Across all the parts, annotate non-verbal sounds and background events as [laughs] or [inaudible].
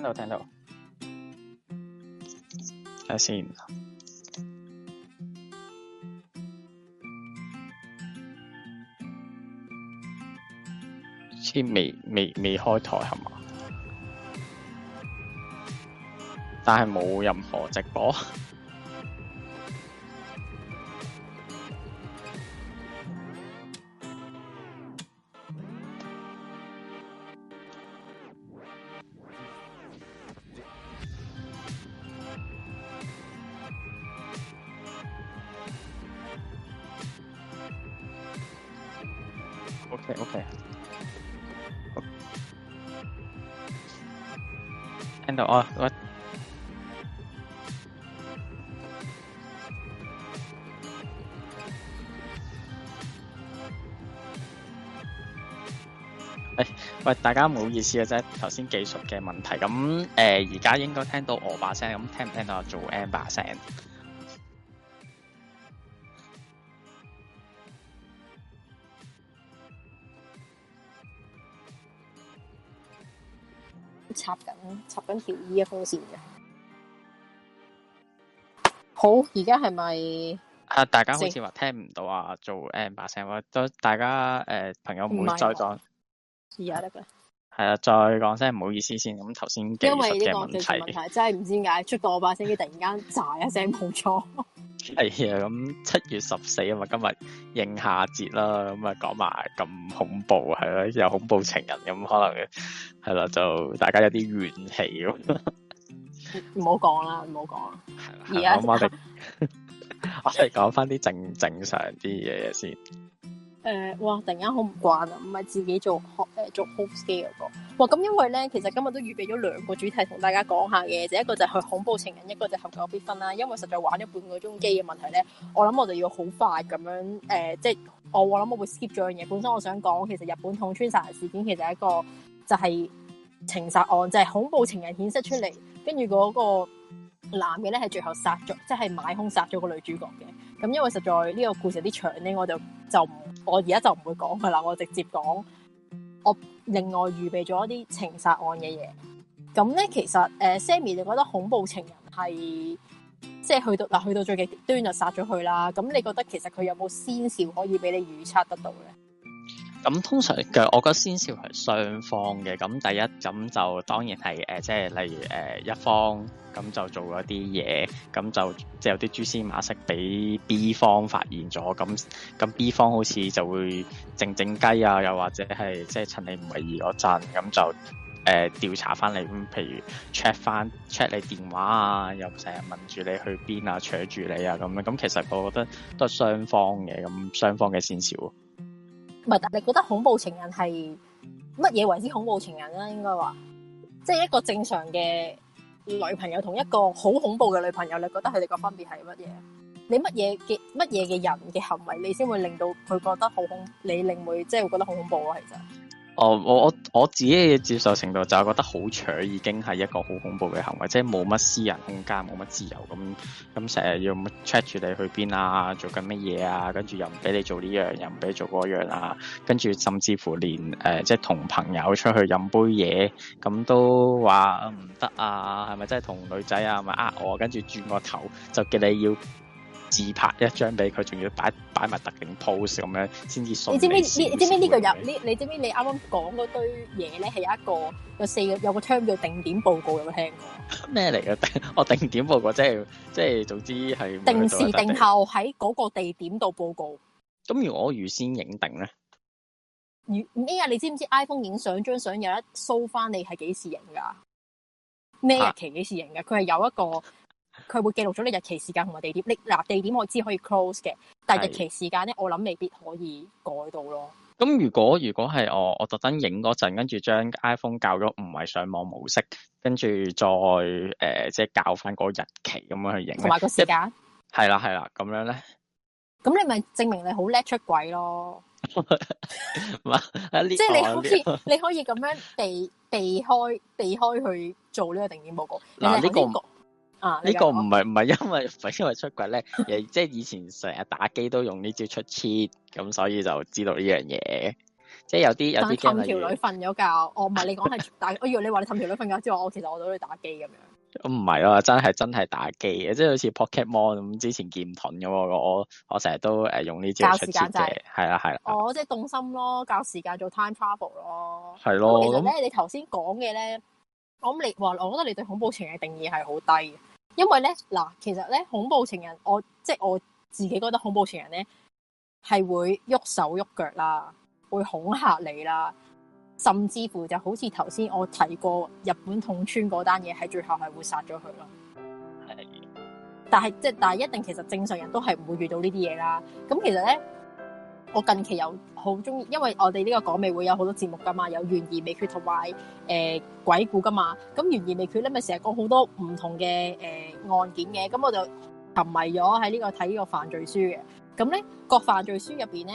聽到，聽到。I see，先未未未開台係嘛？但係冇任何直播。 [laughs] 大家唔好意思啊即係，頭先技術嘅問題。咁誒，而家應該聽到我把聲，咁聽唔聽到阿 Joan 把聲？插緊插緊條 E 嘅風扇嘅。好，而家係咪啊？大家好似話聽唔到啊？Joan 把聲，都大家誒，朋友唔會再講。而係啊，再講聲，唔好意思先。咁頭先因為呢個技術問題，問題 [laughs] 真係唔知點解出到我把聲佢，突然間炸一聲，冇錯。係 [laughs] 啊，咁七月十四啊嘛，今日應下節啦，咁啊講埋咁恐怖係咯，又恐怖情人咁，可能係啦，就大家有啲怨氣咁。唔好講啦，唔好講啦。而家我哋 [laughs] [laughs] 我哋講翻啲正正常啲嘢先。誒、呃，哇！突然間好唔慣啊，唔係自己做學誒、呃、做恐怖嘅個哇咁，因為咧其實今日都預備咗兩個主題同大家講下嘅，就是、一個就係恐怖情人，一個就係合久必婚啦。因為實在玩咗半個鐘機嘅問題咧，我諗我就要好快咁樣誒，即係我我諗我會 skip 咗樣嘢。本身我想講其實日本桶川殺人事件其實係一個就係情殺案，就係、是、恐怖情人顯示出嚟，跟住嗰個。男嘅咧係最後殺咗，即係買兇殺咗個女主角嘅。咁因為實在呢個故事啲長咧，我就就唔我而家就唔會講佢啦，我直接講我另外預備咗一啲情殺案嘅嘢。咁咧其實誒 Sammi 你覺得恐怖情人係即係去到嗱去到最極端就殺咗佢啦。咁你覺得其實佢有冇先兆可以俾你預測得到咧？咁通常嘅，我覺得先兆係雙方嘅。咁第一咁就當然係、呃、即係例如、呃、一方咁就做咗啲嘢，咁就即係有啲蛛絲馬跡俾 B 方發現咗。咁咁 B 方好似就會靜靜雞啊，又或者係即係趁你唔為意嗰陣，咁就誒、呃、調查翻你。咁譬如 check 翻 check 你電話你你啊，又成日問住你去邊啊，扯住你啊咁樣，咁其實我覺得都係雙方嘅，咁雙方嘅先兆。唔係，但你覺得恐怖情人係乜嘢為之恐怖情人咧？應該話，即係一個正常嘅女朋友，同一個好恐怖嘅女朋友，你覺得佢哋個分別係乜嘢？你乜嘢嘅乜嘢嘅人嘅行為，你先會令到佢覺得好恐，你令會即係會覺得好恐怖喎，其實。Oh, 我我我我自己嘅接受程度就係覺得好搶已經係一個好恐怖嘅行為，即係冇乜私人空間，冇乜自由咁，咁成日要 check 住你去邊啊，做緊乜嘢啊，跟住又唔俾你做呢樣，又唔俾你做嗰樣啊，跟住甚至乎連誒、呃、即係同朋友出去飲杯嘢咁都話唔得啊，係咪真係同女仔啊，係咪呃我，跟住轉個頭就叫你要。自拍一張俾佢，仲要擺擺埋特定 pose 咁樣，先至爽點點。你知唔知呢？你知唔知呢個有呢？你知唔知你啱啱講嗰堆嘢咧？係有一個有四個有個 term 叫定點報告，有冇聽過？咩嚟嘅？我定點報告即係即係總之係定，定時定後喺嗰個地點度報告。咁如果我預先影定咧？如咩啊？你知唔知道 iPhone 影相張相有得 show 翻你係幾時影噶？咩日期幾時影噶？佢、啊、係有一個。佢會記錄咗你日期時間同埋地點。你嗱地點我知可以 close 嘅，但係日期時間咧，我諗未必可以改到咯。咁如果如果係我我特登影嗰陣，跟住將 iPhone 校咗唔係上網模式，跟住再誒、呃、即係校翻個日期咁樣去影，同埋個時間。係啦係啦，咁樣咧。咁你咪證明你好叻出軌咯？ [laughs] [laughs] [laughs] 即係你可以 [laughs] 你可以咁樣避避開避開去做呢個定點報告。嗱呢個、這個。這個啊！呢、這個唔係唔係因為 [laughs] 因為出軌咧，即、就、係、是、以前成日打機都用呢招出切，咁所以就知道呢樣嘢。即係有啲有啲，氹條女瞓咗覺，我唔係你講係打。我以為你話你氹條女瞓覺之外，我其實我都喺打機咁樣。我唔係咯，真係真係打機嘅，即係好似 p o k e m l l 咁，之前劍盾咁。我我成日都誒用呢招出切嘅，係啦係啦。即係、就是、動心咯，教時間做 time travel 咯。係咯。其咧、嗯，你頭先講嘅咧，我咁你話，我覺得你對恐怖情嘅定義係好低。因為咧嗱，其實咧恐怖情人，我即係我自己覺得恐怖情人咧係會喐手喐腳啦，會恐嚇你啦，甚至乎就好似頭先我提過日本桶川嗰單嘢，喺最後係會殺咗佢咯。係，但係即係但係一定，其實正常人都係唔會遇到呢啲嘢啦。咁其實咧。我近期有好中意，因為我哋呢個港味會有好多節目㗎嘛，有懸疑未決同埋鬼故㗎嘛，咁懸疑未決呢咪成日講好多唔同嘅案件嘅，咁我就沉迷咗喺呢個睇呢個犯罪書嘅。咁呢，個犯罪書入面呢，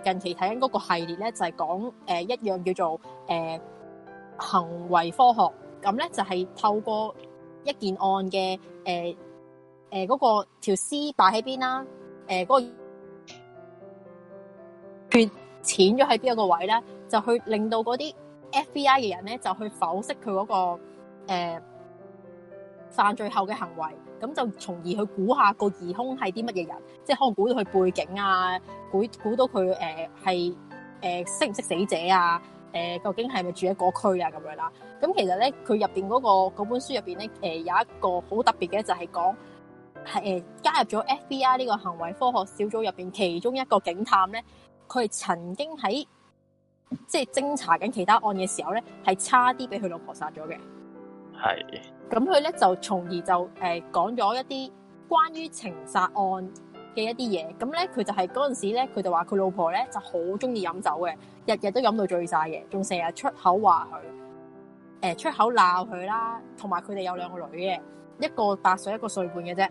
近期睇緊個系列呢，就係講一樣叫做行為科學，咁呢，就係透過一件案嘅，嗰個條絲擺喺邊啦，嗰個佢淺咗喺邊一個位咧，就去令到嗰啲 FBI 嘅人咧，就去剖析佢嗰、那個誒、呃、犯罪後嘅行為，咁就從而去估下個疑凶係啲乜嘢人，即係可能估到佢背景啊，估估到佢誒係誒識唔識死者啊？誒、呃，究竟係咪住喺嗰區啊？咁樣啦。咁其實咧，佢入邊嗰個嗰本書入邊咧，誒、呃、有一個好特別嘅就係講係誒加入咗 FBI 呢個行為科學小組入邊，其中一個警探咧。佢係曾經喺即係偵查緊其他案嘅時候咧，係差啲俾佢老婆殺咗嘅。係。咁佢咧就從而就誒、呃、講咗一啲關於情殺案嘅一啲嘢。咁咧佢就係嗰陣時咧，佢就話佢老婆咧就好中意飲酒嘅，日日都飲到醉晒嘅，仲成日出口話佢誒出口鬧佢啦，同埋佢哋有兩個女嘅，一個八歲，一個歲半嘅啫。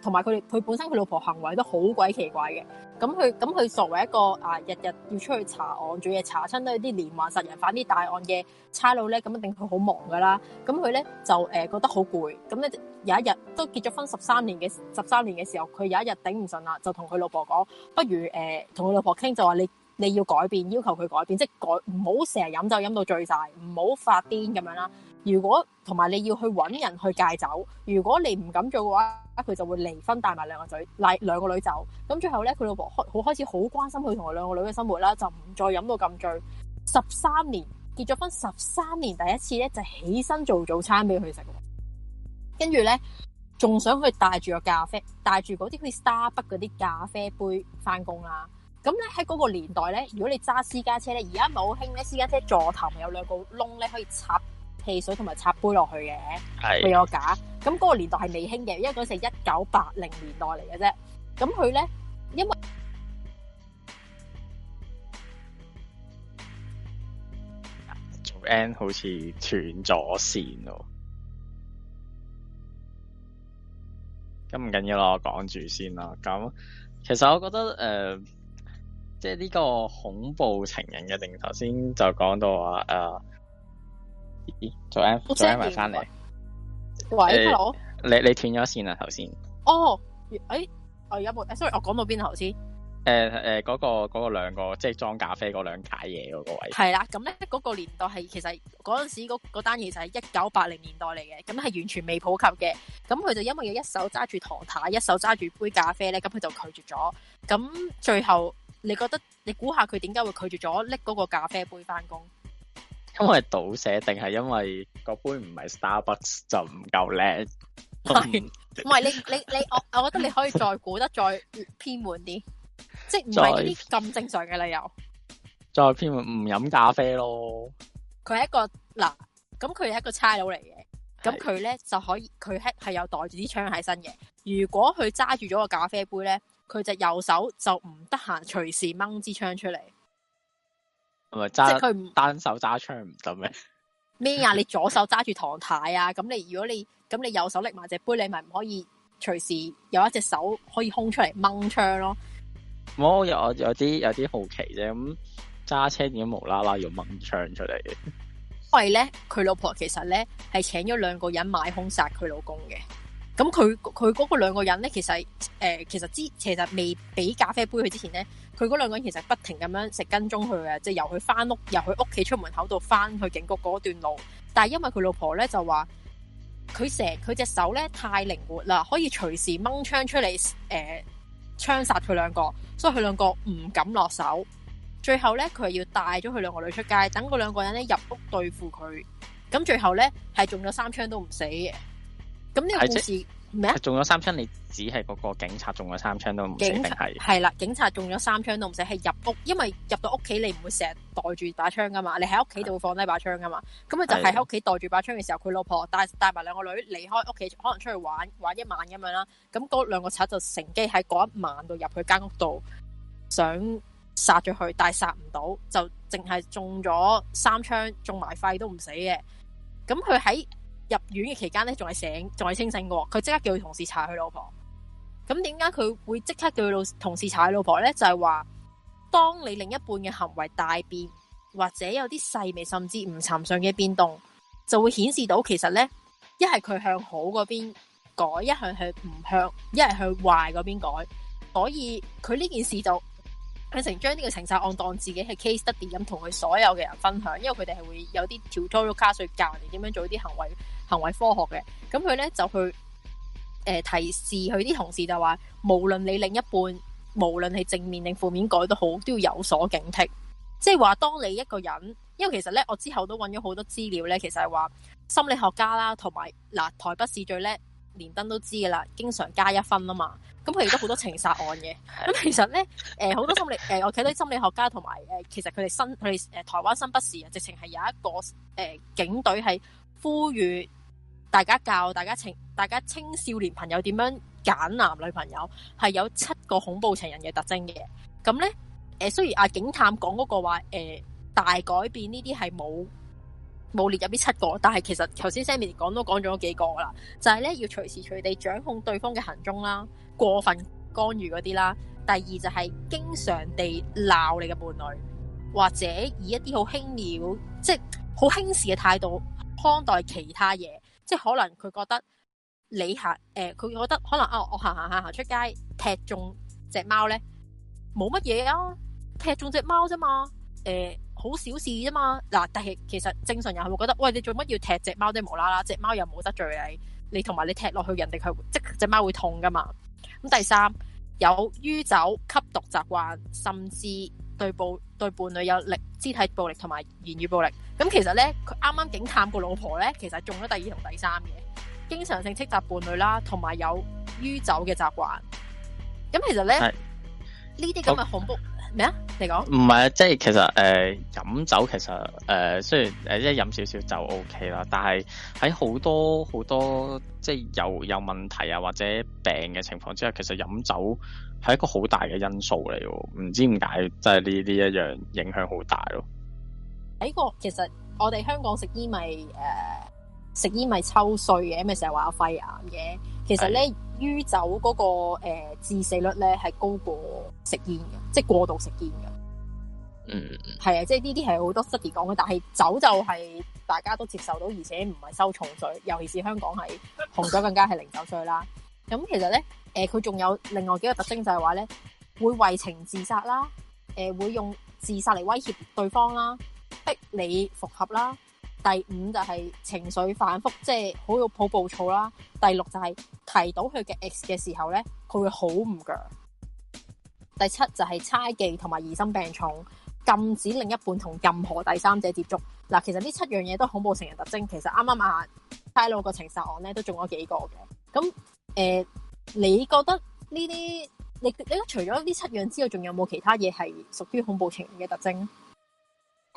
同埋佢哋，佢本身佢老婆行為都好鬼奇怪嘅。咁佢咁佢作為一個啊，日日要出去查案做嘢，查親都係啲連環殺人犯啲大案嘅差佬咧，咁一定佢好忙㗎啦。咁佢咧就誒、呃、覺得好攰。咁咧有一日都結咗婚十三年嘅十三年嘅時候，佢有一日頂唔順啦，就同佢老婆講，不如誒同佢老婆傾，就話你你要改變，要求佢改變，即係改唔好成日飲酒飲到醉晒，唔好發癲咁樣啦。如果同埋你要去揾人去戒酒，如果你唔敢做嘅話，佢就會離婚，帶埋兩個仔，帶兩個女走。咁最後呢，佢老婆開好開始好關心佢同埋兩個女嘅生活啦，就唔再飲到咁醉。十三年結咗婚十三年，年第一次呢，就起身做早餐俾佢食，跟住呢，仲想去帶住個咖啡，帶住嗰啲好似 Starbucks 嗰啲咖啡杯翻工啦。咁呢，喺嗰個年代呢，如果你揸私家車呢，而家唔係好興咧，私家車座頭咪有兩個窿呢，可以插。汽水同埋插杯落去嘅，未有假。咁嗰個年代係未興嘅，因為嗰時係一九八零年代嚟嘅啫。咁佢咧，因為做 N 好似斷咗線咯。咁唔緊要咯，講住先啦。咁其實我覺得誒，即係呢個恐怖情人嘅定頭先就講到話誒。呃做 M 做 M 埋山嚟，喂大佬，欸，你你斷咗線啊頭先。哦，誒、欸，我而家冇，欸，sorry，我講到邊頭先？誒誒，嗰，欸欸嗰個嗰，嗰個兩個即係裝咖啡嗰兩架嘢嗰個位。係啦，咁咧嗰個年代係其實嗰陣時嗰嗰單嘢就係一九八零年代嚟嘅，咁係完全未普及嘅。咁佢就因為有一手揸住托塔，一手揸住杯咖啡咧，咁佢就拒絕咗。咁最後你覺得你估下佢點解會拒絕咗拎嗰個咖啡杯翻工？因為倒瀉，定係因為個杯唔係 Starbucks 就唔夠靚？唔 [laughs] 係你你你我我覺得你可以再估得再偏門啲，即係唔係啲咁正常嘅理由。再偏門唔飲咖啡咯。佢係一個嗱，咁佢係一個差佬嚟嘅，咁佢咧就可以佢係係有袋住啲槍喺身嘅。如果佢揸住咗個咖啡杯咧，佢隻右手就唔得閒隨時掹支槍出嚟。即係佢唔單手揸槍唔得咩？咩啊？你左手揸住唐太啊？咁你如果你咁你右手拎埋隻杯，你咪唔可以隨時有一隻手可以空出嚟掹槍咯？冇、嗯，有我有啲有啲好奇啫，咁揸車點無啦啦要掹槍出嚟嘅？因為咧，佢老婆其實咧係請咗兩個人買兇殺佢老公嘅。咁佢佢嗰個兩個人咧，其實誒、呃，其實之其實未俾咖啡杯佢之前咧，佢嗰兩個人其實不停咁樣食跟蹤佢嘅，即、就、係、是、由佢翻屋，由佢屋企出門口度翻去警局嗰段路。但係因為佢老婆咧就話，佢成佢隻手咧太靈活啦，可以隨時掹槍出嚟誒，槍殺佢兩個，所以佢兩個唔敢落手。最後咧，佢係要帶咗佢兩個女出街，等嗰兩個人咧入屋對付佢。咁最後咧係中咗三槍都唔死嘅。咁呢個故事咩？中咗三槍，你只係嗰個警察中咗三槍都唔死，定係係啦，警察中咗三槍都唔死，係入屋，因為入到屋企你唔會成日袋住把槍噶嘛，你喺屋企就會放低把槍噶嘛，咁佢就係喺屋企袋住把槍嘅時候，佢老婆帶帶埋兩個女離開屋企，可能出去玩玩一晚咁樣啦，咁嗰兩個賊就乘機喺嗰一晚度入佢間屋度想殺咗佢，但係殺唔到，就淨係中咗三槍，中埋肺都唔死嘅，咁佢喺。入院嘅期間咧，仲係醒，仲係清醒過。佢即刻叫佢同事查佢老婆。咁點解佢會即刻叫佢老同事查佢老婆咧？就係話，當你另一半嘅行為大變，或者有啲細微甚至唔尋常嘅變動，就會顯示到其實咧，一係佢向好嗰邊改，一向向唔向，一係向壞嗰邊改。所以佢呢件事就變成將呢個情殺案件當自己係 case study 咁，同佢所有嘅人分享。因為佢哋係會有啲 tutorial class 教人哋點樣做啲行為。行為科學嘅，咁佢咧就去誒、呃、提示佢啲同事就話，無論你另一半，無論係正面定負面改都，改得好都要有所警惕。即係話，當你一個人，因為其實咧，我之後都揾咗好多資料咧，其實係話心理學家啦，同埋嗱台北市最叻，連登都知噶啦，經常加一分啊嘛。咁佢亦都好多情殺案嘅。咁 [laughs] 其實咧，誒、呃、好多心理誒、呃，我睇到啲心理學家同埋誒，其實佢哋新佢哋誒台灣新北市啊，直情係有一個誒、呃、警隊係呼籲。大家教大家青大家青少年朋友點樣揀男女朋友，係有七個恐怖情人嘅特徵嘅。咁咧，誒、呃，雖然阿警探講嗰個話，誒、呃，大改變呢啲係冇冇列入呢七個，但係其實頭先 Sammi 講都講咗幾個啦，就係、是、咧要隨時隨地掌控對方嘅行蹤啦，過分干預嗰啲啦。第二就係經常地鬧你嘅伴侶，或者以一啲好輕蔑，即係好輕視嘅態度看待其他嘢。即係可能佢覺得你行誒，佢、呃、覺得可能啊、哦，我行行行行出街踢中隻貓咧，冇乜嘢啊，踢中隻貓啫嘛，誒、欸、好小事啫嘛嗱。但係其實正常人會覺得喂，你做乜要踢隻貓啫？無啦啦隻貓又冇得罪你，你同埋你踢落去，人哋佢即隻貓會痛噶嘛。咁第三有酗酒吸毒習慣，甚至。對暴對伴侶有力肢體暴力同埋言語暴力，咁其實咧，佢啱啱警探個老婆咧，其實中咗第二同第三嘅，經常性斥責伴侶啦，同埋有酗酒嘅習慣。咁其實咧呢啲咁嘅恐怖咩啊？你講唔係啊？即係其實誒，飲、呃、酒其實誒、呃，雖然誒、呃、一飲少少就 O K 啦，但係喺好多好多即係有有問題啊或者病嘅情況之下，其實飲酒。係一個好大嘅因素嚟，唔知點解，真係呢呢一樣影響好大咯。喺個其實，我哋香港食煙咪誒食煙咪抽稅嘅，咪成日話肺癌嘅。其實咧，酗酒嗰、那個誒、呃、致死率咧係高過食煙嘅，即係過度食煙嘅。嗯，係啊，即係呢啲係好多 study 講嘅，但係酒就係大家都接受到，而且唔係收重稅，尤其是香港係紅酒更加係零酒稅啦。咁 [laughs] 其實咧。誒、呃，佢仲有另外幾個特徵就係話咧，會為情自殺啦，誒、呃，會用自殺嚟威脅對方啦，逼你復合啦。第五就係情緒反復，即係好有暴暴躁啦。第六就係、是，提到佢嘅 X 嘅時候咧，佢會好唔腳。第七就係猜忌同埋疑心病重，禁止另一半同任何第三者接觸。嗱、呃，其實呢七樣嘢都恐怖情人特徵，其實啱啱啊，猜露個情殺案咧都中咗幾個嘅。咁誒。呃你覺得呢啲你你除咗呢七樣之外，仲有冇其他嘢係屬於恐怖情人嘅特徵？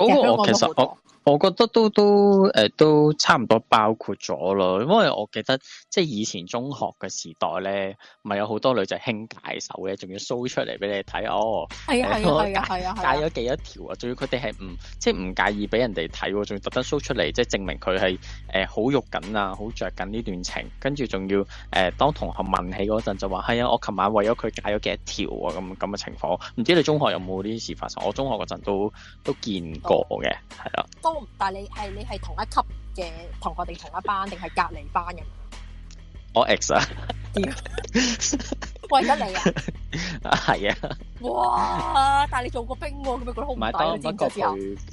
嗰、哦、我其實我其實我，我覺得都都、欸、都差唔多包括咗咯，因為我記得即係以前中學嘅時代咧，咪有好多女仔興解手嘅，仲要 show 出嚟俾你睇哦。係啊係啊係啊係啊，解咗幾多條啊？仲要佢哋係唔即係唔介意俾人哋睇、啊，仲要特登 show 出嚟，即係證明佢係好肉緊啊，好着緊呢段情。跟住仲要誒、欸、當同學問起嗰陣就話係、欸、啊，我琴晚為咗佢解咗幾多條啊，咁咁嘅情況。唔知你中學有冇呢啲事發生？我中學嗰陣都都見。個嘅係啊，都但係你係你係同一級嘅同學定同一班定係隔離班嘅？我 ex 啊，喂得你啊，係啊，哇！但係你做過兵、啊，咁咪覺得好唔抵？唔係講，過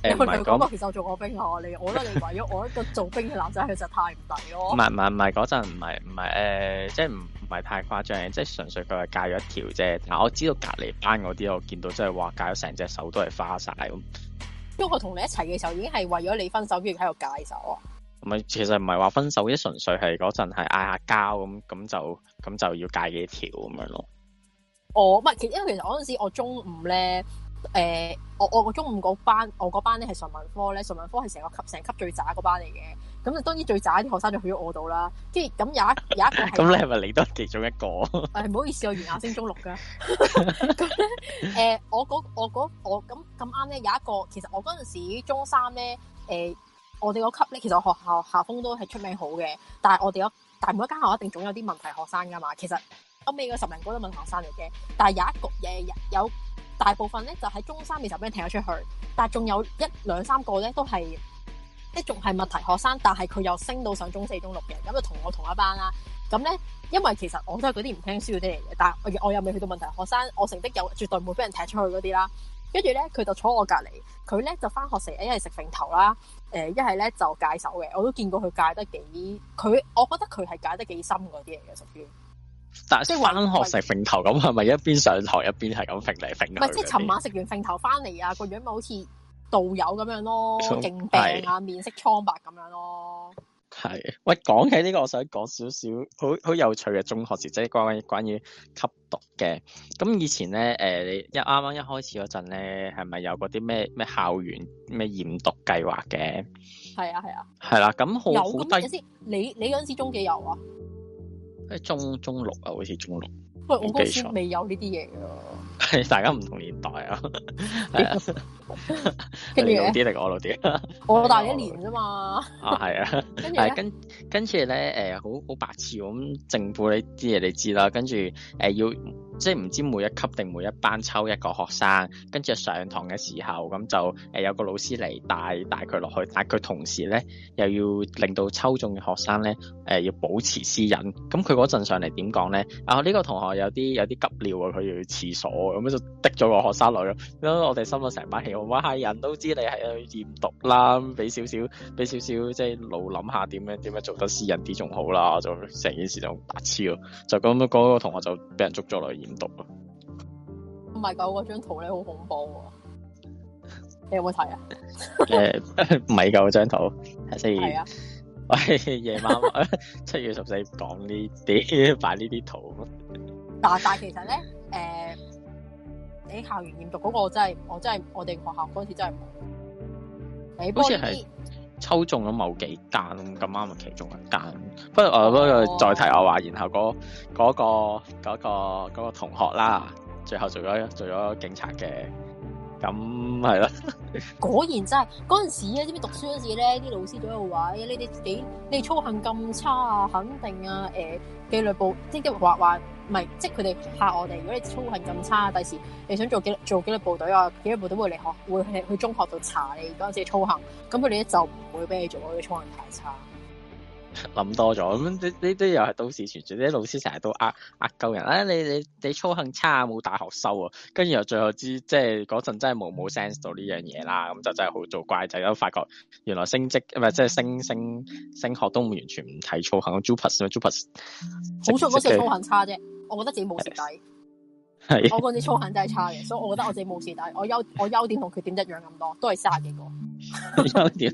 呃、過其實我做過兵啊， [laughs] 你，我覺得你為咗我一個做兵嘅男仔，其實太唔抵咯。唔係唔係唔係嗰陣唔係唔係誒，即係唔唔係太誇張，即係純粹佢係戒咗一條啫。嗱，我知道隔離班嗰啲，我見到真係話戒咗成隻手都係花晒咁。因為佢同你一齊嘅時候，已經係為咗你分手，跟住喺度戒酒啊？唔係，其實唔係話分手，即純粹係嗰陣係嗌下交咁，咁就咁就要戒幾條咁樣咯。我唔係，其實因為其實嗰陣時候我中五咧，誒、欸，我我個中五嗰班，我嗰班咧係純文科咧，純文科係成個級成級最渣嗰班嚟嘅。咁當然最渣啲學生就去咗我度啦，即係咁有一有一個。咁你係咪嚟得其中一個？誒、哎、唔好意思，我原亞星中六㗎。咁咧誒，我嗰我嗰我咁咁啱咧，有一個其實我嗰陣時中三咧誒、呃，我哋嗰級咧其實學校校風都係出名好嘅，但係我哋有但係每一間校一定總有啲問題學生㗎嘛。其實後尾嗰十名嗰都問題學生嚟嘅，但係有一個嘢有，有大部分咧就喺中三嘅時候俾人踢咗出去，但係仲有一兩三個咧都係。即仲係問題學生，但係佢又升到上中四、中六嘅，咁就同我同一班啦。咁咧，因為其實我都係嗰啲唔聽書嗰啲嚟嘅，但係我又未去到問題學生，我成績又絕對冇俾人踢出去嗰啲啦。跟住咧，佢就坐我隔離，佢咧就翻學成日一係食鈍頭啦，誒一係咧就戒手嘅，我都見過佢戒得幾，佢我覺得佢係戒得幾深嗰啲嚟嘅屬於。但即翻學食鈍頭咁係咪一邊上堂一邊係咁揈嚟揈？唔係即尋晚食完鈍頭翻嚟啊，個樣咪好似～道友咁樣咯，勁病啊，面色蒼白咁樣咯。係喂，講起呢個，我想講少少好好有趣嘅中學時即係、就是、關於關於吸毒嘅。咁以前咧，誒、呃，你一啱啱一開始嗰陣咧，係咪有嗰啲咩咩校園咩驗毒計劃嘅？係啊，係啊。係啦、啊，咁好好低先。你你嗰陣時中幾有啊？喺中中六啊，好似中六。喂，我嗰時未有呢啲嘢嘅，係 [laughs] 大家唔同年代啊，跟住你老啲定我老啲？ [laughs] 我大一年啫嘛，啊係啊，跟住咧，跟跟住咧，誒、呃、好好白痴咁，政府呢啲嘢你知啦，跟住誒、呃、要即係唔知每一級定每一班抽一個學生，跟住上堂嘅時候咁就誒、呃、有個老師嚟帶帶佢落去，但佢同時咧又要令到抽中嘅學生咧誒、呃、要保持私隱，咁佢嗰陣上嚟點講咧？啊呢、呢個同學。有啲有啲急尿啊！佢要去廁所咁樣就滴咗個學生落咯。咁我哋心啊成班氣，我唔係人都知道你係去驗毒啦，俾少少俾少少即係腦諗下點樣點樣做得私隱啲仲好啦。就成件事就白痴咯。就咁樣嗰個同學就俾人捉咗落去驗毒。唔係夠嗰張圖咧，好恐怖啊。你有冇睇啊？誒、 [laughs] 呃，唔係夠嗰張圖係四係啊。喂， [laughs] 夜晚 [laughs] 七月十四講呢啲，擺呢啲圖。嗱、啊，但係其實咧，誒、呃，你校園驗毒嗰個我真係，我真係我哋學校嗰次真係冇你。好似係抽中咗某幾間咁啱，係其中一間。不過我不再提我話、哦，然後嗰、嗰個、嗰個嗰、嗰個、嗰個同學啦，最後做咗做咗警察嘅，咁係啦。果然真係嗰陣時咧，知唔知讀書嗰陣時咧，啲老師都會話：，你哋自己，你哋操行咁差啊，肯定啊。誒、欸，紀律部積極話話唔係，即係佢哋吓我哋。如果你操行咁差，第時你想做幾做紀律部隊啊？紀律部隊會嚟學，會去，去中學度查你嗰陣時操行。咁佢哋就唔會俾你做，因為操行太差。諗多咗，咁呢呢啲又係都市傳說，啲老師成日都呃呃鳩人啊！你你你操行差，冇大學收啊！跟住又最後知，即係嗰陣真係冇冇 sense 到呢樣嘢啦。咁就真係好做怪仔都發覺，原來升職唔係即係升升升學都唔完全唔睇操行。JUPAS JUPAS 好熟嗰時操行差啫。我覺得自己冇蝕底，係 [laughs] 我嗰陣時操行真係差嘅，所以我覺得我自己冇蝕底。我優我優點同缺點一樣咁多，都係卅幾個。優 [laughs] 點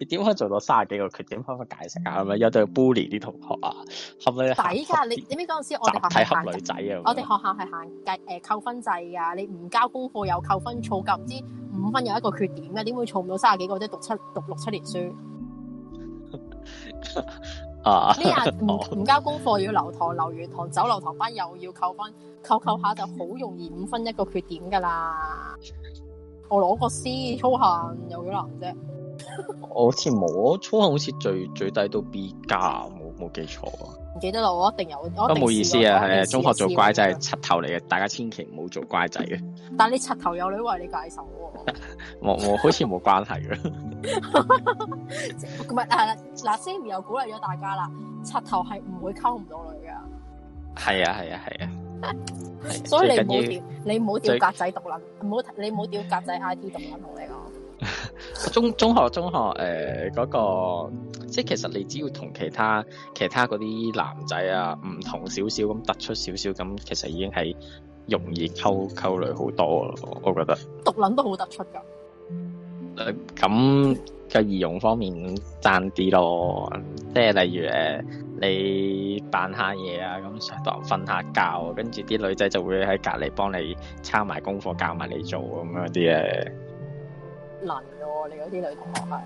你點可以做到卅幾個缺點？可唔可以解釋啊？咁樣有對 bully 啲同學啊，係咪？啊？抵噶，你點解嗰陣時我哋學校係限女仔啊？我哋學校係行計誒扣分制啊。你唔交功課又扣分，儲夠唔知五分有一個缺點啊。點會儲唔到卅幾個？即係讀七讀六七年書。 [laughs] 呢日唔唔交功課要留堂留完堂走留堂班又要扣分，扣扣下就好容易五分一個缺點㗎喇。我攞個 C，操行，又幾難啫？我好似冇，我操行好似最最低都 B 加。 [laughs] 冇記錯喎、啊，唔記得啦，我一定有，我冇意思啊，係啊，中學做乖仔係柒頭嚟嘅，大家千祈唔好做乖仔嘅。 [laughs] 但係你柒頭有女為你解手喎，我好似冇關係嘅。唔係啊，嗱 Sammi 又鼓勵咗大家啦，柒頭係唔會溝唔到女噶。係啊係啊係啊，啊 [laughs] 所，所以你唔好掉，你唔好掉格仔獨立，唔好你唔好掉格仔 I T 獨立同你講 [laughs] 中中學中學誒，嗰、呃嗰個即係其實你只要同其他其他嗰啲男仔啊唔同少少咁，突出少少咁，其實已經係容易溝溝女好多咯。我覺得獨撚都好突出噶。誒、呃，咁個儀容方面爭啲咯，即係例如誒、呃，你扮下嘢啊，咁上堂瞓下覺，跟住啲女仔就會喺隔籬幫你抄埋功課，教埋你做咁嗰啲誒。呃能喎，你嗰啲女同學係。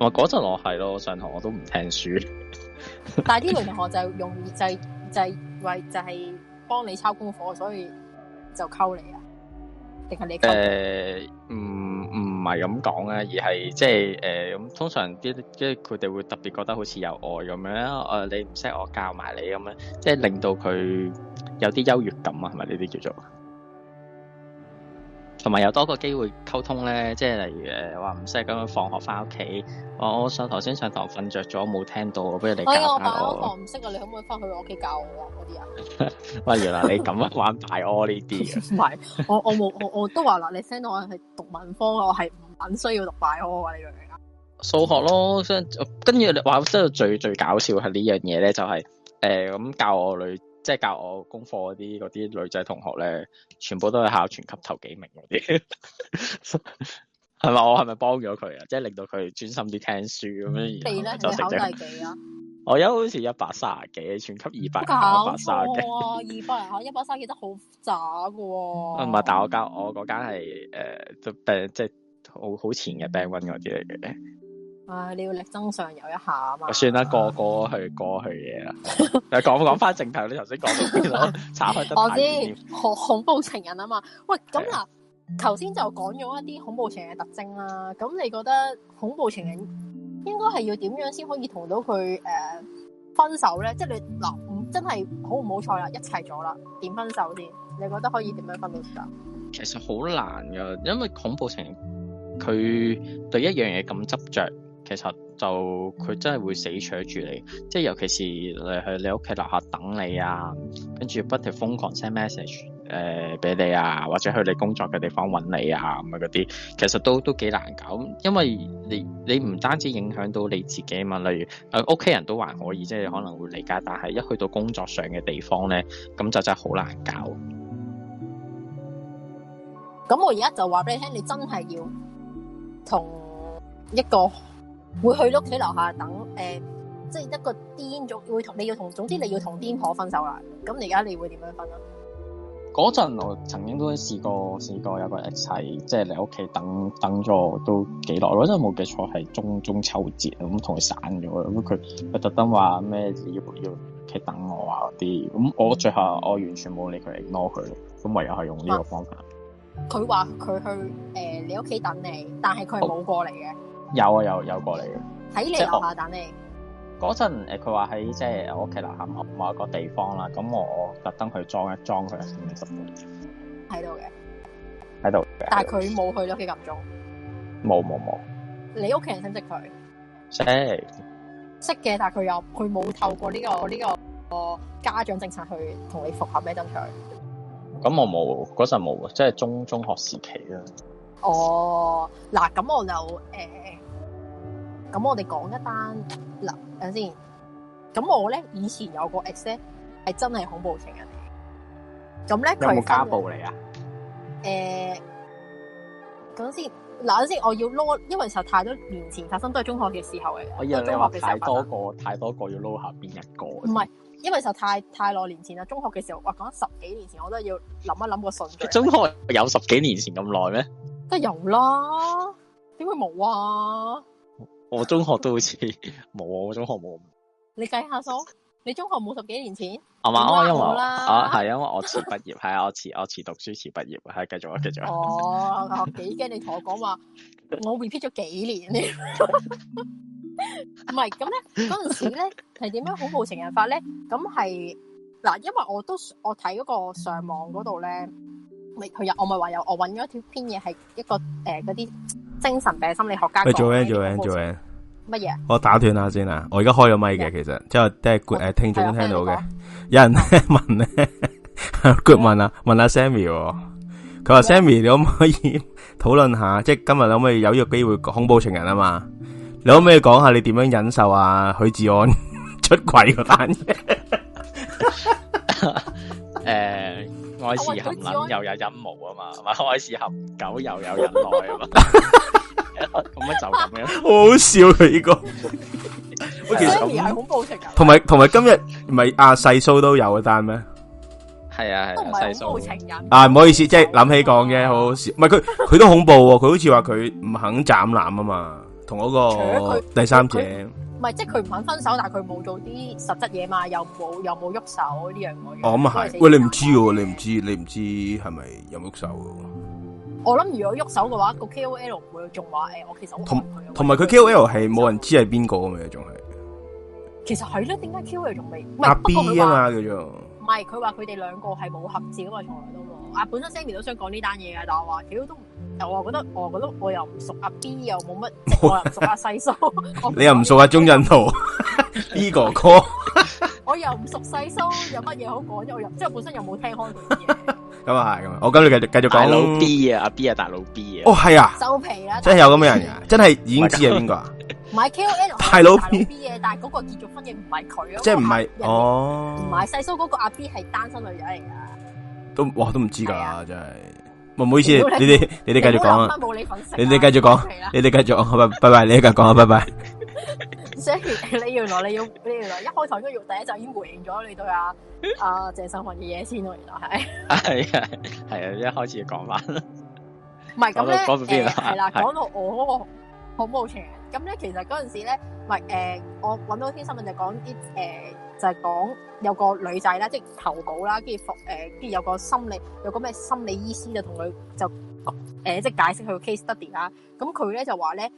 我嗰陣我係咯，上堂我都唔聽書。 [laughs] 但係啲女同學就是用就係、是、就係、是、就係、是就是、幫你抄功課，所以就溝你啊？定係你，你？誒、呃，唔唔係咁講啊，而係即係誒咁。通常啲即係佢哋會特別覺得好似有愛咁樣啊、呃。你唔識我，我教埋你咁樣，即、就、係、是、令到佢有啲優越感啊？係咪呢啲叫做？同埋有多個機會溝通咧，即係例如誒話唔識咁樣放學翻屋企，我上頭先上堂瞓着咗，冇聽到，不如你教翻我。哎、我唔識啊，你可唔可以翻去我屋企教我啊？嗰啲啊，喂， [laughs] 原來你咁樣玩大屙呢啲啊？唔 [laughs] 係，我我冇我我，我都話啦，你 send 我係讀文科，我係唔肯需要讀大屙啊呢樣。數學咯，跟住你話真係最最搞笑係呢樣嘢咧，就係誒咁教我女。即係教我功課嗰啲，嗰啲女仔同學咧，全部都係考全級頭幾名嗰啲，係 [laughs] 咪？我係咪幫咗佢啊？即係令到佢專心啲聽書咁樣，而你就考第幾啊？我有好似一百三十幾，全級二百，一百三十幾哇，二百人考一百三幾真好渣噶。唔係、啊， [laughs] 啊、 [laughs] 但我教我嗰間係誒，都 band 即係好好前嘅 band one 嗰啲嚟嘅。唉、啊，你要力爭上游一下啊嘛！算啦，過去、啊、過去過去嘢啦。又講講翻正題，你頭先講到， [laughs] 開得太遠添。我知，學恐怖情人啊嘛。喂，咁嗱、啊，頭先就講咗一啲恐怖情人嘅特徵啦。咁你覺得恐怖情人應該係要點樣先可以同到佢誒分手咧？即係你嗱，真係好唔好彩啦，一齊咗啦，點分手先？你覺得可以點樣分到手？其實好難噶，因為恐怖情人佢對一樣嘢咁執着。其實就佢真係會死扯住你，即係尤其是你去你屋企樓下等你啊，跟住不停瘋狂 send message 誒俾你啊，或者去你工作嘅地方揾你啊，咁啊嗰啲，其實都都幾難搞，因為你你唔單止影響到你自己嘛，例如誒屋企人都還可以，即係可能會理解，但係一去到工作上嘅地方咧，咁就真係好難搞。咁我而家就話俾你聽，你真係要同一個。會去屋企樓下等，誒、呃，即係一個癲咗，會同你要同，總之你要同癲婆分手啦。咁你而家你會點樣分啊？嗰陣我曾經都試過，試過有一個人一齊，即、就、係、是、你屋企等，等咗都幾耐咯。真係冇記錯係中中秋節咁，同佢散咗咁，佢佢特登話咩要要屋企等我啊啲。咁我最後、嗯、我完全冇理佢，ignore 佢，咁唯有係用呢個方法。佢話佢去誒、呃、你屋企等你，但係佢係冇過嚟嘅。有啊，有有過嚟，喺你樓下等你。嗰陣誒，佢話喺即係我屋企樓下某一個地方啦，咁我特登去裝一裝佢。喺度嘅，喺度。嘅。但係佢冇去咗幾咁鐘。冇冇冇。你屋企人知知、欸、識唔識佢？識識嘅，但係佢又佢冇透過呢、呢個呢、呢個家長政策去同你復合咩？登長。咁我冇，嗰陣冇，即係中中學時期啦。哦，嗱，咁我就誒。欸咁我哋講一單嗱，等先。咁我咧以前有個 ex 係真係恐怖情人。咁咧佢家暴嚟啊？誒、欸，等先嗱，等先，我要 load，因為實太多年前發生都係中學嘅時候嘅。我以為你話太多個太多個要 load 下邊一個。唔係，因為實太太耐年前啦，中學嘅時候，我講十幾年前，我都要諗一諗個順序。中學有十幾年前咁耐咩？梗有啦，點會冇啊？ [laughs] 我中學都好似冇啊，我中學冇。你計下數， [laughs] 你中學冇十幾年前？啊 [laughs] 嘛，我因為啊係因為我遲畢、啊、業，係 [laughs] 我遲我遲讀書遲畢業，係繼續啊繼續。哦，我幾驚你同我講話， [laughs] 我 repeat 咗幾年咧。唔係咁咧，嗰陣時咧係點樣恐怖情人法咧？咁係嗱，因為我都我睇嗰個上網嗰度咧，咪佢有我咪話有，我搵咗條片嘢係一個誒嗰啲。呃精神病心理學家嘅做咩？做、欸、咩？做咩？乜嘢？我打斷下先啊！我而家開咗咪嘅，yeah. 其實即係即係誒，聽眾都聽到嘅、yeah, 嗯嗯，有人問咧，good、yeah. 問啊，問阿 Sammi，佢、哦、話 Sammi，、yeah. 你可唔可以討論下？即係今日可唔可以有呢個機會講恐怖情人啊嘛？你可唔可以講下你點樣忍受啊？許志安出軌嗰單嘢，誒、 [laughs] [laughs] [laughs] 呃。愛是含撚又有陰謀，啊嘛，唔係愛是含狗又有忍耐啊嘛，咁咪就咁樣，好笑佢呢個，其實係恐怖情人。同埋同埋今日唔係阿細蘇都有單咩？係啊係啊，都唔係恐怖情人。啊唔好意思，即係諗起講嘅好好笑，唔係佢佢都恐怖喎，佢好似話佢唔肯斬纜啊嘛，同嗰個第三者。唔係，即係佢唔肯分手，但係佢冇做啲實質嘢嘛，又冇又冇喐手呢樣嘢。哦，咁啊係，喂，你唔知嘅喎，你唔知，你唔知係咪有冇喐手嘅？我諗如果喐手嘅話，個 K O L 唔會仲話誒，我其實同佢同埋佢 K O L 係冇人知係邊個嘅咩？仲係其實係咯，點解 K O L 仲未？阿 B 啊嘛叫做唔係，佢話佢哋兩個係冇合照啊嘛，從來都冇。啊，本身 Sammi 都想講呢單嘢嘅，但我話 Q 都冇。我覺得我覺得我又唔熟阿 B 又冇乜， [laughs] 我唔熟阿細蘇 [laughs] 這個 call ， [laughs] 你又唔熟阿鍾印濤 B 哥哥，我又唔熟細蘇，有乜嘢好講啫？我又即係本身又冇聽開佢嘅。咁啊係，咁我跟住繼續繼續講。大佬 B 啊，阿 B 啊，大佬 B 啊，哦係啊，收皮啊，真係有咁嘅人啊，真係已經知係邊個啊？唔係 K O L 大佬 B 嘅，但係個結咗婚嘅唔係佢咯，即係唔係哦？唔係細蘇嗰個阿 B 係單身女仔嚟噶，都哇都唔知噶 [laughs] 真係。唔好意思，你哋你哋繼續講啊，冇你份，你繼續講，係啦，你哋繼續，拜拜，你繼續講啊，拜拜。 [laughs] 所以你原來你要，你原來一開頭應該要第一集已經回應咗你對阿阿、啊、謝生問嘅嘢先咯，原來係。係啊，係啊，一開始講返。唔係咁咧，係啦，講到、呃、到我好冇情。咁 [laughs] 咧，其實嗰陣時咧，係 [laughs] 誒、 [laughs] 嗯，我搵到天生聞就講啲誒。嗯就係、是、講有個女仔啦，即係投稿啦，跟住服誒，跟、呃、住有個心理，有個咩心理醫師就同佢就誒，即、呃、係解釋佢個 case study 啦。咁佢咧就話咧，誒、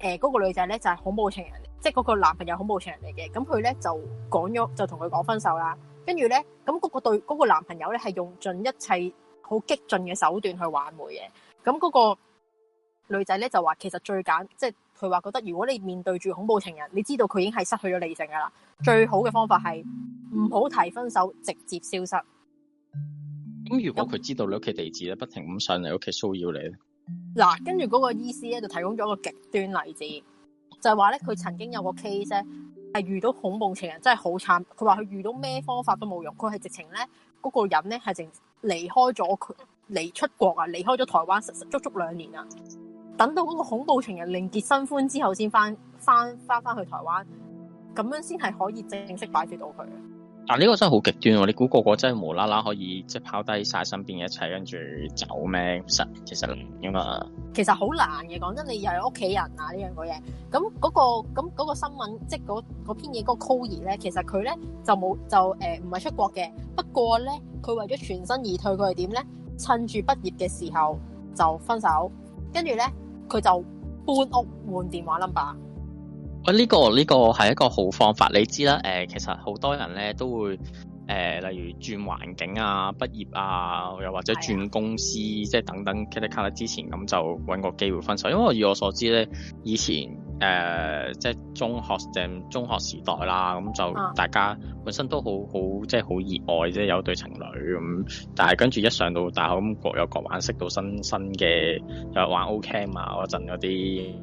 呃、嗰、那個女仔咧就係恐怖情人，即係嗰個男朋友恐怖情人嚟嘅。咁佢咧就講咗，就同佢講分手啦。跟住咧，咁、那、嗰個對、那個男朋友咧係用盡一切好激進嘅手段去挽回嘅。咁、那、嗰個女仔咧就話，其實最簡即係。就是佢話覺得如果你面對住恐怖情人，你知道佢已經係失去咗理性噶啦，最好嘅方法係唔好提分手，直接消失。咁如果佢知道你屋企地址咧，嗯，不停咁上嚟屋企騷擾你咧？嗱，跟住嗰個醫師咧就提供咗一個極端例子，就係話咧佢曾經有個 case 咧係遇到恐怖情人，真係好慘。佢話佢遇到咩方法都冇用，佢係直情咧嗰個人咧係淨離開咗佢，離出國啊，離開咗台灣，足足兩年啊。等到嗰個恐怖情人另結新歡之後，先翻翻翻翻去台灣，咁樣先係可以正式擺脫到佢。嗱、啊、呢、這個真係好極端喎！你估個個真係無啦啦可以即係拋低晒身邊嘅一切，跟住走咩？實其實唔應該啊。其實好、嗯、難嘅，講真，你又係屋企人啊呢樣嘢。咁、這、嗰個咁嗰、那個那個新聞，即係嗰篇嘢嗰、那個 Corey 咧，其實佢咧就冇就誒唔係出國嘅。不過咧，佢為咗全身而退，佢係點咧？趁住畢業嘅時候就分手，跟住咧。佢就搬屋換電話 number。喂、這個，呢、這個呢個係一個好方法。你知啦，誒、呃，其實好多人咧都會誒、呃，例如轉環境啊、畢業啊，又或者轉公司，啊、即係等等 cut 卡卡之前咁就揾個機會分手。因為我以我所知咧，以前。誒、呃，即係中學正中學時代啦，咁就大家本身都好好，即係好熱愛，即係有對情侶咁。但係跟住一上到大學咁，各有各玩，識到新新嘅又玩 OCam 啊，嗰陣嗰啲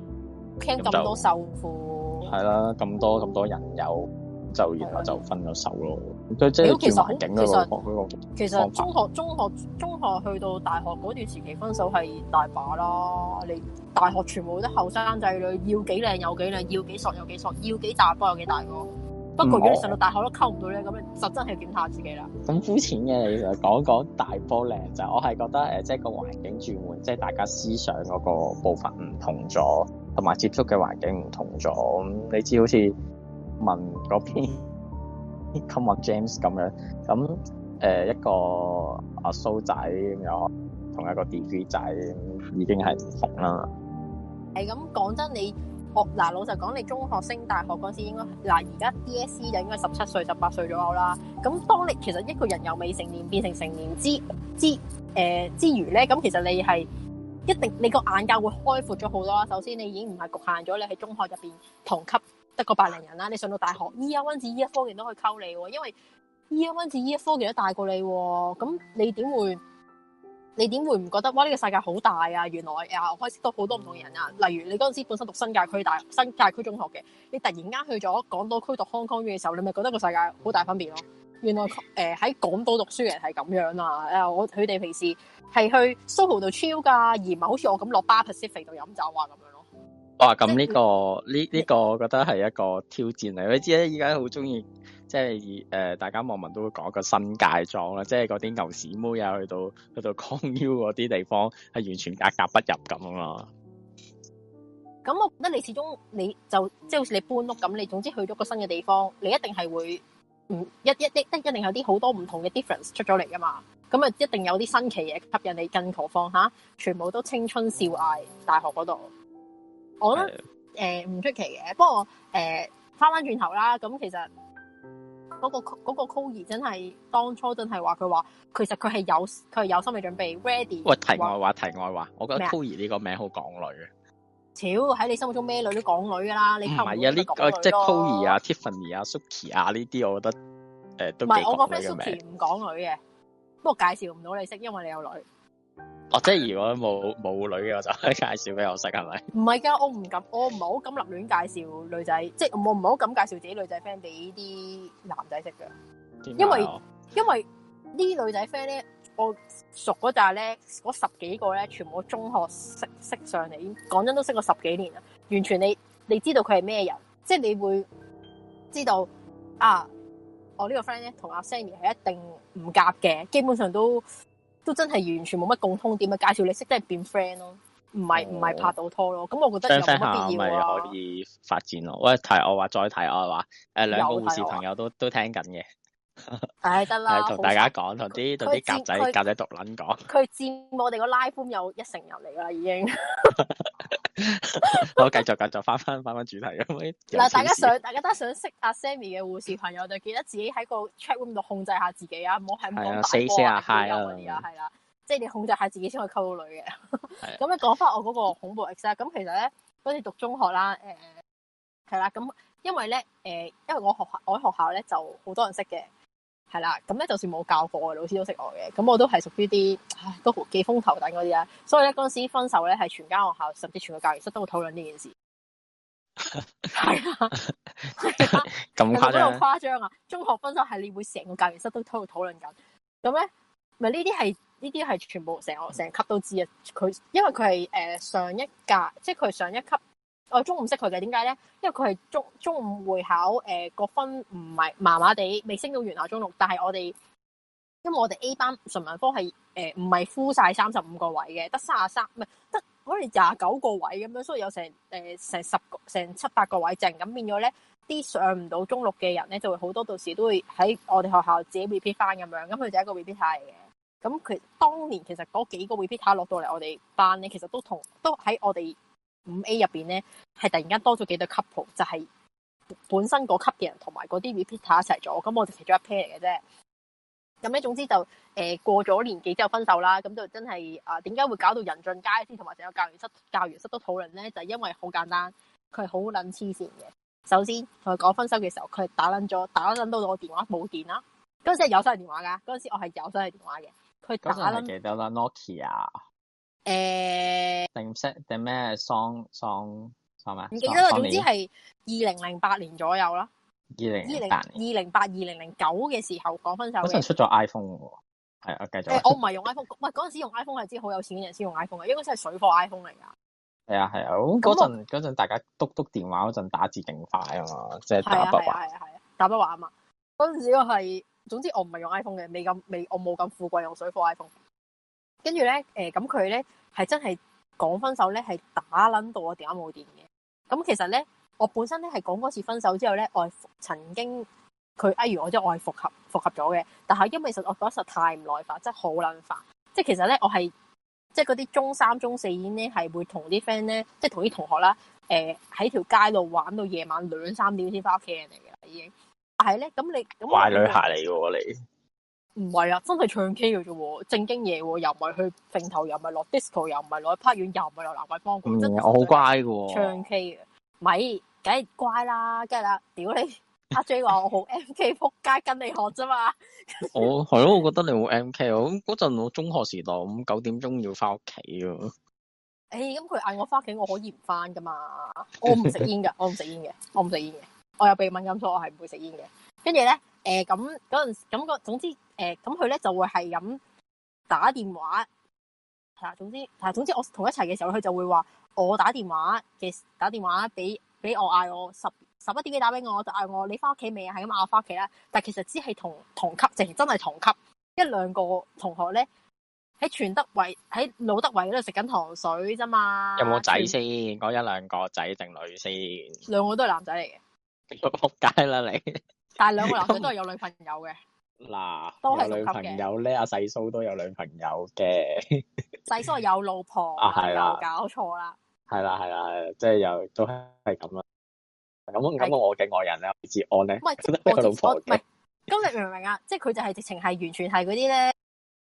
cam 咁多受苦，係啦，咁多咁多人有。就然後就分咗手咯，okay。即係即係轉環境嗰個，其實中學、中學、中學去到大學嗰段時期分手係大把啦。你大學全部都後生仔女，要幾靚有幾靚，要幾索有幾索，要幾大波有幾大波。不過不如果你上到大學都溝唔到咧，咁就真係檢下自己啦。咁膚淺嘅，你實講講大波靚就，我係覺得誒、呃，即係個環境轉換，即係大家思想嗰個步伐唔同咗，同埋接觸嘅環境唔同咗。你知好似。問嗰篇 Come on James 咁樣，咁誒、呃、一個阿蘇、啊、仔有同一個 D V 仔，已經係唔同啦。係咁講真，你學嗱、哦、老實講，你中學升大學嗰時應該嗱，而、啊、家 D S E 就應該十七歲、十八歲左右啦。咁當你其實一個人由未成年變成成年之之誒、呃、之餘咧，咁其實你係一定你個眼界會開闊咗好多啦。首先，你已經唔係局限咗你喺中學入邊同級得個百零人啦，你上到大學，year one 至 year four 都可以溝你喎，因為 year one 至 year four 都大過你喎，咁你點會你點會唔覺得哇？呢個世界好大啊！原來、呃、我開始都好多唔同嘅人啊。例如你嗰陣時本身讀新界區大新界區中學嘅，你突然間去咗港島區讀 Hong Kong U 嘅時候，你咪覺得個世界好大分別咯。原來誒，喺港島讀書人係咁樣啊！我佢哋平時係去 SoHo 度 chill 噶，而唔係好似我咁落 Bar Pacific 度飲酒啊咁樣。哇！咁呢個呢呢個，是這個、我覺得係一個挑戰嚟。你知咧，依家好中意，即係誒，大家網民都會講個新界裝啦，即係嗰啲牛屎妹啊，去到去到港 U 嗰啲地方，係完全格格不入咁啊！咁我覺得你始終你就即係好似你搬屋咁，你總之去咗個新嘅地方，你一定係會唔一一一一定有啲好多唔同嘅 difference 出咗嚟噶嘛。咁啊，一定有啲新奇嘢，吸引你，更何況吓，全部都青春少艾，大學嗰度。我咧誒唔出奇嘅，不過誒、呃、翻翻轉頭啦，咁其實嗰、那個嗰、那個 Koey 真係當初真係話佢話，其實佢係有佢係有心理準備 ready 喂。喂題外話,話題外話，我覺得 Koey 呢個名好港女。嘅。超喺你心目中咩女都港女㗎啦，你唔係、就是、啊呢個即係 Koey 啊、Tiffany 啊、Suki 啊呢啲、呃，我覺得誒都唔係我個 friend Suki 唔港女嘅，不過介紹唔到你識，因為你有女。哦，即係如果冇冇女嘅，我就可以介紹俾我識係咪？唔係噶，我唔敢，我唔係好敢立亂介紹女仔， [laughs] 即係我唔係好敢介紹自己女仔 friend 俾啲男仔識噶。因為因為女呢女仔 friend 咧，我熟嗰陣咧，嗰十幾個咧，全部我中學識識上嚟，講真都識過十幾年啦，完全你你知道佢係咩人，即係你會知道啊，我呢個 friend 咧同阿 Sammi 係一定唔夾嘅，基本上都。都真係完全冇乜共通點啊！介紹你識得係變 friend 咯，唔係唔係拍到拖咯。咁我覺得有乜唔係可以發展咯。我一提我話再提我話，誒兩個護士朋友都都聽緊嘅。唉、哎，得啦，同 [laughs] 大家講，同啲同啲夾仔夾仔獨卵講，佢佔我哋個 live room 有一成入嚟啦，已經。我 [laughs] 繼 [laughs] 續繼續翻翻翻翻主題咁。嗱， [laughs] 大家想，大家都想識阿 Sammy 嘅護士朋友，就 [laughs] 記得自己喺個 chat room 度控制下自己啊，唔好喺度講大波係啊， [laughs] 四啊，係啦，即 [laughs] 係你控制下自己先可以溝到女嘅。咁你講翻我嗰個恐怖 ex 啦咁，其實咧嗰陣讀中學啦，誒係啦，咁因為咧誒、呃，因為我學校我喺學校咧就好多人識嘅。係啦，咁咧，就算冇教過嘅老師都識我嘅，咁我都係屬於啲唉，都幾風頭等嗰啲啦。所以咧嗰陣時分手咧，係全間學校甚至全個教員室都會討論呢件事。係 [laughs] 啊 [laughs] [laughs] [laughs] 誇，咁誇張，誇張啊！中學分手係你會成個教員室都喺度討論緊，咁咧咪呢啲係呢啲係全部成個成級都知啊。佢因為佢係誒上一屆，即係佢係上一級。我中五識佢嘅，點解咧？因為佢係中中五會考，誒、呃、個分唔係麻麻地，未升到原校中六。但係我哋，因為我哋 A 班純文科係誒唔係呼晒三十五個位嘅，得卅三唔係得好似廿九個位咁樣，所以有成誒成十個成七八個位剩，咁變咗咧啲上唔到中六嘅人咧，就會好多到時都會喺我哋學校自己 repeat 翻咁樣，咁佢就一個 repeat 嚟嘅。咁佢當年其實嗰幾個 repeat 生落到嚟我哋班咧，其實都同都喺我哋。五 A 入邊咧，係突然間多咗幾對 couple，就係本身嗰級嘅人同埋嗰啲 repeater 一齊咗，咁我就其中一 pair 嚟嘅啫。咁咧，總之就誒、呃、過咗年幾之後分手啦，咁就真係啊，點、呃、解會搞到人盡皆知，同埋就有教員室教員室都討論咧？就係、是、因為好簡單，佢係好撚黐線嘅。首先，佢講分手嘅時候，佢打撚咗，打撚到我電話冇電啦。嗰陣時係有手提電話噶，嗰陣時我係有手提電話嘅。佢打撚幾多啦？Nokia。誒、欸，定 set 定咩？雙雙係咪？唔記得啦。總之係二零零八年左右啦。二零零八二零零九嘅時候講分手。嗰陣出咗 iPhone 喎，係啊，繼續。欸、我唔係用 iPhone，喂，嗰陣時用 iPhone 係知好有錢嘅人先用 iPhone 嘅，應該係水貨 iPhone 嚟㗎。係啊係啊，嗰陣陣大家督篤電話嗰陣打字勁快啊嘛，即、就、係、是、打筆、啊啊啊啊啊、打筆話啊嘛。嗰陣時我係總之我唔係用 iPhone 嘅，未咁未我冇咁富貴用水貨 iPhone。跟住咧，誒，咁佢咧係真係講分手咧，係打撚到我電話冇電嘅。咁其實咧，我本身咧係講嗰次分手之後咧，我曾經佢哀如我，即係我係復合復合咗嘅。但係因為實我覺得實太唔耐煩，真係好撚煩。即係其實咧，我係即係嗰啲中三中四咧，係會同啲 friend 咧，即係同啲同學啦，誒喺條街度玩到夜晚兩三點先翻屋企人嚟嘅。已經係咧，咁你咁壞女孩嚟嘅喎你。唔係啊，真係唱 K 嘅啫喎，正經嘢喎，又唔係去鈴頭，又唔係落 disco，又唔係落 party 園，又唔係落南美芳館。唔、嗯，我好乖嘅喎。唱 K 嘅咪，梗係乖啦，梗係啦。屌你 [laughs] 阿 J 話我好 M K 撲街，跟你學啫嘛。 [laughs] 我係咯，我覺得你好 M K 啊。咁嗰陣我中學時代，咁九點鐘要翻屋企嘅。誒，咁佢嗌我翻屋企，我可以唔翻噶嘛？ [laughs] 我唔食煙㗎，我唔食煙嘅，我唔食煙嘅，我有鼻敏感，所以我係唔會食煙嘅。跟住咧，誒咁嗰陣時，咁個總之。誒、欸，咁佢咧就會係咁打電話，係啦。總之，總之，我同一齊嘅時候，佢就會話我打電話嘅打電話俾俾我嗌我十十一點幾打俾我，就嗌我你翻屋企未啊？係咁嗌我翻屋企啦。但係其實只係同同級，淨係真係同級一兩個同學咧，喺全德圍喺老德圍嗰度食緊糖水啫嘛。有冇仔先？講、嗯、一兩個仔定女先？兩個都係男仔嚟嘅。撲街啦你！ [laughs] 但係兩個男仔都係有女朋友嘅。嗱，有女朋友咧，阿細蘇都有女朋友嘅。細 [laughs] 蘇有老婆啊，係啦，搞錯啦，係啦係啦，就是、即係又都係係咁啦。咁講講我嘅愛人咧，接安咧，佢老婆嘅。咁你明唔明啊？即係佢就係直情係完全係嗰啲咧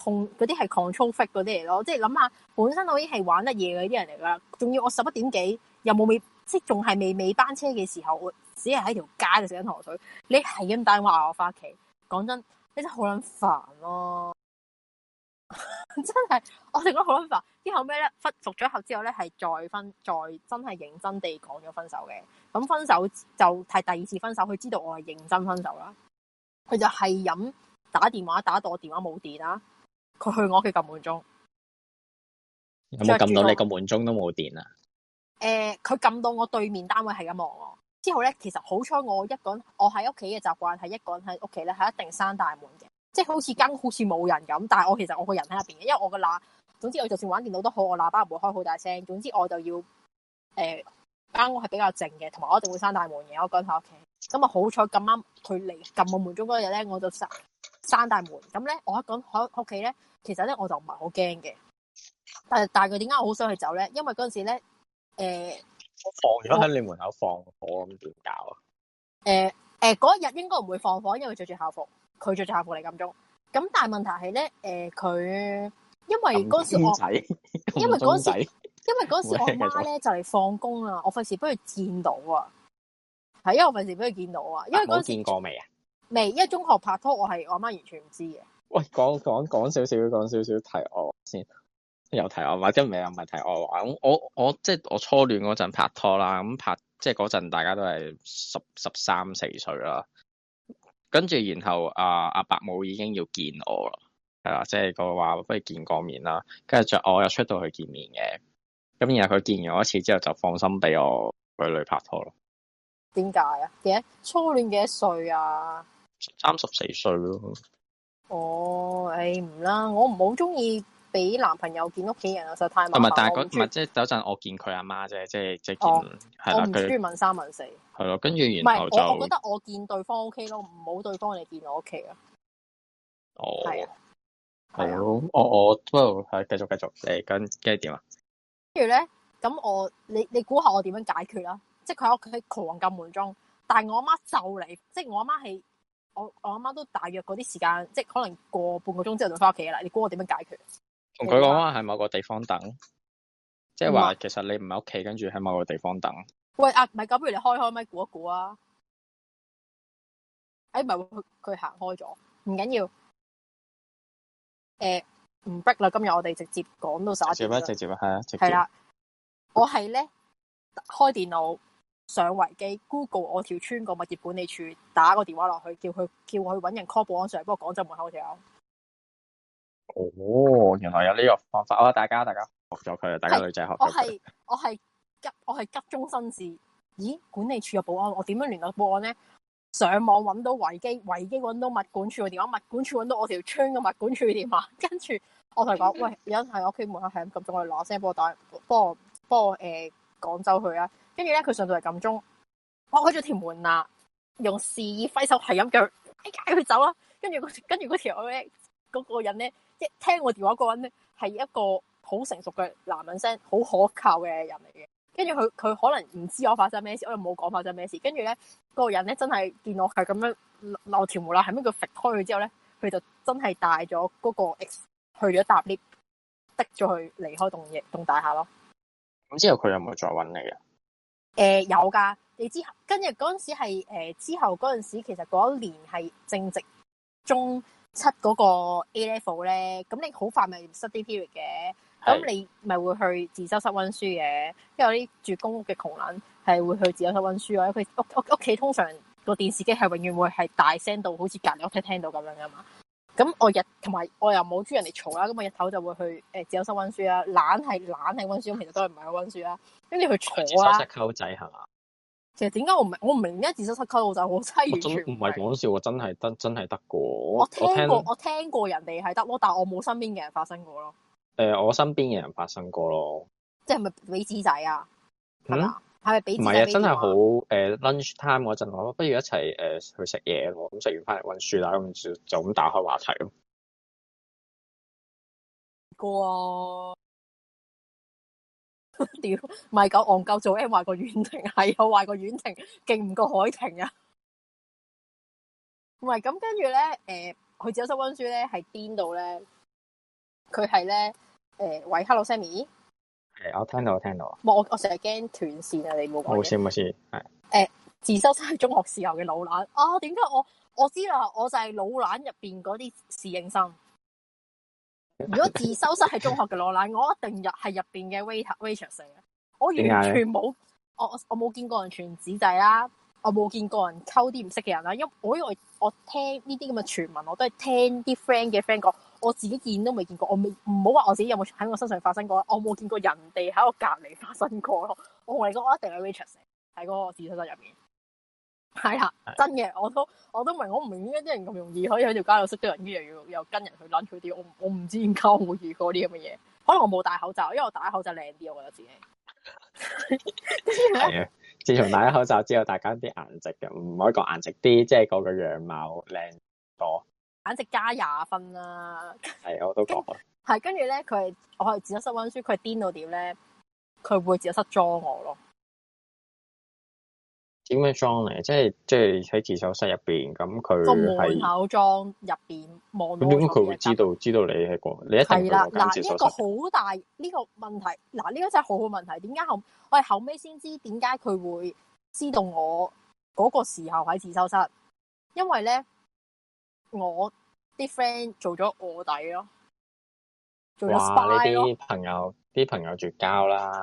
控，嗰啲係 control freak 嗰啲嚟咯。即係諗下，本身我已經係玩得嘢嘅啲人嚟啦，仲要我十一點幾又冇未，即係仲係未尾班車嘅時候，只係喺條街度食緊糖水。你係咁打電話嗌我翻屋企，講真。你真係好撚煩咯！ [laughs] 真係，我哋覺得好撚煩。後呢之後咩咧？分，復合咗後之後咧，係再分，再真係認真地講咗分手嘅。咁分手就係第二次分手，佢知道我係認真分手啦。佢就係飲打電話打到我電話冇電啦，佢去我屋企撳門鐘，有冇撳到你個門鐘都冇電啊？誒、 [laughs] 呃，佢撳到我對面單位係咁望我。之後咧，其實好彩我，一，我一個人，我喺屋企嘅習慣係一個人喺屋企咧，係一定閂大門嘅，即係好似間屋好似冇人咁。但係我其實我個人喺入邊嘅，因為我個喇，總之我就算玩電腦都好，我喇叭唔會開好大聲。總之我就要誒，間屋係比較靜嘅，同埋我一定會閂大門嘅，嗯。我一個人喺屋企，咁啊好彩咁啱佢嚟撳我門鐘嗰日咧，我就閂閂大門。咁咧我一個喺屋企咧，其實咧我就唔係好驚嘅。但係但係佢點解我好想去走咧？因為嗰陣時咧，誒、呃。我放咗喺你門口放火咁點搞啊？誒、欸、誒，嗰一日應該唔會放火，因為着住校服，佢着住校服嚟，咁鐘。咁但係問題係咧，誒、欸，佢因為嗰時我，因為陣時，因為嗰陣時我阿媽咧就嚟放工啦，我費事不如見到啊，係，因為我費事俾佢見到啊，因為嗰陣時。見過未啊？未，因為中學拍拖，我係我媽完全唔知嘅。喂，講講講少少，講少少提我先。有提我玩，即係未？我咪睇我玩。我我即係、就是、我初戀嗰陣拍拖啦，咁拍即係嗰陣大家都係十十三四歲啦。跟住然後啊，阿伯母已經要見我啦，係啦，即係佢話不如見個面啦。跟住就我又出到去見面嘅。咁然後佢見完我一次之後，就放心俾我女女拍拖咯。點解啊？幾初戀？幾多歲啊？三十四歲咯。哦，誒，唔啦，我唔好中意。俾男朋友見屋企人啊，就太麻煩。唔係，但係嗰唔係，即係等陣我見佢阿媽啫，即係即係見係啦。佢唔中意問三問四。係咯，跟住然、然後就我，我覺得我見對方 O K 咯，唔好對方嚟見我屋企，哦、啊。哦，係啊，好、哦、我、哦哦繼繼欸、我不過係繼續繼續嚟，跟跟住點啊？跟住咧，咁我你你估下我點樣解決啦？即係佢喺屋企狂撳門鐘，但係我阿媽就嚟，即係我阿媽係我我阿媽都大約嗰啲時間，即係可能過半個鐘之後就翻屋企啦。你估我點樣解決？同佢講話喺某個地方等，即係話其實你唔喺屋企，跟住喺某個地方等。喂，阿咪，咁不如你開開咪估一估啊？哎，唔係，佢行開咗，唔緊要。誒，唔 break 啦，今日我哋直接講到晒。直接啊，直接啊，係啊，係啦。我係咧開電腦上維基，Google 我條村個物業管理處，打個電話落去，叫佢叫我去搵人 call 保安上嚟，不過廣州門口就哦，原來有呢個方法啊，哦！大家，大家學咗佢啊！大家女仔學是，我係我係急，我係急中生智。咦？管理處有保安，我點樣聯絡保安咧？上網搵到維基，維基搵到物管處嘅電話，物管處搵到我條村嘅物管處嘅電話， [laughs] 跟住我同佢講：喂，有人喺我屋企門口係咁撳鐘，我攞聲波我帶，幫我幫我誒趕走佢啦。跟住咧，佢上到嚟撳鐘，我開咗條門啦，用示意揮手係咁叫，哎呀，佢走啦，啊。跟住跟住嗰條個人咧。聽聽我的電話嗰個人咧，係一個好成熟嘅男人聲，好可靠嘅人嚟嘅。跟住佢佢可能唔知我發生咩事，我又冇講發生咩事。跟住咧，嗰個人咧真係見我係咁樣留條毛啦，係咩叫甩開佢之後咧，佢就真係帶咗嗰個 X 去咗搭 lift，滴咗佢離開棟棟大廈咯。咁之後佢有冇再揾你啊？誒、呃，有噶。你、呃、之後跟住嗰陣時係誒之後嗰陣時，其實嗰一年係正值中。七、那、嗰個 A level 咧，咁你好快咪失啲 period 嘅，咁你咪會去自修室溫書嘅。因為有啲住公屋嘅窮人係會去自修室溫書啊，因為屋屋屋企通常個電視機係永遠會係大聲到好似隔籬屋聽聽到咁樣噶嘛。咁我日同埋我又冇中意人哋嘈啦，咁我日頭就會去誒自修室溫書啊。懶係懶係溫書，咁其實都係唔係溫書啦。咁你去嘈啊，溝仔係嘛？其實點解我唔明？我唔明點解自修室溝到就，我真係完全唔係。唔係講笑，我真係得，真係得過。我聽過，我聽，我聽過人哋係得咯，但我冇身邊嘅人發生過咯。誒、呃，我身邊嘅人發生過咯。即係咪俾紙仔啊？係咪係咪俾？唔係啊，真係好誒！lunch time 嗰陣，我不如一齊誒、呃、去食嘢，咁食完翻嚟溫書啦，咁就就咁打開話題咯。過啊！屌， [laughs] 咪狗戇鳩做 M 話個婉婷，係又話個婉婷，勁唔過，過海婷啊！唔係咁，跟住咧，誒、呃，佢自修室溫書咧，係癲到咧，佢係咧，喂，Hello Sammi？係、hey,，我聽到，我聽到啊！莫，我成日驚斷線啊！你冇講。冇事冇事係。誒，自修室係中學時候嘅老懶啊！點解我我知啦，我就係老懶入邊嗰啲侍應生。 [laughs] 如果自修室係中學嘅話，嗱，我一定入係入邊嘅 waiter waitress 嚟嘅。我完全冇，我我冇見過人傳紙仔啦，我冇見過人溝啲唔識嘅人啦。因為我以為我聽呢啲咁嘅傳聞，我都係聽啲 friend 嘅 friend 講，我自己見都未見過，我未唔好話我自己有冇喺我身上發生過，我冇見過人哋喺我隔籬發生過咯。我同你講，我一定係 waitress 嚟，喺嗰個自修室入邊。係啊，真嘅，我都我都明白，我唔明點解啲人咁容易，麼容易可以喺條街度識到人，跟住又要又跟人去諗佢啲，我我唔知點解我冇遇過啲咁嘅嘢。可能我冇戴口罩，因為我戴口罩靚啲，我覺得自己係啊 [laughs] [laughs] 自從戴咗口罩之後，大家啲顏值唔可以講顏值啲，即係講個樣貌靚多，顏值加廿分啦、啊。係，我都講。係跟住咧，佢我係自習室溫書，佢癲到點咧？佢會自習室裝我咯。點樣裝嚟？即係即係喺自修室入邊咁，佢個門口裝入邊望。咁點解佢會知道知道你喺個？你一係啦，嗱、啊，呢、這個好大呢、這個問題。嗱、啊，呢、這個真係好好問題。點解後我係後屘先知點解佢會知道我嗰個時候喺自修室？因為咧，我啲 friend 做咗臥底咯，做咗 spy 咯。呢啲朋友啲朋友絕交啦，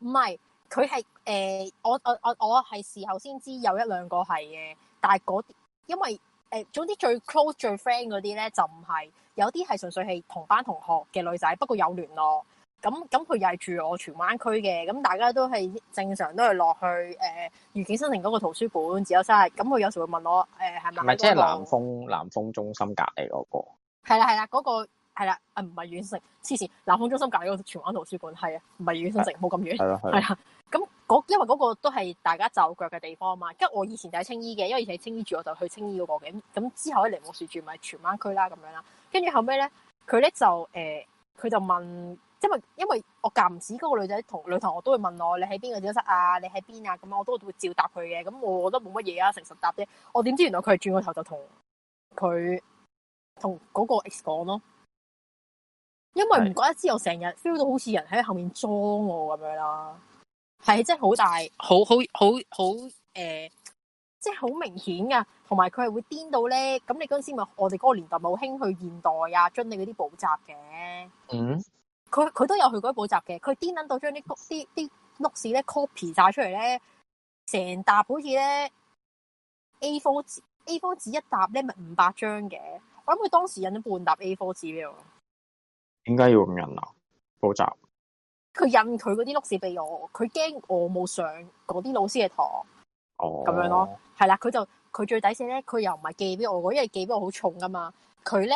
唔係。佢係誒，我我我我係事後先知有一兩個係嘅，但係嗰啲因為誒、呃，總之最 close 最 friend 嗰啲咧就唔係，有啲係純粹係同班同學嘅女仔，不過有聯絡。咁咁佢又係住我荃灣區嘅，咁大家都係正常都係落去誒愉、呃、景新城嗰個圖書館借書。咁佢有時會問我誒係咪？唔、呃、係、嗰個、即係南豐南豐中心隔離嗰、嗰個。係啦係啦，嗰、嗰個。.係啦，啊唔係遠城黐線，南豐中心隔籬個荃灣圖書館，係啊，唔係遠城，冇咁遠，係啊，咁因為嗰個都係大家就腳嘅地方啊嘛。跟住我以前就喺青衣嘅，因為以前喺青衣住，我就去青衣嗰、那個嘅。咁之後喺梨木樹住，咪荃灣區啦咁樣啦。跟住後尾咧，佢咧就誒佢、呃、就問，因、就、為、是、因為我夾唔止嗰個女仔同女同學都會問我你喺邊個教室啊？你喺邊啊？咁啊我都會照答佢嘅。咁我覺得冇乜嘢啊，誠實答啫。我點知原來佢係轉個頭就同佢同嗰個 ex 講咯。因為唔覺得之後我成日 feel 到好似人喺後面裝我咁樣啦，係真係好大，好好好好誒、呃，即係好明顯噶。同埋佢係會癲到咧。咁你嗰陣時咪我哋嗰個年代冇興去現代啊，將你嗰啲補習嘅。嗯，佢佢都有去嗰啲補習嘅。佢癲撚到將啲谷啲啲 note 咧 copy 晒出嚟咧，成沓好似咧 A4 紙 A4 紙一沓咧咪五百張嘅。我諗佢當時印咗半沓 A4 紙俾我。應該要咁印啊，補習。佢印佢嗰啲 notes 俾我，佢驚我冇上嗰啲老師嘅堂，哦、oh.，咁樣咯，係啦。佢就佢最抵死咧，佢又唔係寄俾我，因為寄俾我好重噶嘛。佢咧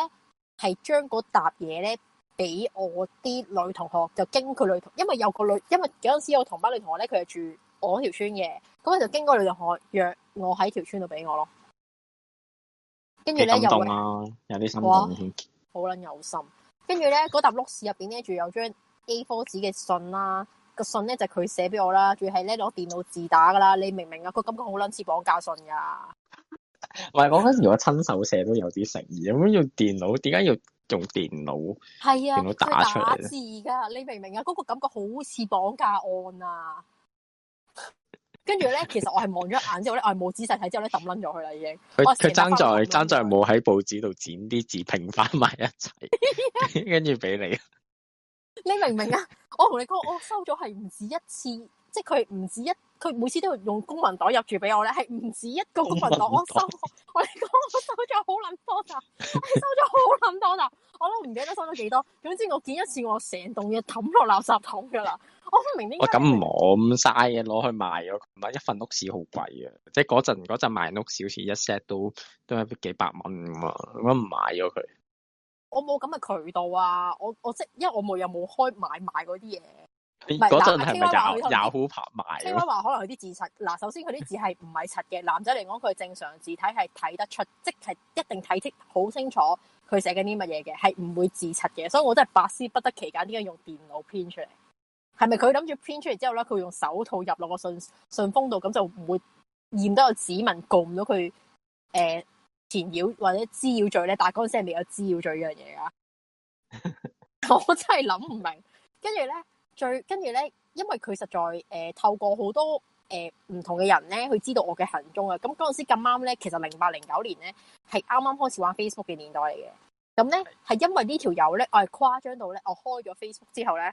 係將嗰沓嘢，咧俾我啲女同學，就經佢女同學，因為有個女，因為嗰陣時有個同班女同學咧，佢係住我條村嘅，咁佢就經嗰女同學約我喺條村度俾我咯。跟住咧又啊，又有啲心痛好捻有心。跟住咧，嗰沓碌屎入邊咧，仲有張 A4 紙嘅信啦。個信咧就係佢寫俾我啦，仲要係咧攞電腦字打噶啦。你明唔明啊？個感覺好撚似綁架信噶。唔係，我講緊如果我親手寫都有啲誠意，點解用電腦？點解要用電腦？係啊，電腦打，打字噶。你明唔明啊？嗰個感覺好似綁架案啊！跟住咧，其實我係望咗眼之後咧，我係冇仔細睇之後咧，抌撚咗佢啦，已經了了。佢佢爭在爭在冇喺報紙度剪啲字拼翻埋一齊，跟住俾你。你明唔明啊？ [laughs] 我同你講，我收咗係唔止一次， [laughs] 即係佢唔止一，佢每次都要用公文袋入住俾我咧，係唔止一個公文袋、袋。我收 [laughs] 我你講我收咗好撚多咋，收咗好撚多咋，我都唔記得收咗幾多。總之我見一次我成棟嘢抌落垃圾桶㗎啦。我唔明啲。咁唔冇咁嘥嘅，攞去賣咗，唔係一份屋市好貴嘅，即係嗰陣嗰陣賣屋小時一 set 都都係幾百蚊嘛，咁唔買咗佢。我冇咁嘅渠道啊。我我即因為我冇有冇開買賣嗰啲嘢。嗰陣係咪有有好拍賣？聽講話可能佢啲字拆嗱，首先佢啲字係唔係拆嘅。 [laughs] 男仔嚟講，佢正常字體，係睇得出，即係一定睇清好清楚佢寫緊啲乜嘢嘅，係唔會字拆嘅。所以我真係百思不得其解，點解用電腦編出嚟？係咪佢諗住 print 出嚟之後咧，佢用手套入落個信信封度，咁就唔會驗到個指紋，告唔到佢誒纏擾或者滋擾罪咧？但嗰陣時係未有滋擾罪呢樣嘢噶， [laughs] 我真係諗唔明白。跟住咧，最跟住咧，因為佢實在誒、呃、透過好多誒唔、呃、同嘅人咧，佢知道我嘅行蹤啊。咁嗰陣時咁啱咧，其實零八零九年咧係啱啱開始玩 Facebook 嘅年代嚟嘅。咁咧係因為這呢條友咧，我係誇張到咧，我開咗 Facebook 之後咧。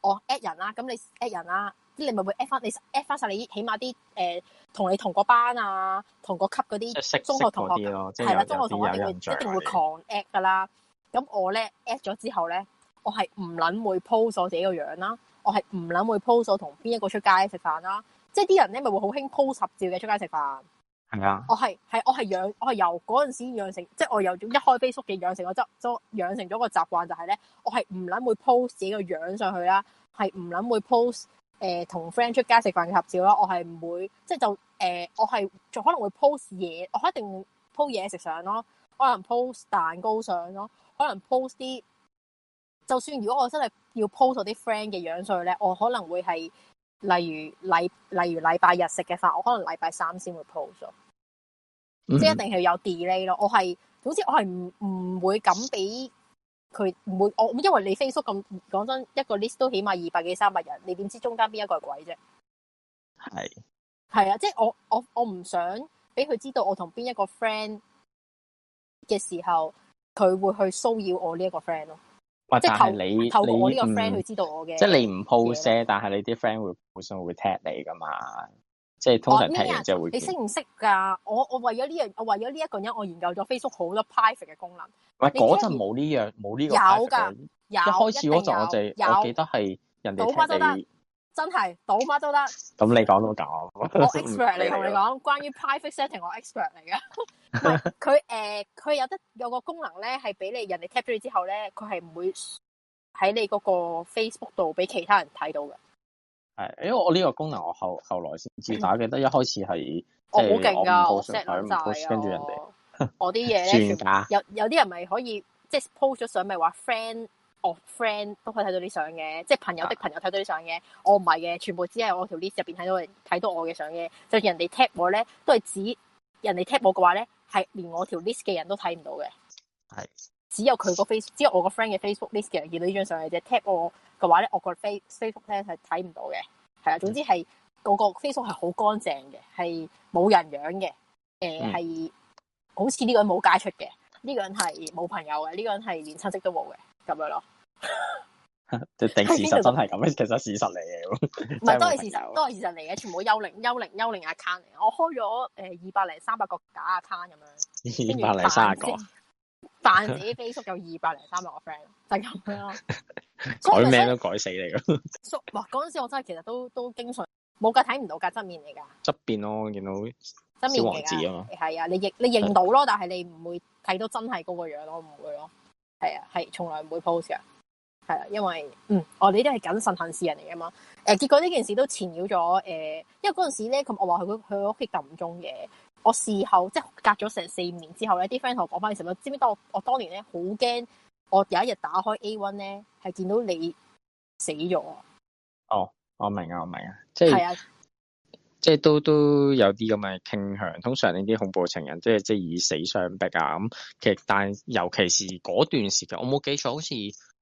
我、哦、at 人啦、啊，咁你 at 人啦、啊，你咪會 at 翻，你 at 翻晒你起碼啲誒同你同個班啊，同個級嗰啲中學同學係、就是、啦、就是，中學同學會有有一定會狂 at 噶啦。咁我咧 at 咗之後咧，我係唔捻會 post 我自己個樣啦，我係唔捻會 post 我同邊一個出街食飯啦。即係啲人咧咪會好興 post 合照嘅出街食飯。係啊，我係係我係養我係由嗰陣時養成，即係我由一開 Facebook 嘅養成我積積養成咗個習慣就係咧，我係唔諗會 post 自己個樣上去啦，係唔諗會 post 誒同 friend 出街食飯嘅合照啦，我係唔會即係就誒、呃、我係仲可能會 post 嘢，我一定會 post 嘢食相咯，我可能 post 蛋糕相咯，可能 post 啲就算如果我真係要 post 我啲 friend 嘅樣上去咧，我可能會係。例如，例如禮例如禮拜日食嘅飯，我可能禮拜三先會 post 咗，mm-hmm. 即係一定係有 delay 咯。我係總之我係唔唔會咁俾佢唔會我因為你 Facebook 咁講真一個 list 都起碼二百幾三百人，你點知中間邊一個係鬼啫？係係啊，即係我我我唔想俾佢知道我同邊一個 friend 嘅時候，佢會去騷擾我呢一個 friend 咯。即係透過你、嗯，透過我呢個 friend 會知道我嘅。即、嗯、係、就是、你唔 post，但係你啲 friend 會會互相會踢你噶嘛？即、就、係、是、通常聽完之後就會。你識唔識噶？我我為咗呢樣，我為咗呢一個人，我研究咗 Facebook 好多 private 嘅功能。喂，嗰陣冇呢樣，冇呢、這個。有噶，有。一開始嗰陣我就，我記得係人哋踢真係賭乜都得，咁、哦、你講都搞。我 expert 嚟同你講，關於 private setting 我 expert 嚟噶。佢誒佢有得有個功能咧，係俾你人哋 tap 咗你之後咧，佢係唔會喺你嗰個 Facebook 度俾其他人睇到嘅。係、欸，因為我呢個功能我後後來先至打嘅，嗯、記得一開始係、哦、我好勁㗎，set 跟住人哋 [laughs] 我啲嘢咧，有有啲人咪可以即係、就是、post 咗上咪話 friend。我 friend 都可以睇到啲相嘅，即係朋友的朋友睇到啲相嘅。我唔係嘅，全部只係我條 list 入邊睇到睇到我嘅相嘅。就人哋 tap 我咧，都係指人哋 tap 我嘅話咧，係連我條 list 嘅人都睇唔到嘅。係只有佢個 Facebook，只有我個 friend 嘅 Facebook list 嘅人見到呢張相嘅啫。tap 我嘅話咧，我個 Face Facebook friend 係睇唔到嘅。係啊，總之係我個 Facebook 係好乾淨嘅，係冇人樣嘅。誒、呃，係、嗯、好似呢個人冇解出嘅，呢、呢個人係冇朋友嘅，呢、呢個人係連親戚都冇嘅。咁樣咯，即 [laughs] 事實真係咁，其實係事實嚟嘅，唔係都係事實，都係事實嚟嘅，全部幽靈、幽靈、幽靈 account 我開咗誒二百零三百個假 account 咁樣，二百零三百個，扮自己 Facebook 有二百零三百個 friend [laughs] 就咁樣，改名都改死你咯。哇！ [laughs] 嗰陣時我真係其實都都經常冇噶，睇唔到噶側面嚟噶，側面咯，見到，側面嚟噶，係啊，你認你認到咯， [laughs] 但係你唔會睇到真係嗰個樣咯，唔會咯。係啊，係從來唔會 post 嘅，係啊，因為嗯，我哋都係謹慎行事人嚟噶嘛。誒，結果呢件事都纏繞咗誒，因為嗰陣時咧，佢我話佢去佢屋企撳鐘嘅，我事後即係隔咗成四五年之後咧，啲 friend 同我講翻嘅時候，你知唔知當我我當年咧好驚，我有一日打開 A one 咧係見到你死咗。哦，我明啊，我明啊，即係。即係都都有啲咁嘅傾向，通常呢啲恐怖情人即係即係以死相逼啊咁。其實，但係尤其是嗰段時期，我冇記錯，好似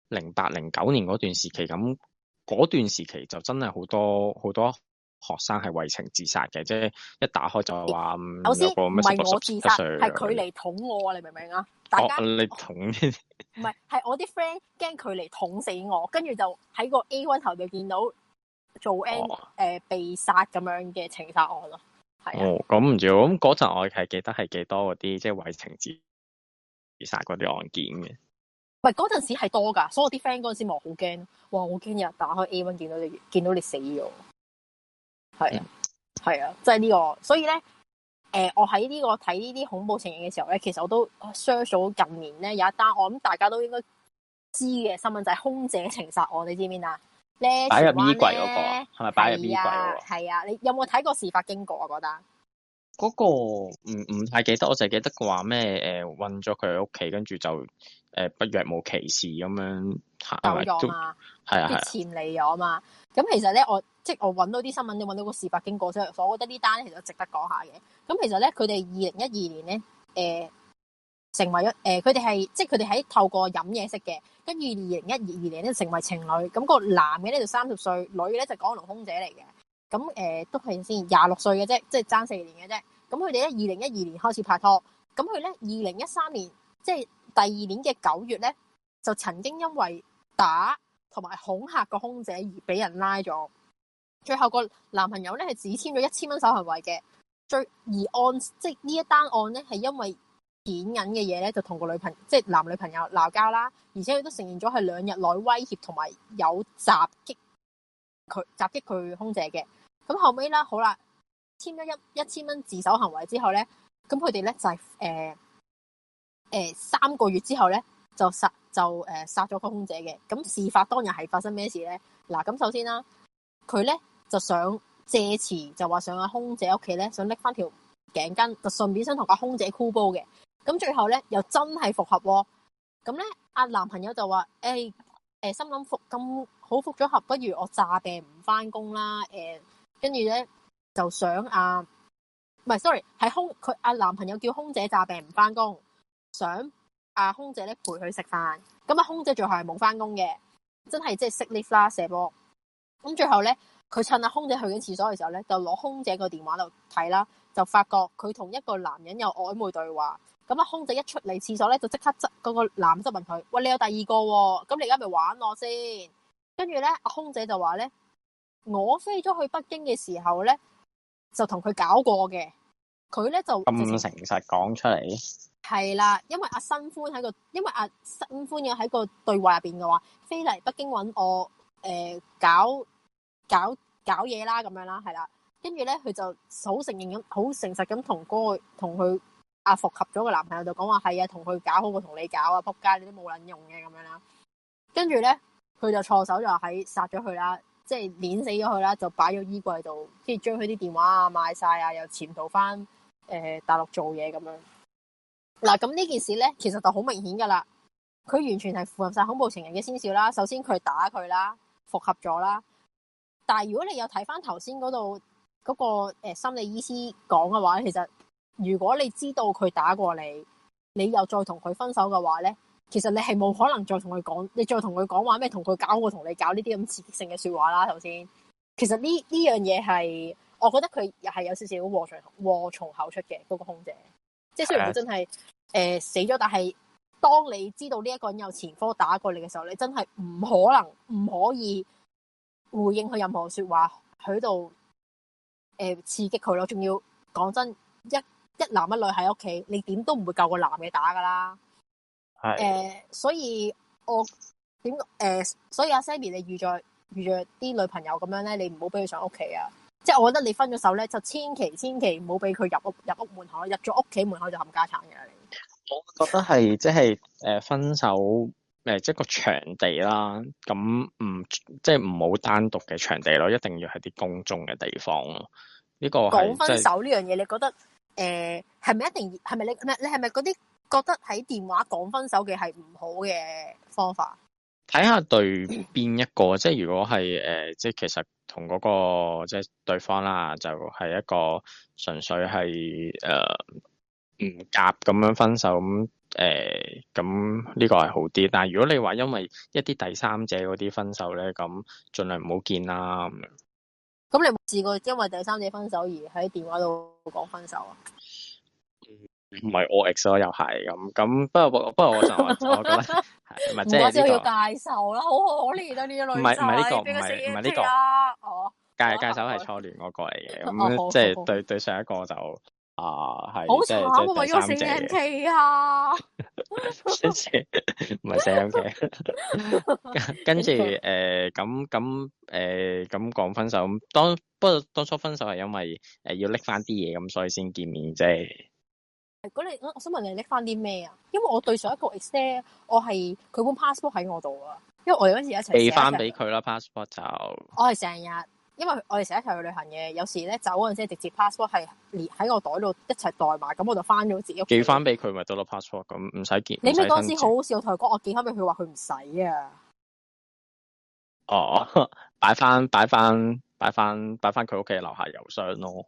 零八零九年嗰段時期咁，嗰段時期就真係好多好多學生係為情自殺嘅，即係一打開就話，唔、欸、係、嗯嗯、我自殺，係佢嚟捅我啊！你明唔明啊？哦、大家力捅唔係，係 [laughs] 我啲 friend 驚佢嚟捅死我，跟住就喺個 A one 頭就見到。做 N 誒、哦呃、被殺咁樣嘅情殺案咯，係哦咁唔知，咁嗰陣我係記得係幾多嗰啲即係為情自殺嗰啲案件嘅，唔係嗰陣時係多噶，所以我啲 friend 嗰陣時咪好驚，哇！我今日打開 A one 見到你見到你死咗，係啊係啊，即係呢個，所以咧誒、呃，我喺呢、這個睇呢啲恐怖情形嘅時候咧，其實我都 search 咗近年咧有一，單我諗大家都應該知嘅新聞就係、是、空姐情殺案，你知唔知啊？擺入衣櫃嗰個係咪擺入衣櫃？係、那個、啊，係啊。你有冇睇過事發經過啊？覺得嗰個唔，唔太記得，我淨係記得話咩誒，困咗佢喺屋企，跟住就誒不、呃、若無其事咁樣行咗嘛，係啊，錢嚟咗嘛。咁其實咧，我即係我揾到啲新聞，你揾到個事發經過，所以我覺得呢單其實值得講下嘅。咁其實咧，佢哋二零一二年咧誒。欸成為一，誒，佢哋係即係佢哋喺透過飲嘢識嘅，跟住二零一二年咧成為情侶。咁、那個男嘅咧就三十歲，女咧就港龍空姐嚟嘅。咁誒、呃、都係先廿六歲嘅啫，即係爭四年嘅啫。咁佢哋咧二零一二年開始拍拖，咁佢咧二零一三年即係第二年嘅九月咧，就曾經因為打同埋恐嚇個空姐而俾人拉咗。最後個男朋友咧係只簽咗一千蚊守行為嘅，最而案即係呢一單案咧係因為。剪影嘅嘢咧，就同個女朋即係男女朋友鬧交啦。而且佢都承認咗係兩日內威脅同埋有襲擊佢，襲擊佢空姐嘅。咁後尾啦，好啦，簽咗一一千蚊自首行為之後咧，咁佢哋咧就係誒誒三個月之後咧就殺就誒殺咗個空姐嘅。咁事發當日係發生咩事咧？嗱，咁首先啦，佢咧就想借詞就話上阿空姐屋企咧，想拎翻條頸巾，就順便想同個空姐箍煲嘅。咁最後咧，又真係復合喎、哦。咁咧，阿男朋友就話：誒、欸、誒、欸，心諗復咁好，復咗合，不如我詐病唔返工啦。誒、欸，跟住咧就想啊，唔係，sorry，係空佢阿男朋友叫空姐詐病唔返工，想阿、啊、空姐咧陪佢食飯。咁啊，空姐最後係冇返工嘅，真係即係 sick leave 啦射波。咁最後咧，佢趁阿空姐去緊廁所嘅時候咧，就攞空姐個電話度睇啦，就發覺佢同一個男人有曖昧對話。咁阿空姐一出嚟廁所咧，就即刻執嗰個男執問佢：喂，你有第二個喎、哦？咁你而家咪玩我先？跟住咧，阿空姐就話咧，我飛咗去北京嘅時候咧，就同佢搞過嘅。佢咧就咁誠實講出嚟係啦，因為阿新歡喺、那個，因為阿新歡嘅喺個對話入邊嘅話飛嚟北京揾我誒、呃、搞搞搞嘢啦咁樣啦，係啦。跟住咧，佢就好承認咁好誠實咁同嗰同佢。啊！復合咗個男朋友就講話係啊，同佢搞好過同你搞啊！撲街你都冇撚用嘅咁樣啦。跟住咧，佢就錯手就喺殺咗佢啦，即係碾死咗佢啦，就擺咗衣櫃度，跟住將佢啲電話啊賣晒啊，又潛逃翻誒、呃、大陸做嘢咁樣。嗱，咁呢件事咧，其實就好明顯噶啦。佢完全係符合晒恐怖情人嘅先兆啦。首先佢打佢啦，復合咗啦。但係如果你有睇翻頭先嗰度嗰個、那個呃、心理醫師講嘅話，其實。如果你知道佢打過你，你又再同佢分手嘅話咧，其實你係冇可能再同佢講，你再同佢講話咩，同佢搞我同你搞呢啲咁刺激性嘅說話啦。頭先，其實呢呢樣嘢係，我覺得佢又係有少少禍從禍從口出嘅嗰個空姐，即係雖然佢真係誒、呃、死咗，但係當你知道呢一個人有前科打過你嘅時候，你真係唔可能唔可以回應佢任何說話，喺度誒刺激佢咯，仲要講真一。一男一女喺屋企，你點都唔會夠個男嘅打噶啦。係誒，uh, 所以我點誒，uh, 所以阿 Sammi，你預咗預約啲女朋友咁樣咧，你唔好俾佢上屋企啊。即係我覺得你分咗手咧，就千祈千祈唔好俾佢入屋入屋門口，入咗屋企門口就冚家產嘅。我覺得係即係誒，分手誒，即係個場地啦。咁唔即係唔好單獨嘅場地咯，一定要係啲公眾嘅地方。呢個講分手呢樣嘢，你覺得？誒，係咪一定係咪你唔係你係咪嗰啲覺得喺電話講分手嘅係唔好嘅方法？睇下對邊一個 [laughs] 即係如果係誒、呃，即係其實同嗰、嗰個即係對方啦，就係、係、一個純粹係誒唔夾咁樣分手咁誒，咁、嗯、呢、呃、個係好啲。但係如果你話因為一啲第三者嗰啲分手咧，咁盡量唔好見啦咁樣。咁你有冇試過因為第三者分手而喺電話度講分手啊？唔係我 ex 啦，又係咁咁，不過不過我就我覺得、 [laughs] 就是這個、我咁啦，唔係即係呢個要介仇啦，好，好可憐啊呢啲女，唔係唔係呢個，唔係呢個、這個、哦，介哦介仇係初戀我講嚟嘅，咁即係對、哦、好好好對，對上一個就。啊，係好慘啊！因為四 N K 啊， [laughs] [laughs] 唔係四唔係成 N K。 [laughs] [laughs] 跟住誒，咁咁誒，咁、欸、講、欸、分手咁當，不過當初分手係因為誒要拎翻啲嘢，咁所以先見面啫。咁你我我想問你拎翻啲咩啊？因為我對上一個 ex，我係佢本 passport 喺我度啊，因為我哋嗰時一齊寄翻俾佢啦。passport 就我係成日。因為我哋成日一齊去旅行嘅，有時咧走嗰陣直接 passport 係連喺個袋度一齊帶埋咁我就翻咗自己。寄翻俾佢咪到咯 passport 咁唔使見。你咩嗰時好好笑台哥，我寄翻俾佢話佢唔使啊。哦，擺翻擺翻擺翻擺翻佢屋企樓下郵箱咯。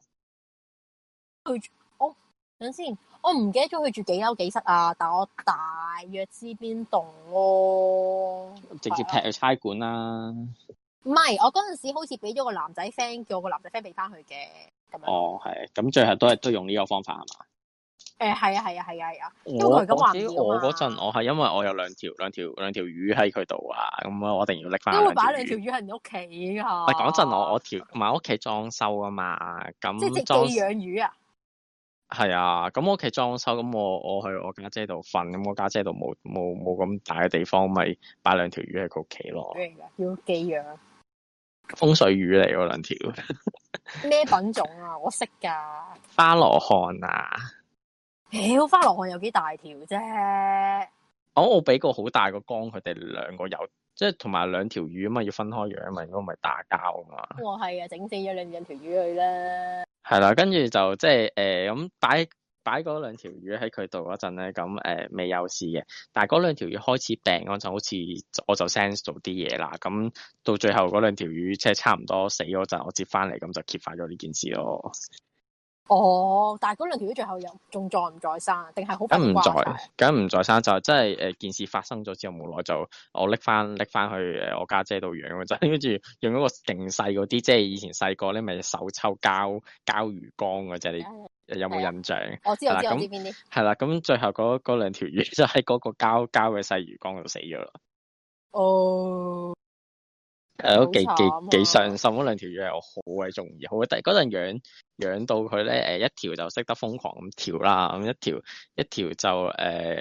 佢住我、哦、等先，我唔記得咗佢住幾樓幾室啊，但我大約知邊棟咯。直接劈去差館啦、啊。唔係，我嗰陣時好似俾咗個男仔 friend，叫我個男仔 friend 俾翻佢嘅。咁哦，係，咁最後都係都用呢個方法係嘛？誒，係啊，係啊，係啊，係啊。我我我嗰陣我係因為我有兩條兩條兩條魚喺佢度啊，咁啊，我一定要拎翻。因為擺兩條魚喺你屋企噶講真，我我條買屋企裝修啊嘛，咁即係寄養魚啊。係啊，咁我屋企裝修，咁我我去我家姐度瞓，咁我家姐度冇冇冇咁大嘅地方，咪擺兩條魚喺佢屋企咯。要寄養。風水魚嚟嗰兩條咩品種啊？我識噶，花羅漢啊！誒，花羅漢有幾大條啫？哦，我俾個好大個缸，佢哋兩個有即係同埋兩條魚啊嘛，要分開養啊嘛，如果唔係打交啊嘛。我係啊，整死咗兩兩條魚去啦。係啦，跟住就即係誒咁擺。呃擺嗰兩條魚喺佢度嗰陣咧，咁誒未有事嘅。但係嗰兩條魚開始病嗰陣，好似我就 sense 到啲嘢啦。咁到最後嗰兩條魚即係差唔多死嗰陣，我接翻嚟，咁就揭發咗呢件事咯。哦，但係嗰兩條魚最後又仲再唔再生，定係好？梗唔在，在，梗唔再生就真係誒，件事發生咗之後，冇耐就我拎翻拎翻去誒我家姐度養嘅啫。跟住用嗰個勁細嗰啲，即係以前細個咧咪手抽膠膠魚缸嗰隻。哎有冇印象？啊、我知我知我、啊、知邊啲。係啦，咁、啊、最後嗰嗰兩、oh, 呃啊兩，呃、兩條魚就喺嗰個膠膠嘅細魚缸度死咗咯。哦，誒都幾幾幾傷心。嗰兩條魚又好鬼重要，好鬼得意。嗰陣養養到佢咧，一條就識得瘋狂咁跳啦，咁一條一條就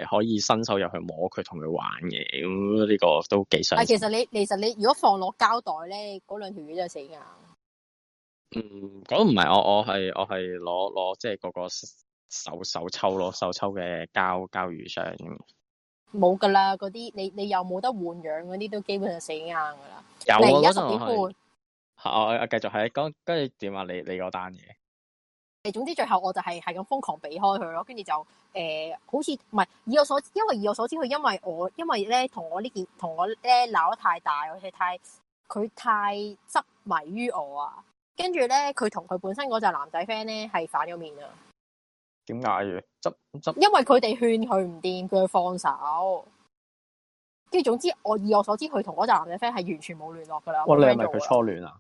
可以伸手入去摸佢，同佢玩嘅。咁呢個都幾傷。其實你其實你如果放落膠袋咧，嗰兩條魚真係死硬。嗯，嗰唔係我，我係我係攞攞即係個個手手抽攞手抽嘅膠膠魚箱，冇噶啦。嗰啲你你又冇得換養嗰啲，都基本上死硬噶啦。有而家十點半。係、啊、我我繼續係講跟跟住點啊？你你個單嘢誒，總之最後我就係係咁瘋狂避開佢咯，跟住就誒、呃，好似唔係以我所知因為以我所知，佢因為我因為咧同我,我呢件同我咧鬧得太大，太太於我佢太佢太執迷於我啊。呢他跟住咧，佢同佢本身嗰隻男仔 friend 咧係反咗面啊。點解嘅？執執，因為佢哋勸佢唔掂，佢放手。跟住，總之我以我所知，佢同嗰隻男仔 friend 係完全冇聯絡噶啦。哇、哦！你係咪佢初戀啊？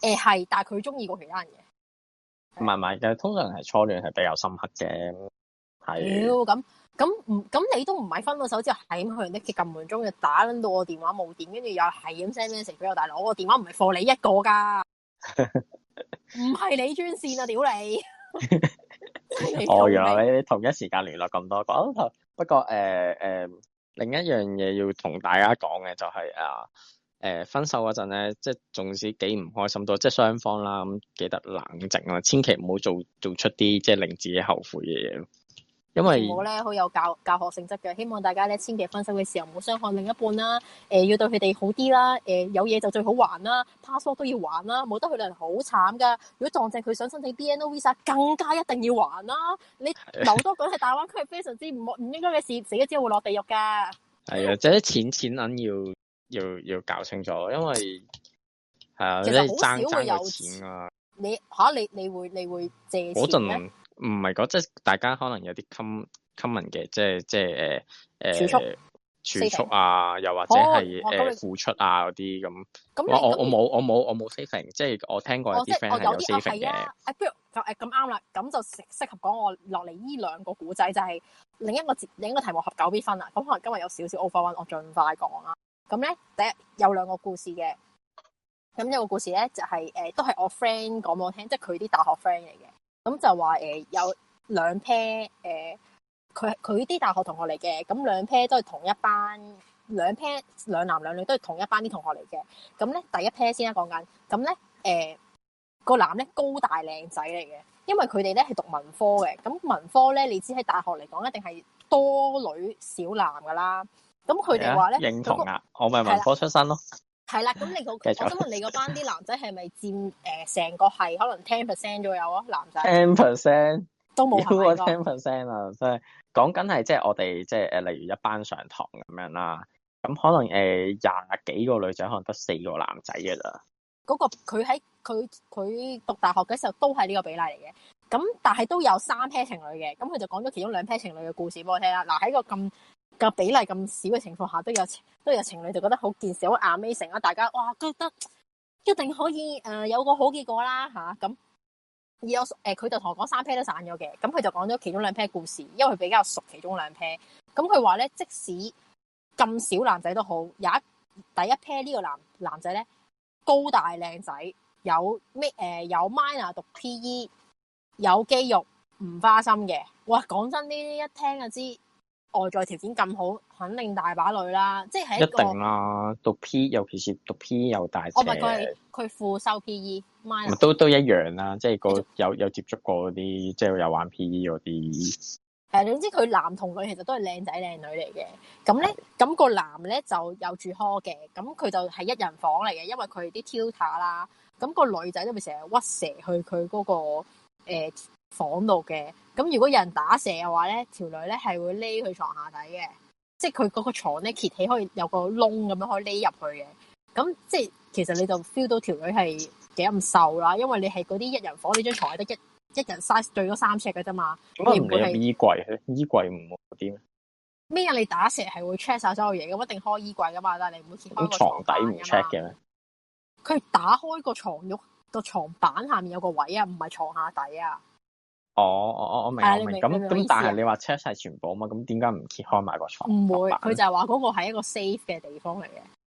誒、欸、係，但係佢中意過其他人嘅。唔係唔係嘅，通常係初戀係比較深刻嘅。係，咁咁唔咁，你都唔係分咗手之後，喺咁佢搦起撳門中就打，捻到我電話冇電，跟住又係咁 send message 俾我大佬，我電話唔係放你一個噶。唔 [laughs] 係你專線啊，屌 [laughs] 你，和你！ [laughs] 哦，原來你同一時間聯絡咁多個，講不過誒誒、呃呃，另一樣嘢要同大家講嘅就係啊誒，分手嗰陣咧，即係縱使幾唔開心都，即係雙方啦，記得冷靜啊，千祈唔好做做出啲即係令自己後悔嘅嘢。因為我咧好有教教學性質嘅，希望大家咧千祈分手嘅時候唔好傷害另一半啦，誒、呃、要對佢哋好啲啦，誒、呃、有嘢就最好還啦 passport 都要還啦，冇得佢哋好慘噶。如果撞正佢想申請 BNO visa，更加一定要還啦。你留多款喺大灣區係非常之唔唔應該嘅事，死咗之後會落地獄噶。係啊，即係錢錢銀要要要搞清楚，因為係啊，即係好少會有錢啊。你吓、啊、你你會你會借錢唔係講，即係大家可能有啲 common common 嘅，即係即係、呃啊、誒誒儲蓄啊，又或者係誒、哦哦哦呃、付出啊嗰啲咁。咁、嗯、我我我冇我冇我冇 saving，即係我聽過有啲 friend、哦、有 saving 嘅。誒、哦啊啊啊、不如誒咁啱啦，咁、啊啊、就適適合講我落嚟呢兩個古仔，就係、是、另一個節另一個題目合久必分啦。咁、嗯、可能今日有少少 over one，我盡快講啦。咁咧第一有兩個故事嘅，咁呢個故事咧就係、是、誒、啊、都係我 friend 講俾我聽，即係佢啲大學 friend 嚟嘅。咁就話誒、欸、有兩 pair 誒，佢佢啲大學同學嚟嘅，咁兩 pair 都係同一班，兩 pair 兩男兩女都係同一班啲同學嚟嘅，咁咧第一 pair 先啦講緊，咁咧誒個男咧高大靚仔嚟嘅，因為佢哋咧係讀文科嘅，咁文科咧你知喺大學嚟講一定係多女少男噶啦，咁佢哋話咧認同啊，那個、我咪文科出身咯。係啦，咁你、個我想問你個班啲男仔係咪佔誒成個係可能 ten percent 左右啊？男仔 ten percent 都冇十個 ten percent 啊，即係講緊係即係我哋即係誒，例如一班上堂咁樣啦，咁可能誒廿幾個女仔可能得四個男仔嘅咋？嗰、個佢喺佢佢讀大學嘅時候都係呢個比例嚟嘅，咁但係都有三 pair 情侶嘅，咁佢就講咗其中兩 pair 情侶嘅故事俾我聽啦。嗱喺個咁。個比例咁少嘅情況下，都有都有情侶，就覺得好見少，amazing 啊，大家哇覺得一定可以誒、呃、有個好結果啦吓，咁而誒佢就同我講三 pair 都散咗嘅。咁、嗯、佢就講咗其中兩 pair 故事，因為佢比較熟其中兩 pair，咁佢話咧即使咁少男仔都好，有一第一 pair 呢個男男仔咧高大靚仔，有咩誒、呃、有 minor 讀 P.E. 有肌肉唔花心嘅，哇講真呢一聽就知。外在條件咁好，肯定大把女啦，即係一個。一定啦、啊，讀 P 尤其是讀 P 又大隻。唔係佢佢副修 P.E.，都都一樣啦，即係、嗰個就有有接觸過嗰啲，即係有玩 P.E. 嗰啲。係總之佢男同女其實都係靚仔靚女嚟嘅。咁咧，咁、嗰個男咧就有住 hall 嘅，咁佢就係一人房嚟嘅，因為佢啲 tutor 啦。咁、啊嗰個女仔都咪成日屈蛇去佢嗰、嗰個、欸房度嘅，咁如果有人打蛇嘅話咧，條女咧係會匿佢床下底嘅，即係佢嗰個床咧揭起可以有個窿咁樣可以匿入去嘅。咁即係其實你就 feel 到條女係幾咁瘦啦，因為你係嗰啲一人房， [coughs] 你張床係得一一人 size，對咗三尺嘅啫嘛。咁唔會入衣櫃，衣櫃唔好啲咩？咩人你打蛇係會 check 晒所有嘢嘅，一定開衣櫃噶嘛？但係你唔會揭開個床底唔 check 嘅咩？佢打開個床褥個床板下面有個位啊，唔係床下底啊。哦，我明，我明白，咁咁，但係你話 check 晒全部啊嘛，咁點解唔揭開埋個床？唔會，佢就係話嗰個係一個 safe 嘅地方嚟嘅。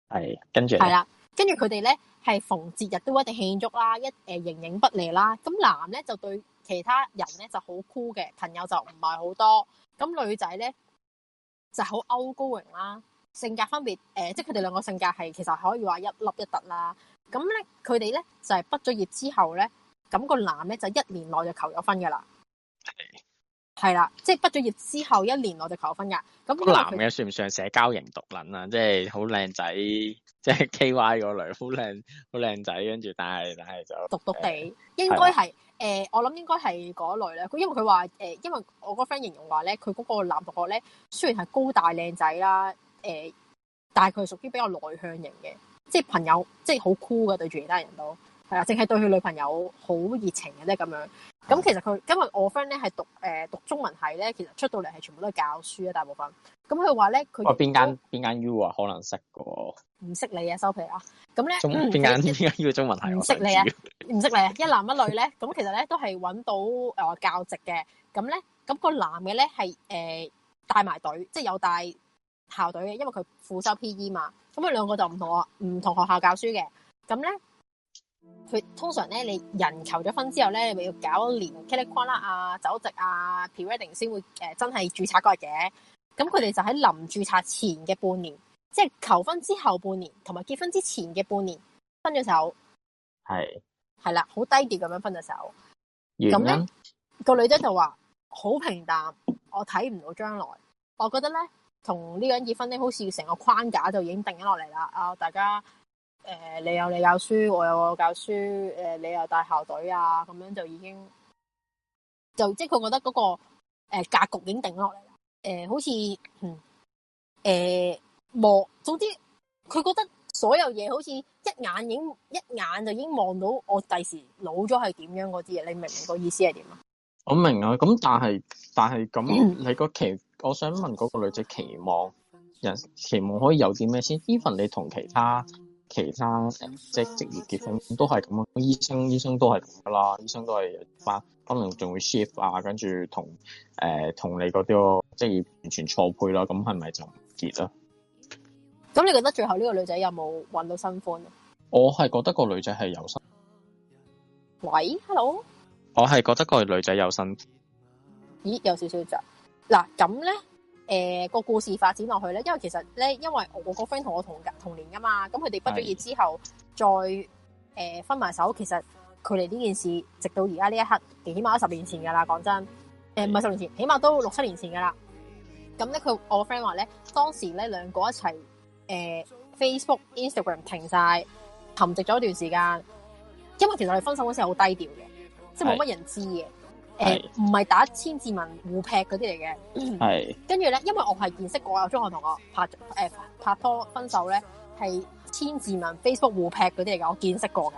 係，跟住係啦，跟住佢哋咧係逢節日都一定慶祝啦，一誒形影不離啦。咁男咧就對其他人咧就好 cool 嘅，朋友就唔係好多。咁女仔咧就好 outgoing 啦，性格分別誒、欸，即係佢哋兩個性格係其實可以話一粒一特啦。咁咧佢哋咧就係畢咗業之後咧。咁、那個男咧就一年內就求咗婚噶啦，係啦，即係畢咗業之後一年內就求咗婚噶。咁、那個男嘅算唔算社交型獨撚啊？即係好靚仔，即係 KY 嗰類，好靚好靚仔，跟住但係但係就獨獨地，應該係、呃、我諗應該係嗰類呢。因為佢話、呃、因為我個 friend 形容話咧，佢嗰個男同學咧雖然係高大靚仔啦、呃，但係佢係屬於比較內向型嘅，即係朋友即係好酷㗎對住其他人都。係啊，淨係對佢女朋友好熱情嘅咧，咁樣咁、哦、其實佢今日我 friend 咧係讀誒、呃、讀中文系咧，其實出到嚟係全部都係教書啊，大部分咁佢話咧佢邊間邊間 U 啊，可能識過唔識你啊，收皮啊？咁咧邊間邊間 U 中文系我、嗯、識你啊，唔 [laughs] 識你啊，一男一女咧，咁其實咧都係揾到誒、呃、教席嘅咁咧。咁、個男嘅咧係誒帶埋隊，即係有帶校隊嘅，因為佢副修 P.E. 嘛。咁佢兩個就唔同啊，唔同學校教書嘅咁咧。佢通常咧，你人求咗婚之後咧，你咪要搞年，certificate 啊、酒席啊、prewedding 先會誒、呃、真係注冊過嘅。咁佢哋就喺臨注冊前嘅半年，即係求婚之後半年，同埋結婚之前嘅半年分咗手。係係啦，好低調咁樣分咗手。咁咧個女仔就話好平淡，我睇唔到將來。我覺得咧，同呢個人結婚咧，好似成個框架就已經定咗落嚟啦。啊、呃，大家。誒、呃，你有你教書，我有我教書。誒、呃，你又帶校隊啊，咁樣就已經就即係佢覺得嗰，那個誒、呃、格局已經定落嚟啦。誒、呃，好似嗯誒望，呃，總之佢覺得所有嘢好似一眼已經一眼就已經望到我第時老咗係點樣嗰啲嘢。你明唔明個意思係點啊？我明啊，咁但係但係咁，嗯，你個期，我想問嗰個女仔期望人期望可以有啲咩先？Even 你同其他。嗯其他誒，即係職業結婚都係咁樣，醫生醫生都係咁噶啦，醫生都係翻可能仲會 shift 啊，呃，跟住同誒同你嗰啲職業完全錯配啦，咁係咪就唔結啦？咁你覺得最後呢個女仔有冇揾到新歡？我係覺得嗰個女仔係有新。喂，hello。我係覺得嗰個女仔有新。咦，有少少雜。嗱，咁咧？誒、呃、個故事發展落去咧，因為其實咧，因為我個 friend 同我同同年噶嘛，咁佢哋畢咗業之後再誒、呃、分埋手，其實佢哋呢件事直到而家呢一刻，起碼十年前噶啦，講真，誒唔係十年前，起碼都六七年前噶啦。咁咧，佢我 friend 話咧，當時咧兩個一齊誒、呃、Facebook、Instagram 停晒，沉寂咗一段時間，因為其實佢哋分手嗰時係好低調嘅，即係冇乜人知嘅。誒唔係打千字文互劈嗰啲嚟嘅，跟住咧，因為我係見識過有中學同學拍誒、呃、拍拖分手咧係千字文 Facebook 互劈嗰啲嚟嘅，我見識過嘅。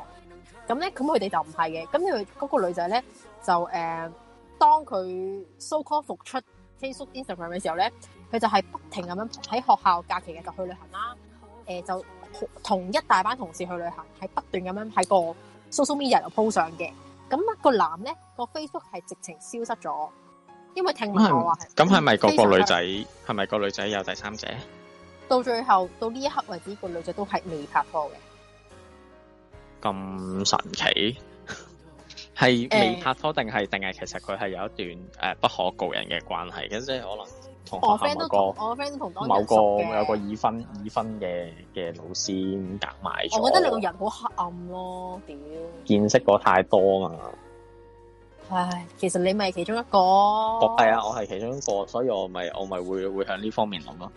咁咧，咁佢哋就唔係嘅。咁佢嗰個女仔咧就誒、呃，當佢 SoCall 復出 Facebook、Instagram 嘅時候咧，佢就係不停咁樣喺學校假期嘅就去旅行啦、啊。誒、呃、就同一大班同事去旅行，係不斷咁樣喺個 social media 度 po 上嘅。咁、個男咧、個 Facebook 係直情消失咗，因為聽唔到啊！咁係咪個個女仔係咪個女仔有第三者？到最後到呢一刻為止，個女仔都係未拍拖嘅。咁神奇係 [laughs] 未拍拖定係定係？欸、是其實佢係有一段誒不可告人嘅關係嘅，即係可能。我 friend 都講，我 friend 都同當，某個有個已婚已婚嘅嘅老師夾埋。我覺得你個人好黑暗咯，屌！見識過太多啊嘛。唉，其實你咪其中一個。係啊，我係其中一個，所以我咪我咪會會向呢方面諗咯。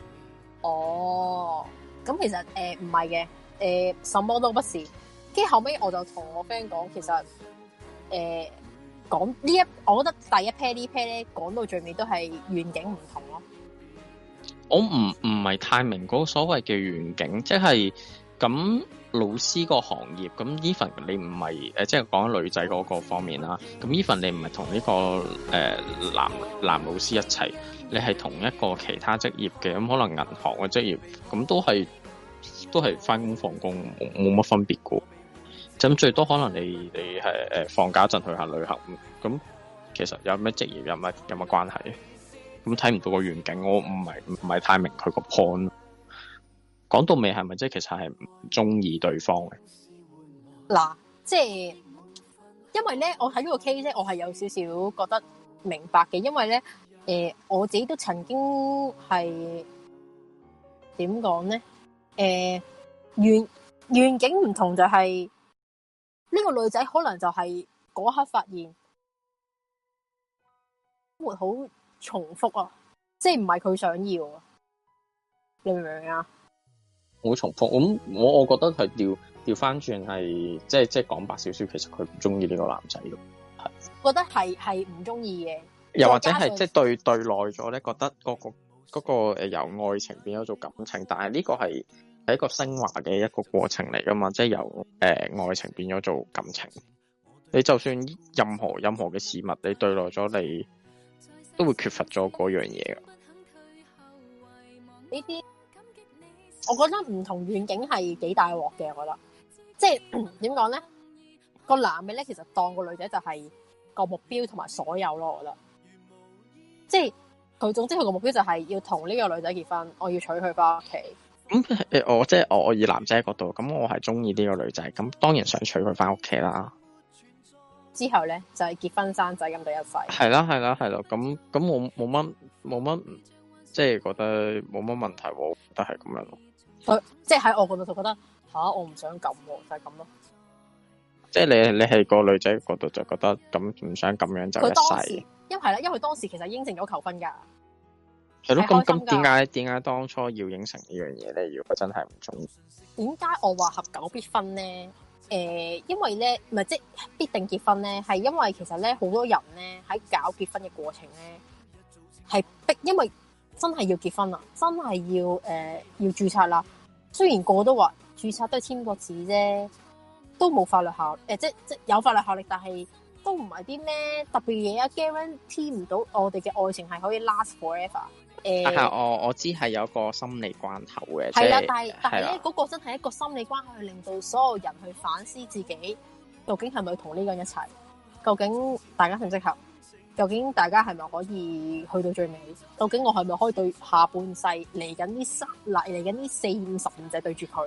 哦，咁其實誒唔係嘅，誒、呃呃、什麼都不是。跟後尾我就同我 friend 講，其實誒。呃講呢一，我覺得第一批呢批咧，講到最尾都係願景唔同咯。我唔唔係太明嗰個所謂嘅願景，即係咁老師個行業，咁 even 你唔係誒，即係講女仔嗰個方面啦。咁 even 你唔係同呢個誒、呃、男男老師一齊，你係同一個其他職業嘅，咁可能銀行嘅職業，咁都係都係返工放工，冇冇乜分別噶。咁最多可能你哋係誒放假陣陣去下旅行咁，其實有咩職業，有乜有乜關係？咁睇唔到個遠景，我唔係唔係太明佢個 point。講到尾係咪即係其實係唔中意對方嘅？嗱，即係因為咧，我睇呢個 case，我係有少少覺得明白嘅。因為咧，誒、呃，我自己都曾經係點講咧？誒，遠、呃、遠景唔同就係、是。呢、個女仔可能就係嗰刻發現生活好重複啊，即係唔係佢想要，你明唔明啊？好重複，咁我我覺得係調調翻轉係，即係即係講白少少，其實佢唔中意呢個男仔咯，覺得係係唔中意嘅。又或者係即係對對耐咗咧，覺得嗰、個嗰個誒由愛情變咗做感情，但係呢個係。係一個升華嘅一個過程嚟噶嘛，即係由誒、呃、愛情變咗做感情。你就算任何任何嘅事物，你對落咗你都會缺乏咗嗰樣嘢。呢啲，我覺得唔同願景係幾大鑊嘅，我覺得，即係點講咧？個男嘅咧，其實當個女仔就係個目標同埋所有咯，我覺得。即係佢，總之佢個目標就係要同呢個女仔結婚，我要娶佢翻屋企。咁、嗯、誒，我即係、就是、我，我以男仔角度，咁我係中意呢個女仔，咁當然想娶佢翻屋企啦。之後咧就係、是、結婚生仔咁第一世。係啦，係啦，係啦，咁咁冇冇乜冇乜，即係、就是、覺得冇乜問題，但係咁樣咯。即係喺我，角度、啊我就是就是、角度就覺得吓，我唔想咁就係咁咯。即係你你係個女仔角度就覺得咁唔想咁樣就一世。因為係啦，因為佢當時其實應承咗求婚噶。係咯，咁咁點解點解當初要影成呢樣嘢咧？如果真係唔中意，點解我話合久必婚咧？誒、呃，因為咧唔係即必定結婚咧，係因為其實咧好多人咧喺搞結婚嘅過程咧係逼，因為真係要結婚啦，真係要誒、呃、要注冊啦。雖然個都話注冊都係簽個字啫，都冇法律效誒，即即有法律效力，呃就是就是、但係都唔係啲咩特別嘢啊，guarantee 唔到我哋嘅愛情係可以 last forever。誒、欸，但、啊、係我我知係有一個心理關口嘅，係、就、啦、是啊，但係但係嗰、啊那個真係一個心理關口，令到所有人去反思自己，究竟係咪同呢個人一齊？究竟大家適唔適合？究竟大家係咪可以去到最尾？究竟我係咪可以對下半世嚟緊呢三嚟嚟緊呢四五十五只對住佢？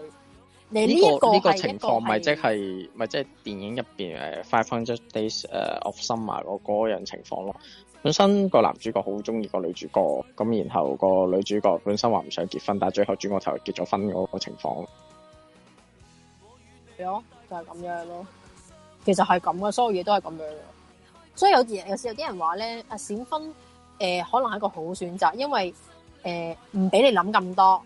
你呢、這個這個這個情況，咪即係咪即係電影入邊誒《Five Hundred Days》誒《Of Summer》嗰嗰樣情況咯？本身個男主角好中意個女主角，咁然後個女主角本身話唔想結婚，但係最後轉過頭結咗婚嗰個情況咯、哎。就係、是、咁樣咯。其實係咁嘅，所有嘢都係咁樣嘅。所以有啲人有時有啲人話咧，啊閃婚誒可能係一個好選擇，因為誒唔俾你諗咁多，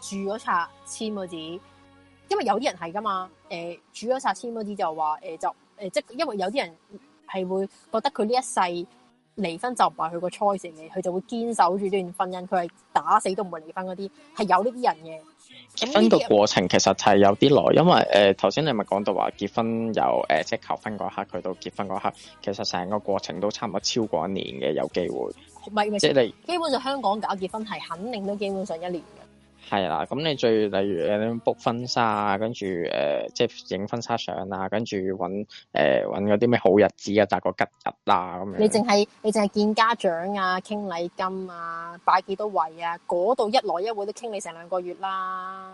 住咗冊簽個字。因為有啲人係噶嘛，誒、呃、住咗冊簽個字就話誒、呃、就誒、呃、即因為有啲人係會覺得佢呢一世。離婚就唔係佢個 choice 嘅，佢就會堅守住段婚姻，佢係打死都唔會離婚嗰啲，係有呢啲人嘅。結婚個過程其實係有啲耐，因為誒頭先你咪講到話結婚由誒、呃、即係求婚嗰刻去到結婚嗰刻，其實成個過程都差唔多超過一年嘅，有機會。唔係唔係，即係你基本上香港搞結婚係肯定都基本上一年。係啦、啊，咁你最例如誒 book 婚紗啊，跟住誒即係影婚紗相啊，跟住搵誒搵嗰啲咩好日子啊，擇個吉日啦咁樣。你淨係你淨係見家長啊，傾禮金啊，擺幾多位啊，嗰度一來一回都傾你成兩個月啦。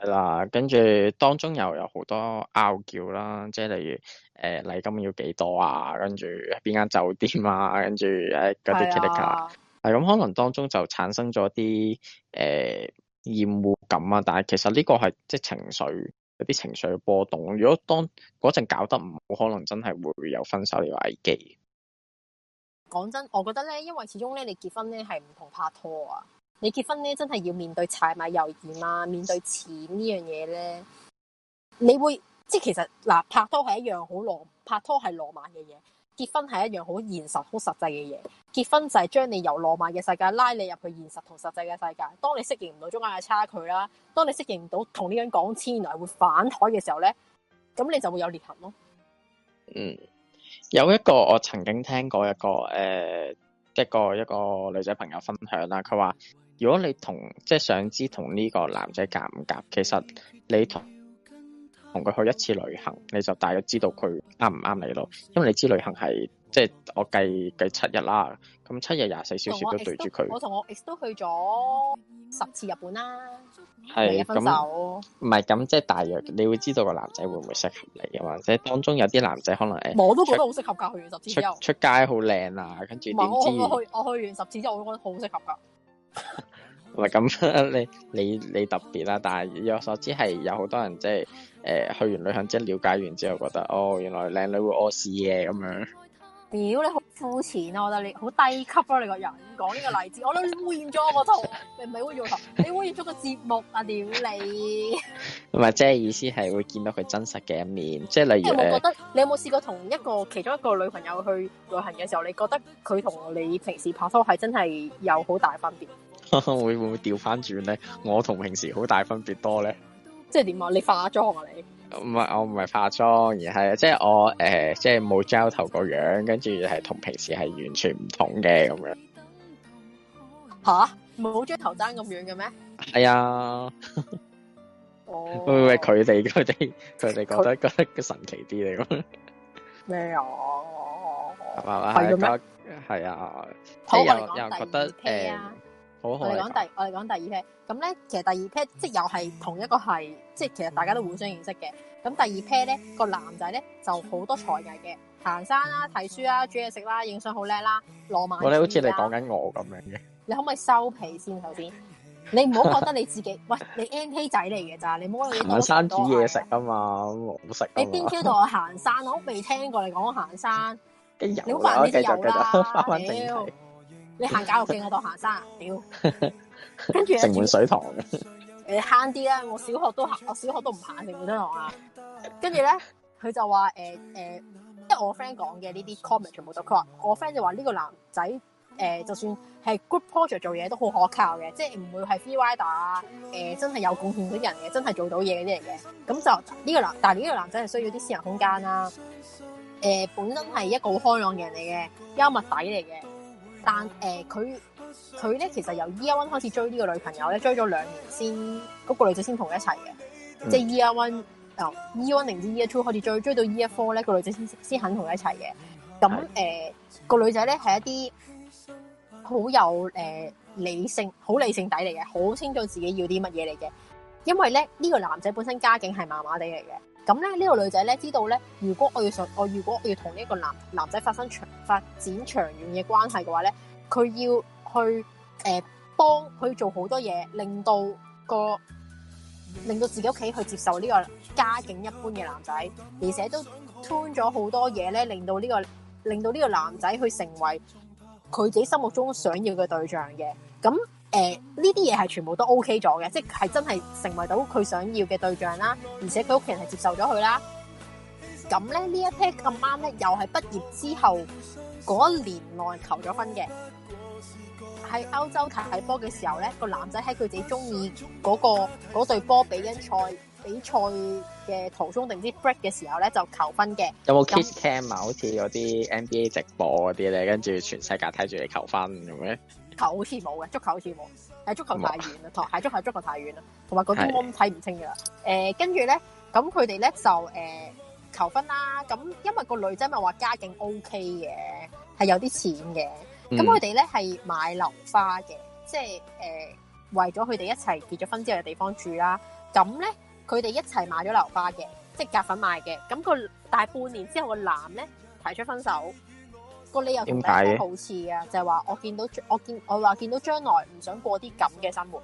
係啦、啊，跟住當中又有好多拗撬啦，即係例如誒禮、呃、金要幾多啊，跟住邊間酒店啊，跟住誒嗰啲其他，係、呃、咁、啊啊啊、可能當中就產生咗啲誒。呃厭惡感啊！但係其實呢個係即係情緒有啲情緒嘅波動。如果當嗰陣搞得唔好，可能真係會有分手嘅危機。講真，我覺得咧，因為始終咧，你結婚咧係唔同拍拖啊！你結婚咧真係要面對柴米油鹽啊，面對錢呢樣嘢咧，你會即係其實嗱，拍拖係一樣好羅，拍拖係浪漫嘅嘢。結婚係一樣好現實、好實際嘅嘢。結婚就係將你由浪漫嘅世界拉你入去現實同實際嘅世界。當你適應唔到中間嘅差距啦，當你適應唔到同呢個人講天來會反台嘅時候咧，咁你就會有裂痕咯。嗯，有一個我曾經聽過一個誒、呃、一個一個女仔朋友分享啦，佢話如果你同即係想知同呢個男仔夾唔夾，其實你同。同佢去一次旅行，你就大約知道佢啱唔啱你咯。因為你知旅行係即係我計計七日啦，咁七日廿四小時都對住佢。我同我 ex 都，都去咗十次日本啦。係咁，唔係咁即係大約，你會知道個男仔會唔會適合你，又或者當中有啲男仔可能誒。我都覺得好適合噶，去完十次之後出，出街好靚啊，跟住點知？我我去我去完十次之後，我覺得好適合噶。唔係咁，你你你特別啦、啊，但係以我所知係有好多人即、就、係、是。誒，去完旅行即係、就是、了解完之後，覺得哦，原來靚女會屙屎嘅咁樣。屌，你好膚淺啊！我覺得你好低級啊。你個人講呢個例子，我諗 [laughs] 你污染咗我台，唔係污染咗你污染咗個節目啊！屌你！唔係，即係意思係會見到佢真實嘅一面，即係例如咧。你有冇試、呃、過同一個其中一個女朋友去旅行嘅時候，你覺得佢同你平時拍拖係真係有好大分別？ [laughs] 會會唔會調翻轉咧？我同平時好大分別多咧？即係點啊？你化妝啊？你唔係我唔係化妝，而係即係我誒，即係冇妝頭個樣，跟住係同平時係完全唔同嘅咁樣。吓，冇妝頭單咁樣嘅咩？係 [laughs] 啊、oh.。會唔會，佢哋佢哋佢哋覺得覺得神奇啲嚟咁。咩 [laughs] 麼啊？係咪係啊？又又覺得誒。我哋講第我哋講第二 pair，咁咧其實第二 pair 即又係同一個係，即係其實大家都互相認識嘅。咁第二 pair 咧、個男仔咧就好多才藝嘅，行山、啊啊啊啊、啦、睇書啦、煮嘢食啦、影相好叻啦、攞漫。我哋好似你講緊我咁樣嘅。你可唔可以收皮先？首先，你唔好覺得你自己 [laughs] 喂你 NK 仔嚟嘅咋？你唔好。行山煮嘢食啊嘛，好食。你 DQ 到我行山、啊，我未聽過你講行山。你梗有啦，繼續啦，翻翻 [laughs] 正題。哎 [laughs] 你行教育徑我當行山，屌，跟住城門水塘、 [laughs] 呃。誒，慳啲啦，我小學都行，我小學都唔行城門水塘啊。跟住咧，佢就話誒誒，即、呃、係、呃、我 friend 講嘅呢啲 comment 全部都說，佢話我 friend 就話呢個男仔誒、呃，就算係 group project 做嘢都好可靠嘅，即係唔會係 free rider 啊、呃，誒真係有貢獻嗰啲人嘅，真係做到嘢嗰啲嚟嘅。咁就呢、這個男，但係呢個男仔係需要啲私人空間啦。誒、呃，本身係一個好開朗嘅人嚟嘅，幽默底嚟嘅。但誒佢佢咧其實由 Year One 開始追呢個女朋友咧，追咗兩年先嗰、嗰個女仔先同佢一齊嘅，即、嗯、係、就是、Year One，誒 Year One、oh, 定唔知 Year Two 開始追，追到 Year Four 咧，嗰個女仔先先肯同佢一齊嘅。咁、呃嗰個女仔咧係一啲好有、呃、理性，好理性底嚟嘅，好清楚自己要啲乜嘢嚟嘅。因為咧呢、呢個男仔本身家境係麻麻地嚟嘅。咁咧，呢個女仔咧知道咧，如果我要上，我如果要同呢個男男仔發生長發展長遠嘅關係嘅話咧，佢要去誒幫佢做好多嘢，令到個令到自己屋企去接受呢個家境一般嘅男仔，而且都 tune 咗好多嘢咧，令到呢個令到呢個男仔去成為佢自己心目中想要嘅對象嘅，咁。誒、呃，呢啲嘢係全部都 O K 咗嘅，即係真係成為到佢想要嘅對象啦，而且佢屋企人係接受咗佢啦。咁咧呢一 part 咁啱咧，又係畢業之後嗰一年內求咗婚嘅。喺歐洲睇波嘅時候咧，個男仔喺佢自己中意嗰個嗰隊波比賽比賽嘅途中定唔知 break 嘅時候咧就求婚嘅。有冇 kiss cam？好似有啲 NBA 直播嗰啲咧，跟住全世界睇住你求婚咁嘅。足球好似冇嘅，足球好似冇，誒 [laughs] 足球太遠啦，同埋足球足球太遠、呃接他們呃、啦，同埋啲我睇唔清嘅啦。誒，跟住咧，咁佢哋咧就誒求婚啦。咁因為個女仔咪話家境 O K 嘅，係有啲錢嘅。咁佢哋咧係買樓花嘅，即係誒、呃、為咗佢哋一齊結咗婚之後嘅地方住啦。咁咧佢哋一齊買咗樓花嘅，即係夾份買嘅。咁個大半年之後個男咧提出分手。個理點好似啊，就係、是、話我見到我見我話見到將來唔想過啲咁嘅生活，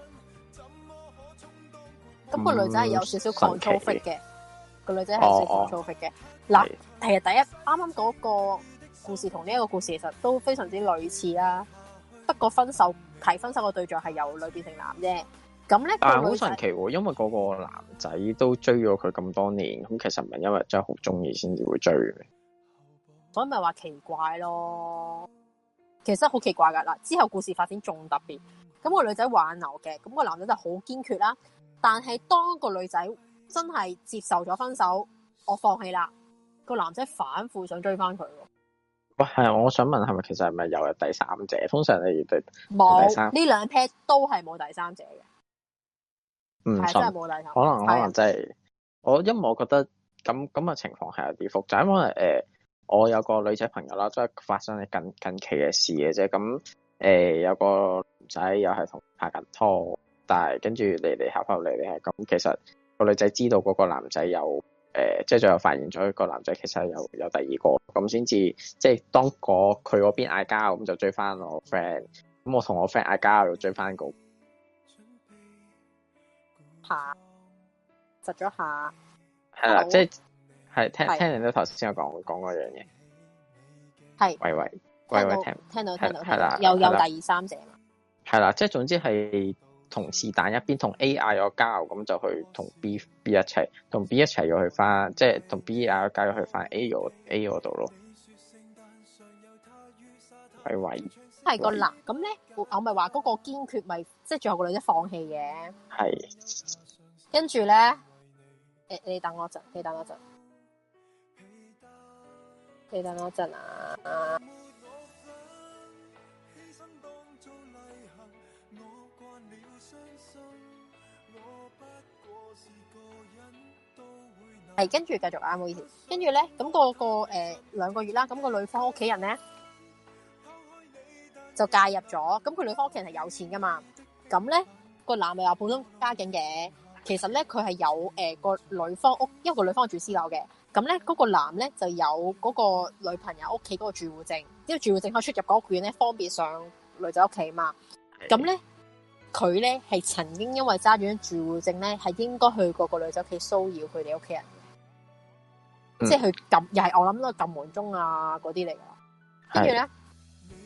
咁、那個女仔係有少少 c o n 嘅。嗯，那個女仔係少 c o n 嘅。嗱、哦哦，其啊，第一啱啱嗰個故事同呢一個故事其實都非常之類似啦，不過分手睇分手嘅對象係由、那個、女變成男啫。咁咧，但係好神奇喎、哦，因為嗰個男仔都追咗佢咁多年，咁其實唔係因為真係好中意先至會追嘅。所以咪話奇怪咯，其實好奇怪噶啦。之後故事發展仲特別咁個女仔挽留嘅，咁個男仔就好堅決啦。但係當個女仔真係接受咗分手，我放棄啦。個男仔反複想追翻佢。喂，係我想問係咪，係咪其實係咪又係第三者？通常你哋冇呢兩 pair 都係冇第三者嘅，冇唔信第三者可能可能真、就、係、是、我，因為我覺得咁咁嘅情況係有啲複雜，因為誒。呃我有個女仔朋友啦，都、就、係、是、發生緊近，近期嘅事嘅啫。咁誒、欸，有個男仔又係同拍緊拖，但係跟住嚟嚟合合嚟嚟係咁。來來來來其實個女仔知道嗰個男仔有誒，即、欸、係、就是、最後發現咗個男仔其實有有第二個，咁先至即係當嗰佢嗰邊嗌交，咁就追翻我 friend。咁我同我 friend 嗌交又追翻、那個下，窒咗下係啦，即、就、係、是。係，聽聽人都頭先有講講嗰樣嘢，係喂喂喂喂，聽到喂喂聽到聽到係啦，又有第二三者嘛，係啦，即係總之係同事邊是但一邊同 A 嗌個交，咁就去同 B B 一齊，同 B 一齊要去翻，即係同 B 嗌交去翻 A 嗰 A 度咯。喂喂，係個男咁咧，我咪話嗰個堅決，咪即係最後個女仔放棄嘅，係跟住咧，誒，你等我陣，你等我陣。你等我一陣啊！係跟住繼續啊，唔好意思，跟住咧，咁個個誒兩個月啦，咁個女方屋企人咧就介入咗，咁佢女方屋企人係有錢噶嘛，咁咧個男咪話普通家境嘅，其實咧佢係有誒個女方屋，因為個女方住私樓嘅。咁咧，嗰個男咧就有嗰個女朋友屋企嗰個住戶證，因為住戶證可以出入嗰屋苑咧，方便上女仔屋企嘛。咁咧，佢咧係曾經因為揸住、嗯啊那個、張，張住戶證咧，係應該去過個女仔屋企騷擾佢哋屋企人，即係佢又係我諗到撳門鐘啊嗰啲嚟啦。跟住咧，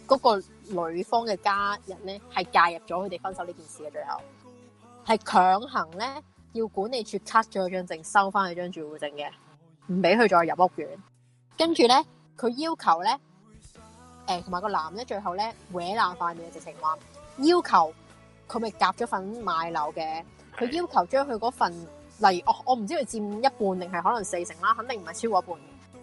嗰個女方嘅家人咧係介入咗佢哋分手呢件事嘅最後，係強行咧要管理處 cut 咗張證，收翻佢張住戶證嘅。唔俾佢再入屋苑，跟住咧，佢要求咧，誒、呃，同埋個男咧，最後咧搲爛塊面，直情話要求佢咪夾咗份買樓嘅，佢要求將佢嗰份，例如、哦、我我唔知佢占一半定係可能四成啦，肯定唔係超過一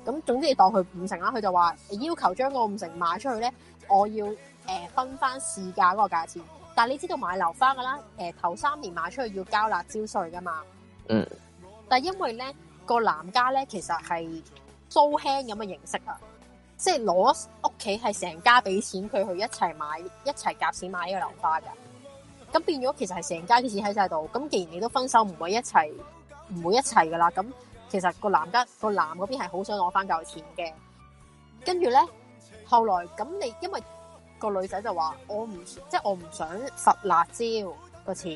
半，咁總之你當佢五成啦，佢就話要求將個五成賣出去咧，我要誒、呃、分翻市價嗰個價錢，但係你知道買樓花噶啦，誒、呃、頭三年賣出去要交辣招稅噶嘛，嗯，但係因為咧。個男家咧，其實係租輕咁嘅形式啊，即係攞屋企係成家俾錢佢去一齊買，一齊夾錢買呢個樓花㗎。咁變咗其實係成家啲錢喺晒度。咁既然你都分手，唔會一齊，唔會一齊噶啦。咁其實個男家個男嗰邊係好想攞翻嚿錢嘅。跟住咧，後來咁你因為個女仔就話我唔即係我唔想實辣椒個錢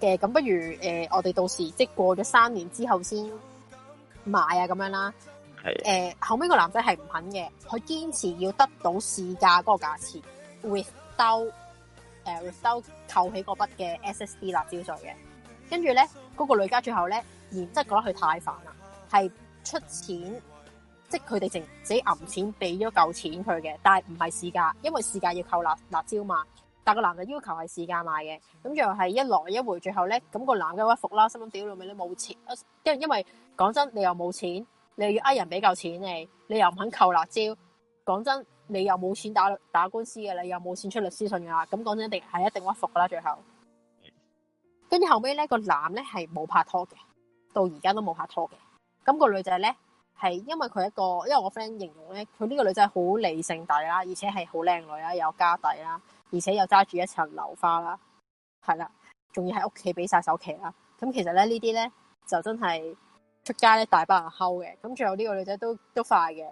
嘅。咁不如誒、呃，我哋到時即過咗三年之後先。買啊，咁樣啦，係誒、呃、後尾，個男仔係唔肯嘅，佢堅持要得到市價嗰個價錢 without、呃、without 扣起嗰筆嘅 S S D 辣椒水嘅，跟住咧，嗰個女家最後咧然即係覺得佢太煩啦，係出錢即係佢哋淨自己揞錢俾咗夠錢佢嘅，但係唔係市價，因為市價要扣辣辣椒嘛。但個男嘅要求係時間買嘅，咁又係一來一回，最後咧，咁個男嘅屈服啦，心諗屌你老味都冇錢啊。跟因為講真，你又冇錢，你要呃人俾夠錢你，你又唔肯扣辣椒。講真，你又冇錢打打官司嘅，你又冇錢出律師信噶啦。咁講真，一定係一定屈服噶啦。最後跟住後尾咧，個男咧係冇拍拖嘅，到而家都冇拍拖嘅。咁個女仔咧係因為佢一個，因為我 friend 形容咧，佢呢個女仔好理性大啦，而且係好靚女啦，有家底啦。而且又揸住一層樓花啦，係啦，仲要喺屋企俾晒首期啦。咁其實咧呢啲咧就真係出街咧大把人睺嘅。咁最後呢個女仔都都快嘅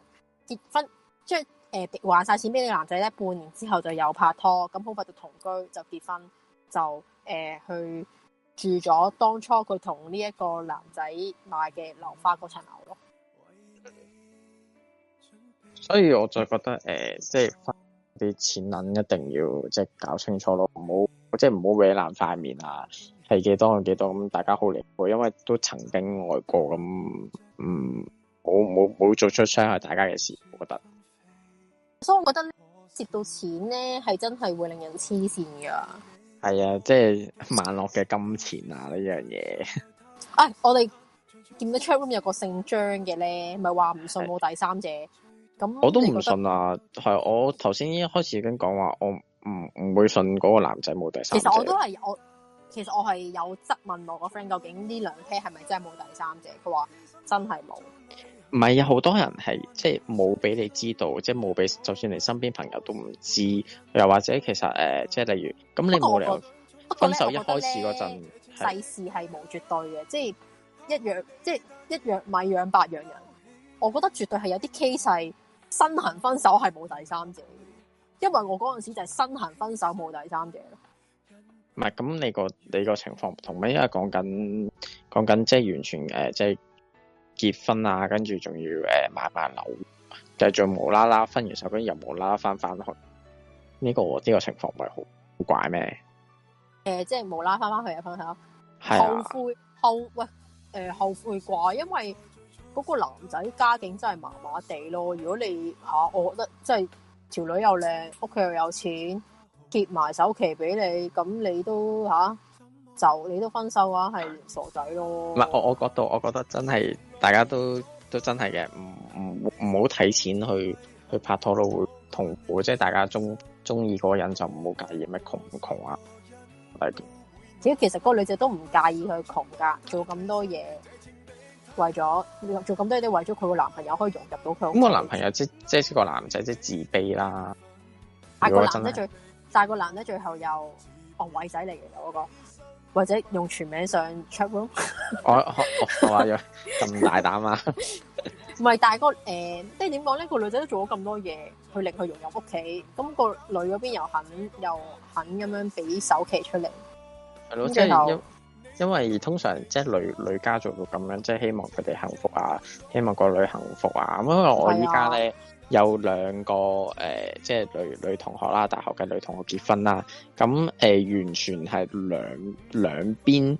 結婚，即係誒還晒錢俾呢個男仔咧。半年之後就又拍拖，咁好快就同居就結婚就誒、呃、去住咗當初佢同呢一個男仔買嘅樓花嗰層樓咯。所以我就覺得誒、呃，即係啲錢銀一定要即係搞清楚咯，唔好即係唔好搲爛塊面啊，係幾多就幾多，咁大家好離譜，因為都曾經愛過咁，嗯，冇冇冇做出傷害大家嘅事，我覺得。所以我覺得蝕到錢咧，係真係會令人黐線噶係啊，即係萬惡嘅金錢啊，呢樣嘢。哎，我哋見到 chat room 有個姓張嘅咧，咪話唔信冇第三者。我都唔信啊！係、嗯、我頭先一開始已經講話，我唔唔會信嗰個男仔冇第三者。其實我都係我，其實我係有質問我個 friend，究竟呢兩 K a 係咪真係冇第三者？佢話真係冇。唔係有好多人係即係冇俾你知道，即係冇俾，就算你身邊朋友都唔知。又或者其實誒、呃，即係例如，咁你冇理由分手一開始嗰陣，世事係冇絕對嘅，即係一樣，即係一樣米養百樣人。我覺得絕對係有啲 case 係。身痕分手係冇第三者，因為我嗰陣時就係身痕分手冇第三者咯。唔係咁，你個你個情況唔同咩？因為講緊講緊即係完全誒，即、呃、係、就是、結婚啊，跟住仲要誒買埋樓、這個這個呃，就係、是、做無啦啦，分完手跟又無啦啦翻翻去。呢個呢個情況唔係好怪咩？誒，即係無啦啦翻翻去啊，分手後悔後喂誒，後悔啩、呃？因為。嗰個男仔家境真係麻麻地咯。如果你嚇，我覺得真係條女又靚，屋企又有錢，結埋首期俾你，咁你都嚇就，你都分手嘅話係傻仔咯。唔係，我我覺得，我覺得真係大家都都真係嘅，唔唔唔好睇錢去去拍拖咯，會痛苦。即係大家鍾鍾意嗰個人就唔好介意咩窮唔窮啊。係其實嗰個女仔都唔介意佢窮㗎，做咁多嘢。為咗做咁多嘢。為咗佢個男朋友可以融入到佢，咁個男朋友即即係個男仔即自卑啦。大個男仔最大個男仔最後又哦偉仔嚟嘅嗰個，或者用全名上 check room 我我我話要咁大膽啊。唔係大個誒，即係點講咧？個女仔都做咗咁多嘢，去令佢融入屋企。咁個女嗰邊又肯又肯咁樣俾首期出嚟。係咯，即係。因為通常即係女女家族會咁樣，即係希望佢哋幸福啊，希望個女幸福啊。咁因為我依家咧有兩個誒、呃，即係女女同學啦，大學嘅女同學結婚啦。咁誒、呃，完全係兩兩邊，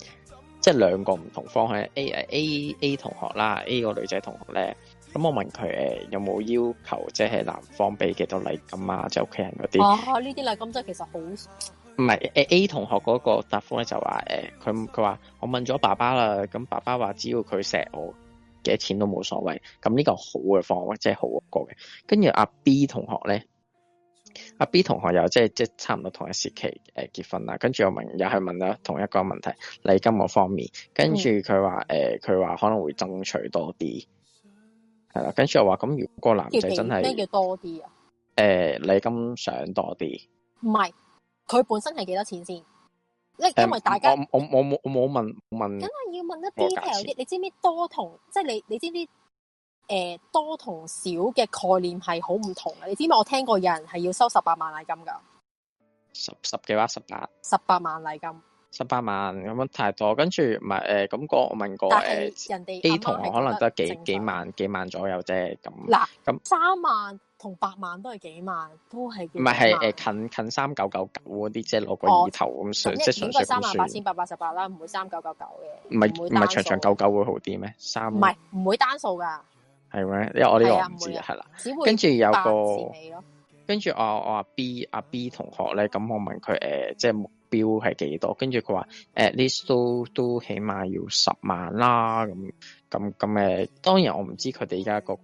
即係兩個唔同方向。A 誒 A A 同學啦，A 個女仔同學咧，咁我問佢誒、呃，有冇要求即係男方俾幾多禮金啊？即係屋企人嗰啲。哦、啊，呢啲禮金真係其實好。唔係誒，A 同學嗰個答覆咧就話誒，佢佢話我問咗爸爸啦，咁爸爸話只要佢錫我幾多錢都冇所謂，咁呢個好嘅方法，即係好一個嘅。跟住阿 B 同學咧，阿 B 同學又即係即係差唔多同一時期誒結婚啦，跟住我明又係問咗同一個問題禮金個方面，跟住佢話誒，佢話可能會爭取多啲，係啦。跟住我話咁，如果個男仔真係咩叫多啲啊？誒，禮金想多啲，唔係。佢本身係幾多錢先、嗯？因為大家我我冇我冇問問。梗係要問一 detail 啲。你知唔知道多同即係你你知唔知？誒多同少嘅概念係好唔同嘅。你知唔知，道知，知道我聽過有人係要收十八萬禮金㗎？十十幾話十八，十八萬禮金，十八萬咁樣太多。跟住唔係誒咁個我問過誒、呃、人哋 A 同學可能得幾幾萬幾萬左右啫。咁嗱咁三萬。同百萬都係幾萬，都係幾萬。唔係係誒，近近三九九九嗰啲，即係攞個意頭咁算，即係算個三萬八千八百八十八啦，唔會三九九九嘅。唔係唔係長長久久會好啲咩？三唔係唔會單數㗎。係咩？因為我呢個唔知啊，係啦。只會跟住有個。跟住我我阿 B 阿 B 同學咧，咁我問佢誒、呃，即係目標係幾多？跟住佢話誒，呢、嗯、數都都起碼要十萬啦。咁咁咁誒，當然我唔知佢哋而家個。嗯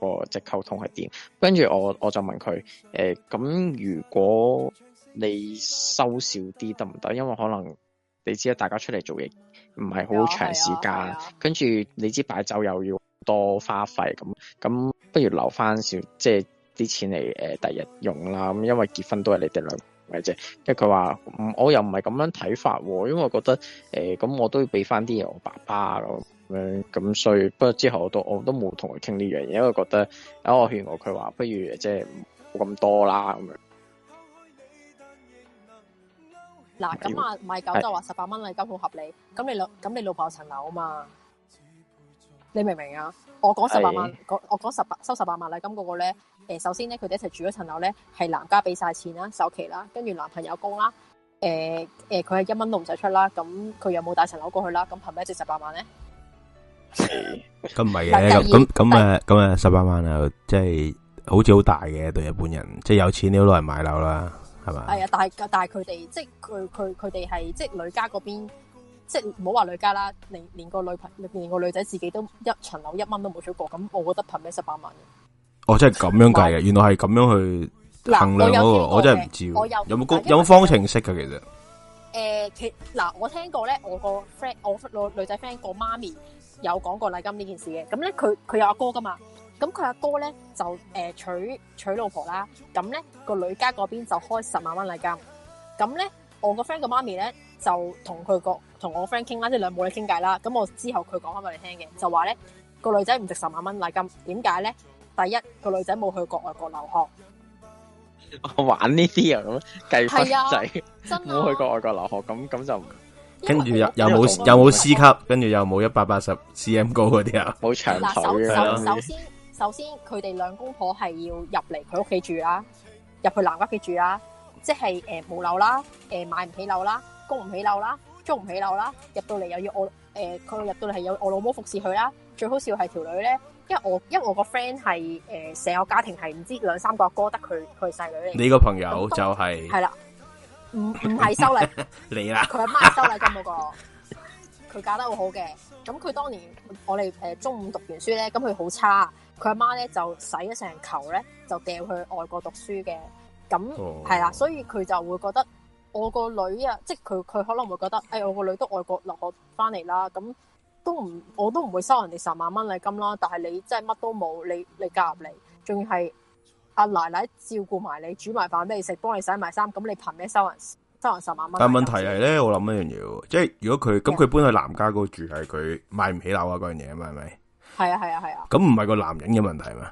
個即係溝通係點，跟住我我就問佢，誒、欸、咁如果你收少啲得唔得？因為可能你知啊，大家出嚟做嘢唔係好長時間，跟住你知擺酒又要多花費，咁咁不如留翻少即係啲錢嚟誒，第日用啦。咁因為結婚都係你哋兩嘅啫，因為佢話唔，我又唔係咁樣睇法，因為我覺得誒，咁、欸、我都要俾翻啲嘢我爸爸咯。咁、嗯，所以不過之後我都我都冇同佢傾呢樣嘢，因為覺得啊，我勸我佢話不如即係冇咁多啦。咁樣嗱，咁啊賣九就話十八蚊禮金好合理。咁你老咁你老婆有層樓啊嘛？你明唔明啊？我講十八萬，我講十八收十八萬禮金嗰個咧，誒，首先咧佢哋一齊住咗層樓咧係男家俾晒錢啦，首期啦，跟住男朋友供啦，誒、呃、誒，佢、呃、係一蚊都唔使出啦。咁佢有冇帶層樓過去啦？咁憑咩值十八萬咧？咁唔係嘅咁咁誒，咁誒十八萬啊，即係好似好大嘅，對日本人，即係有錢你好多人買樓啦，係嘛係啊？但係但係佢哋即係佢佢佢哋係即係女家嗰邊，即係唔好話女家啦，連連個女群連個女仔自己都一層樓一蚊都冇，出過咁，我覺得憑咩十八萬？哦，即係咁樣計嘅，原來係咁樣去衡量，嗰個呃，我，我真係唔知有冇有冇方程式噶，呃，其實誒，其嗱我聽過咧，我個 friend 我女女仔 friend 個媽咪。有講過禮金呢件事嘅，咁咧，佢佢有阿哥噶嘛，咁佢阿哥咧就誒娶娶老婆啦，咁咧個女家嗰邊就開十萬蚊禮金，咁咧我個 friend 個媽咪咧就同佢個同我 friend 傾啦，即係兩母女傾偈啦，咁我之後佢講返俾你聽嘅，就話咧個女仔唔值十萬蚊禮金，點解咧？第一，個女仔冇去過外國留學，玩呢啲啊咁計分仔，冇去過外國留學，咁咁就。跟住又又冇又冇 C 級，跟住又冇一百八十 CM 高嗰啲啊，好長頭嘅咯。首先首先佢哋兩公婆係要入嚟佢屋企住啦，入去男家屋企住啦，即係誒冇樓啦，誒買唔起樓啦，供唔起樓啦，租唔起樓啦，入到嚟又要我誒佢入到嚟係有我老母服侍佢啦，最好笑係條女咧，因為我因為我個 friend 係誒成個家庭係唔知兩三個哥得佢佢細女。你個朋友就係係啦。唔唔係收禮 [laughs] 你啦、啊，佢阿媽收禮金嗰、那個，佢 [laughs] 嫁得好好嘅。咁佢當年我哋誒中五讀完書咧，咁佢好差，佢阿媽咧就使咗成球咧，就掉去外國讀書嘅。咁係啦，所以佢就會覺得我個女啊，即係佢佢可能會覺得，誒、哎、我個女都外國留學翻嚟啦，咁都唔我都唔會收人哋十萬蚊禮金啦。但係你真係乜都冇，你你嫁入嚟，仲要係。阿奶奶照顧埋你，煮埋飯俾你食，幫你洗埋衫，咁你憑咩收人收人十萬蚊？但問題係咧、嗯，我諗一樣嘢，即係如果佢咁，佢搬去男家嗰度住係佢買唔起樓啊，嗰樣嘢啊嘛，係咪？係啊係啊係啊！咁唔係個男人嘅問題嘛？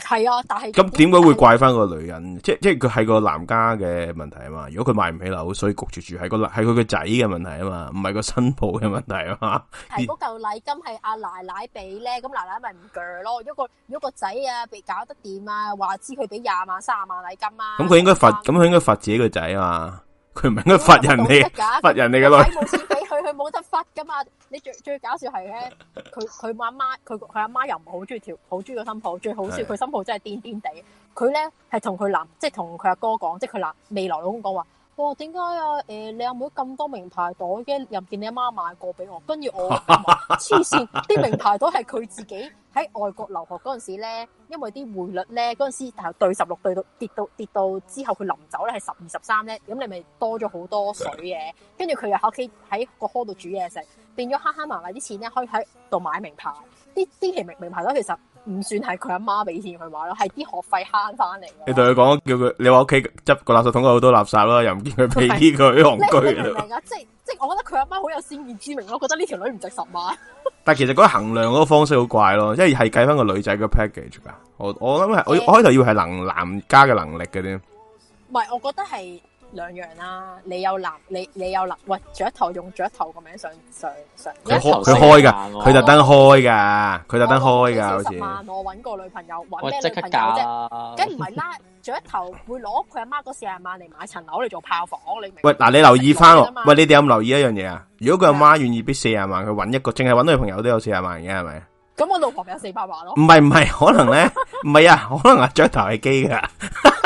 係，啊，但係咁點解會怪翻個女人？即即係佢係個男家嘅問題啊嘛。如果佢買唔起樓，所以焗住住係個係佢個仔嘅問題啊嘛，唔係個新抱嘅問題啊嘛。係嗰嚿禮金係阿奶奶俾咧，咁奶奶咪唔鋸咯。如果個如果個仔啊被搞得掂啊，話知佢俾廿萬卅萬禮金啊，咁佢應該罰，咁佢應該罰自己個仔啊嘛。佢唔係應該罰人哋，罰人哋嘅咯。佢冇錢俾佢，佢冇得罰噶嘛。你最最搞笑係咧，佢佢阿媽，佢佢阿媽又唔係好中意條，好中意個新抱。最好笑佢新抱真係癲癲地。佢咧係同佢男，即係同佢阿哥講，即係佢男未來老公講話。哇、哦！點解啊？誒、呃，你阿妹咁多名牌袋嘅，又唔見你阿媽買過俾我，跟住我黐線！啲名牌袋係佢自己喺外國留學嗰陣時咧，因為啲匯率咧嗰陣時，但係對十六對到跌到跌到之後佢臨走咧係十二十三咧，咁你咪多咗好多水嘅。跟住佢又喺屋企喺個煲度煮嘢食，變咗慳慳埋埋啲錢咧，可以喺度買名牌。啲啲其名名牌袋其實。唔算係佢阿媽俾錢佢買咯，係啲學費慳翻嚟。你同佢講叫佢，你話屋企執個垃圾桶有好多垃圾咯，又唔見佢俾啲佢行居。即係即係，我覺得佢阿媽好有先見之明咯，覺得呢條女唔值十萬。 [laughs] 但係其實嗰個衡量嗰個方式好怪咯，因為係計翻個女仔個 package 噶。我想，嗯，我諗係我開頭以為係能男家嘅能力嘅添，唔係，我覺得係。兩樣啦，你有男，你你有男，喂，雀頭用雀頭個名上上上，佢開佢開噶，佢特登開噶，佢特登開噶好似。四十萬我搵個女朋友搵咩女朋友啫？梗唔係啦，雀頭會攞佢阿媽嗰四十萬嚟買層樓嚟做炮房，你明？喂，嗱，你留意翻我，喂，你哋有冇留意一樣嘢啊？如果佢阿媽願意俾四十萬，佢搵一個淨係搵女朋友都有四十萬嘅係咪？咁我老婆咪有四百萬咯？唔係唔係，可能咧，唔係啊，可能阿雀頭係基噶。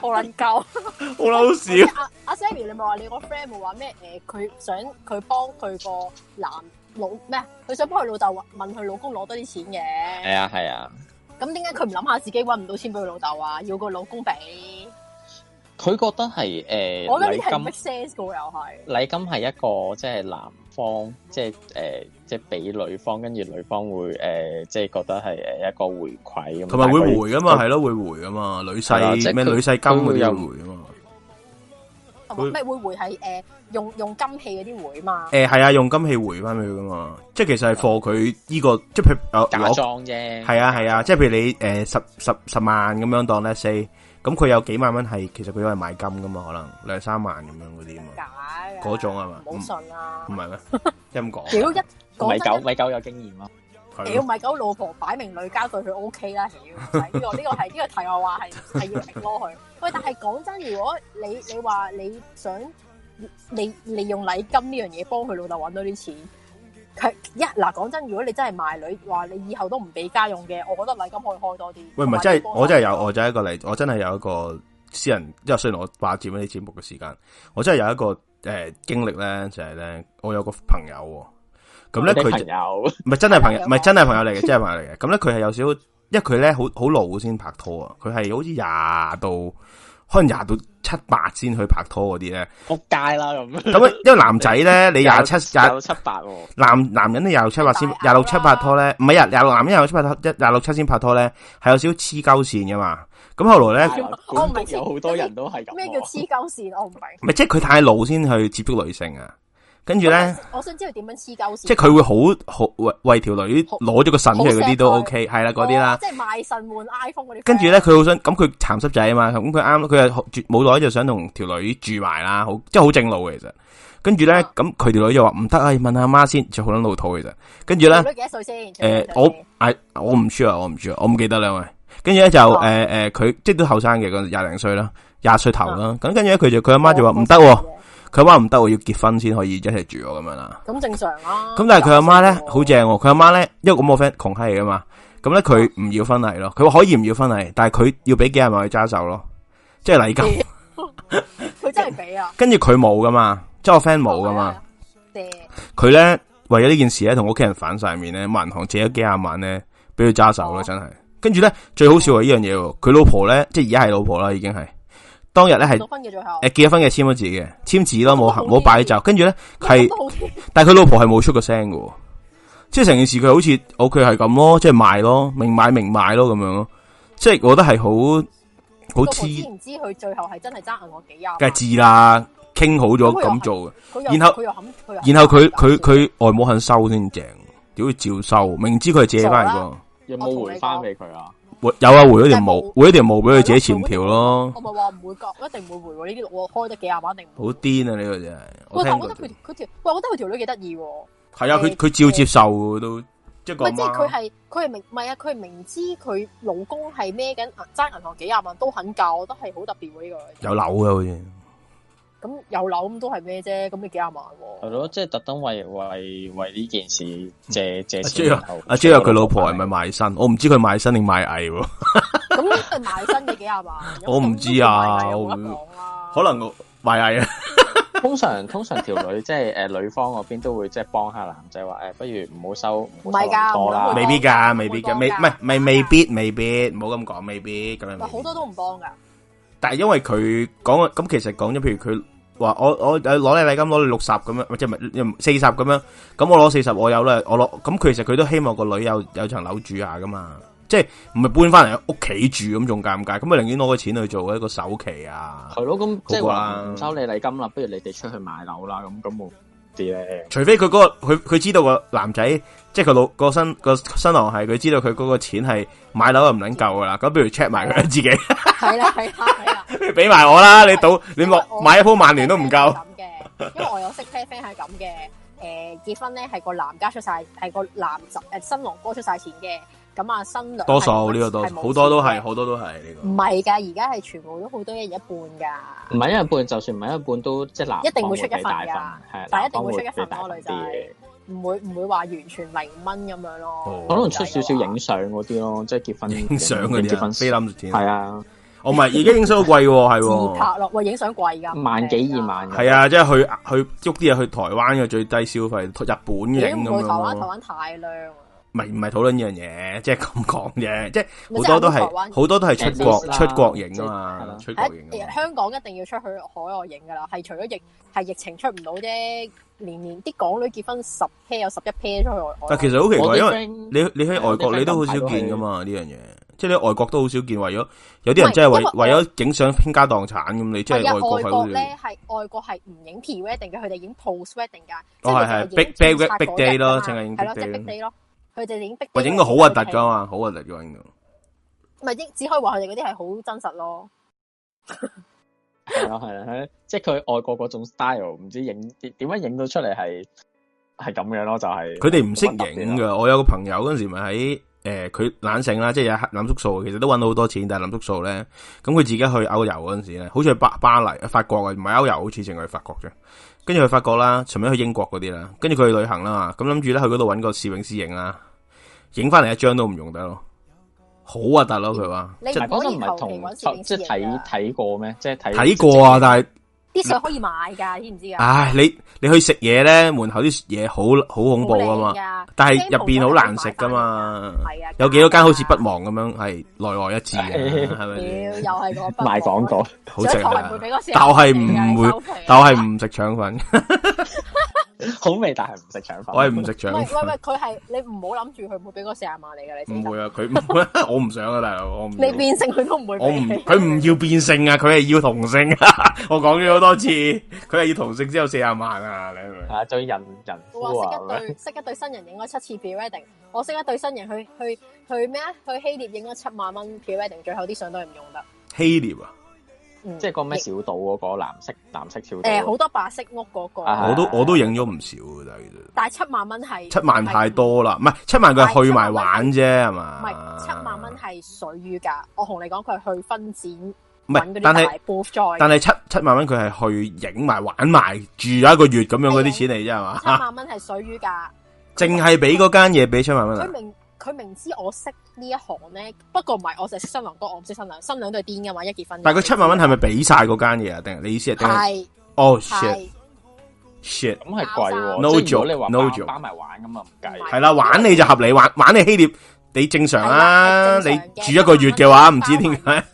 好撚鳩，好嬲屎！阿阿 Sammi，你唔係話你個 friend 冇話咩？誒，佢想佢幫佢個男老咩？佢想幫佢老豆問佢老公攞多啲錢嘅。係啊係啊。咁點解佢唔諗下自己搵唔到錢俾佢老豆啊？要個老公俾。佢覺得係誒，我覺得啲係 make sense 噶，又係。禮金係一個即係男方即係誒。即係俾女方，跟住女方會誒，即係覺得係誒一個回饋咁。同埋會回噶嘛，係咯，會回噶嘛。女婿咩？女婿金嗰啲有回噶嘛。同埋咩會回係誒用用金器嗰啲回嘛。誒係啊，用金器回翻俾佢噶嘛。即係其實係貨佢呢個，即係譬如哦，假裝啫。係啊係啊，即係譬如你誒十十十萬咁樣當呢四，咁佢有幾萬蚊係其實佢有人買金噶嘛？可能兩三萬咁樣嗰啲嘛。解嗰種係嘛？唔好信啊！唔係咩？咁講。米狗，米狗有經驗咯，啊。屌，要米狗老婆擺明女家對佢 O K 啦。屌，呢個呢個呢個題外話，我話係係要明多佢。喂，但係講真，如果你你話你想利利用禮金呢樣嘢幫佢老豆搵多啲錢，佢一嗱講真，如果你真係賣女話，你以後都唔俾家用嘅，我覺得禮金可以開多啲。喂，唔係，真係我真係有我真係一個例子，我真係有一個私人，即係雖然我霸佔咗啲節目嘅時間，我真係有一個誒、呃、經歷咧，就係、是、咧，我有個朋友，哦。咁咧佢唔係真係朋友，唔係真係朋友嚟嘅，真係朋友嚟嘅。咁咧佢係有少少，因為佢咧好好老先拍拖啊。佢係好似廿到，可能廿到七八先去拍拖嗰啲咧，扑街啦咁。咁因為男仔咧， [laughs] 你廿七廿六七八，男男人咧廿六七八先廿六七拍拖咧，唔係廿廿六男人廿六七拍拖，一廿六七先拍拖咧，係有少少黐鳩線㗎嘛。咁後來咧，我 [laughs] 唔明有好多人都係咁。咩叫黐鳩線？我唔明。唔係即係佢太老先去接觸女性啊。跟住咧，我想知道點樣黐鳩線？即係佢會好好為條女，攞咗個腎出嚟嗰啲都 OK，係啦嗰啲啦。即係賣腎換 iPhone 嗰啲。跟住咧，佢好想咁佢殘濕仔啊嘛，咁佢啱，佢又冇耐就想同條女住埋啦，好即係好正路其實。跟住咧，咁佢條女就話唔得啊，問問阿媽先，就好捻老土其實。跟住咧，幾多歲先？誒、呃，我誒，我唔知呀，啊，我唔知啊，啊媽媽啊哦、我唔記得啦喂。跟住咧就誒誒，佢即係都後生嘅，咁廿零歲啦，廿歲頭啦。咁跟住佢就佢阿媽就話唔得。佢話唔得，我要結婚先可以一齊住咁樣啦。咁正常啊。咁但係佢阿媽咧好正喎，佢阿媽咧因為咁我 friend 窮閪嚟㗎嘛，咁咧佢唔要婚禮咯，佢話可以唔要婚禮，但係佢要俾幾廿萬去揸手咯，即係禮金。佢、 [laughs] 嗯、真係俾啊。跟住佢冇噶嘛，即係我 friend 冇噶嘛。佢 [laughs] 咧為咗呢件事咧同屋企人反晒面咧，抹銀行借咗幾廿萬咧，俾佢揸手咯， [laughs] 真係。跟住咧最好笑係呢樣嘢，佢老婆咧即係而家係老婆啦，已經係。當日咧係誒，結咗婚嘅最後，結咗婚嘅簽咗字嘅簽字囉，冇冇擺就，跟住咧係，但係佢老婆係冇出過聲喎，即係成件事佢好似 O K 係咁咯，即係賣咯，明買明賣咯咁樣咯，即係我都係好好黐。知唔知佢最後係真係爭我幾廿？梗係知啦，傾好咗咁做嘅。然後佢又然後佢佢佢外母肯收先正，屌佢照收，明知佢借翻嚟個，有冇回翻俾佢啊？回有啊，回嗰條毛，嗰條毛俾佢寫欠條咯。我咪話唔會交，一定唔會回喎。呢啲我開得幾廿萬，一定會。好癲啊！呢個真係。喂，但我覺得佢佢條，喂，我覺得佢條女幾得意。係啊，佢、欸、佢照接受都，即係即佢係佢係明，唔係啊？佢係明知佢老公係咩緊，爭銀行幾廿萬都肯教，都係好特別喎。呢、這個有樓嘅好似。咁又樓咁都係咩啫？咁你幾廿萬、哦？係、就、咯、是，即係特登為為為呢件事借借錢。阿 Joe，阿 Joe 佢老婆係咪買身？ [laughs] 我唔知佢買身定買偽喎。咁佢買身嘅幾廿萬？ [laughs] 我唔知啊，賣藝啊我，可能買偽啊。通常通常條女即係誒、呃、女方嗰邊都會即係幫下男仔話誒，不如唔好收，唔係噶，啦未必噶，未必噶，未唔係，未未必未必，唔好咁講未必。咁樣，好多都唔幫噶。但係因為佢講咁其實講咗，譬如佢話我我攞你禮金攞你六十咁樣，唔即係咪四十咁樣，咁我攞四十我有啦，我攞咁其實佢都希望個女友有層樓住下噶嘛，即係唔係搬翻嚟屋企住咁仲尷尬，咁啊寧願攞個錢去做一個首期啊，係咯，咁即係話唔收你禮金啦，不如你哋出去買樓啦，咁咁。除非佢、嗰個佢佢知道個男仔，即係佢老個新、嗰個新郎係佢知道佢嗰個錢係買樓又唔捻夠噶啦，咁不如 check 埋佢自己。係啦係啦係啦，俾埋我啦！你賭你落買一鋪萬年都唔夠。咁嘅，因為我有識 p a i friend 係咁嘅，誒、呃、結婚咧係個男家出晒係個男誒、呃、新郎哥出晒錢嘅。咁啊，新娘，這個，多數呢個都好多都係好多都係呢、這個。唔係噶，而家係全部都好多人一半噶。唔係一半，就算唔係一半都即係一定會出一份噶，但一定會出一份多女仔。唔會唔會話完全零蚊咁樣咯、哦。可能出少少影相嗰啲咯，即係結婚影相嗰啲。結婚菲林係啊，我唔係，而家影相好貴喎，係喎、啊 [laughs] 哦啊 [laughs] 哎。拍落喂，影相貴噶，萬幾二萬。係 [laughs] 啊，即係去去喐啲嘢去台灣嘅最低消費，日本影咁樣台灣 [laughs] 台灣太靚。唔係唔係討論呢樣嘢，即係咁講嘅，即係好多都係好多都係出國出國影噶嘛，出國影嘅，香港一定要出去海外影噶啦，係除咗疫係疫情出唔到啫。年年啲港女結婚十 pair 有十一 pair 出去。但其實好奇怪，因為你你喺外國你都好少見噶嘛，呢樣嘢，即係你外國都好少見。為咗有啲人真係為為咗影相傾家蕩產咁，你即係外國係好少。外國咧係外國係唔影 traditional 嘅，佢哋影 pre-wedding 噶，即係影影出曬嗰一晚。係咯，即係 big day 咯。佢哋已影個好核突噶嘛，好核突嘅影個，唔係應只可以話佢哋嗰啲係好真實咯。係啊係啊，即係佢外國嗰種 style，唔知影點樣影到出嚟係係咁樣咯，就係佢哋唔識影噶。我有個朋友嗰陣時咪喺、誒，佢懶醒啦，即係有林叔數，其實都搵到好多錢，但係林叔素咧，咁佢自己去歐遊嗰陣時咧，好似係巴巴黎啊，法國啊，唔係歐遊，好似淨係法國啫。跟住去法國啦，從尾去英國嗰啲啦，跟住佢去旅行啦，咁諗住咧去嗰度搵個攝影師影啦。影翻嚟，一張都唔用得咯。好啊，大佬佢話，即係嗰個唔係同即係睇睇過咩？即係睇睇過啊，但係啲水可以買噶，知唔知啊？唉，你你去食嘢咧，門口啲嘢好好恐怖啊嘛，但係入邊好難食噶嘛，係啊，有幾多間好似不忘咁樣係內外一致嘅，係咪？是不是 [laughs] 又係嗰份賣廣告， [laughs] 好正啊！但係唔會，但係唔食腸粉。 [laughs] 好味，但係唔食腸粉。我係唔食腸粉。喂喂喂，佢係你唔好諗住佢會俾嗰四十萬你㗎，你唔會，會啊，佢 [laughs] 我唔想啊，大佬，我唔。你變性佢都唔會我。我唔，佢唔要變性啊，佢係要同性，啊。 [laughs] [laughs] 我講咗好多次，佢係要同性之後四十萬啊，你明咪？啊，最人，人話識一對，識一對新人影咗七次 pre-wedding 我識一對新人去去去咩啊？去希臘影咗七萬蚊 pre-wedding 最後啲相都係唔用得。希臘啊！即係個咩小島嗰、那個藍色藍色小島？誒，好多白色屋嗰、那個、啊。我都我都影咗唔少㗎，但係七萬蚊係七萬太多啦，唔係七萬佢係去埋玩啫係嘛？唔係七萬蚊係水魚價，我同你講佢去分展，唔係但係，但係七七萬蚊佢係去影埋玩埋住咗一個月咁樣嗰啲錢嚟啫係嘛？七萬蚊係水魚價，淨係俾嗰間嘢俾七萬蚊。佢明知我識呢一行咧，不過唔係，我淨係識新郎哥，我唔識新娘，新娘都係癲嘅嘛，一結，一結婚。但係佢七萬蚊係咪俾晒嗰間嘢啊？定你意思係？係。哦、oh, shit shit。咁係貴喎，no job 你話 no job 包埋玩咁啊唔計。係啦，玩你就合理玩，玩你希臘你正常啦、啊。常你住一個月嘅話，唔知點解。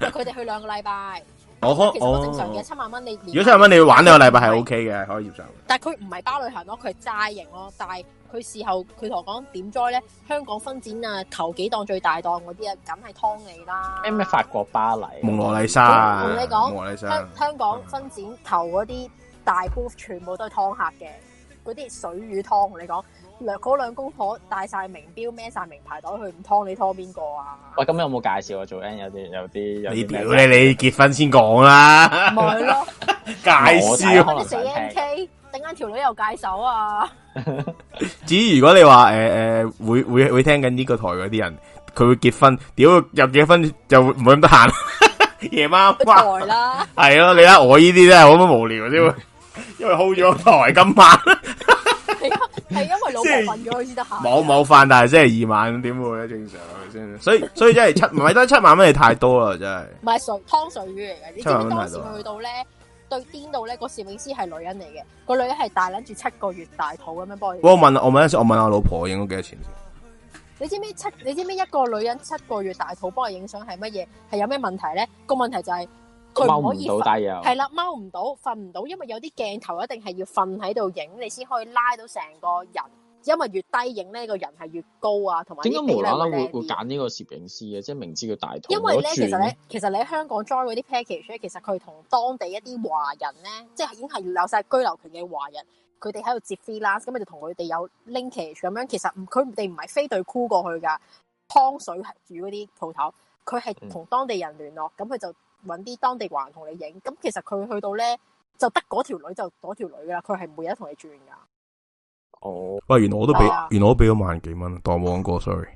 佢哋去兩個禮拜。哦，其實都正常嘅，七萬蚊你。如果七萬蚊你玩兩個禮拜係 OK 嘅，可以接受。但係佢唔係包旅行咯，佢齋營咯，但係。佢事後佢同我講點災咧？香港分展啊，頭幾檔最大檔嗰啲啊，梗係湯你啦。咩咩法國巴黎蒙羅麗莎、啊，同你講，香、啊、香港分展頭嗰啲大鋪，全部都係湯客嘅。嗰啲水魚湯，同你講，兩嗰兩公婆帶晒名表，孭晒名牌袋去，唔湯你湯邊個啊？喂，咁有冇介紹啊？Joan 有啲有啲有啲表咧？你結婚先講啦。咪、就、咯、是，介 [laughs] 紹。食 NK。陣間條女兒又戒手啊！ [laughs] 至於如果你話誒誒會會會，會聽緊呢個台嗰啲人，佢會結婚，屌又結婚就唔會咁得閒。 [laughs] 夜晚，台啦，係咯，你睇我呢啲咧，好鬼無聊，嗯、因為因為 hold 住台。今晚係 [laughs] [laughs] 因為老婆瞓咗我先得閒。冇冇飯，但係星期二晚點會咧正常係咪先？所以所以真係七唔係都七萬蚊，太多啦真係。唔係湯水魚嚟嘅，你知你當時去到咧？對癲到咧，個攝影師係女人嚟嘅，個女人係大捻住七個月大肚咁樣幫我。我問啦，我問一次，我問下老婆影咗幾多錢先？你知唔知七？你知唔知一個女人七個月大肚幫我影相係乜嘢？係有咩問題咧？個問題就係佢唔可以瞓。係啦，踎唔到，瞓唔到，因為有啲鏡頭一定係要瞓喺度影，你先可以拉到成個人。因為越低影呢個人係越高啊，同埋啲比例靚啲。點解無啦啦會會揀呢個攝影師嘅？即係明知佢大肚。因為咧，其實咧，其實你喺香港 join 嗰啲 package，其實佢同當地一啲華人咧，即係已經係有晒居留權嘅華人，佢哋喺度接 freelance 咁咪就同佢哋有 linkage 咁樣。其實佢哋唔係飛隊 crew 過去㗎，湯水住嗰啲鋪頭，佢係同當地人聯絡，咁佢就揾啲當地華人同你影。咁其實佢去到咧，就得嗰條女就嗰條女㗎啦。佢係每日同你轉㗎。哦，喂，原來我都俾、啊，原來我俾咗萬幾蚊，當冇講過，sorry。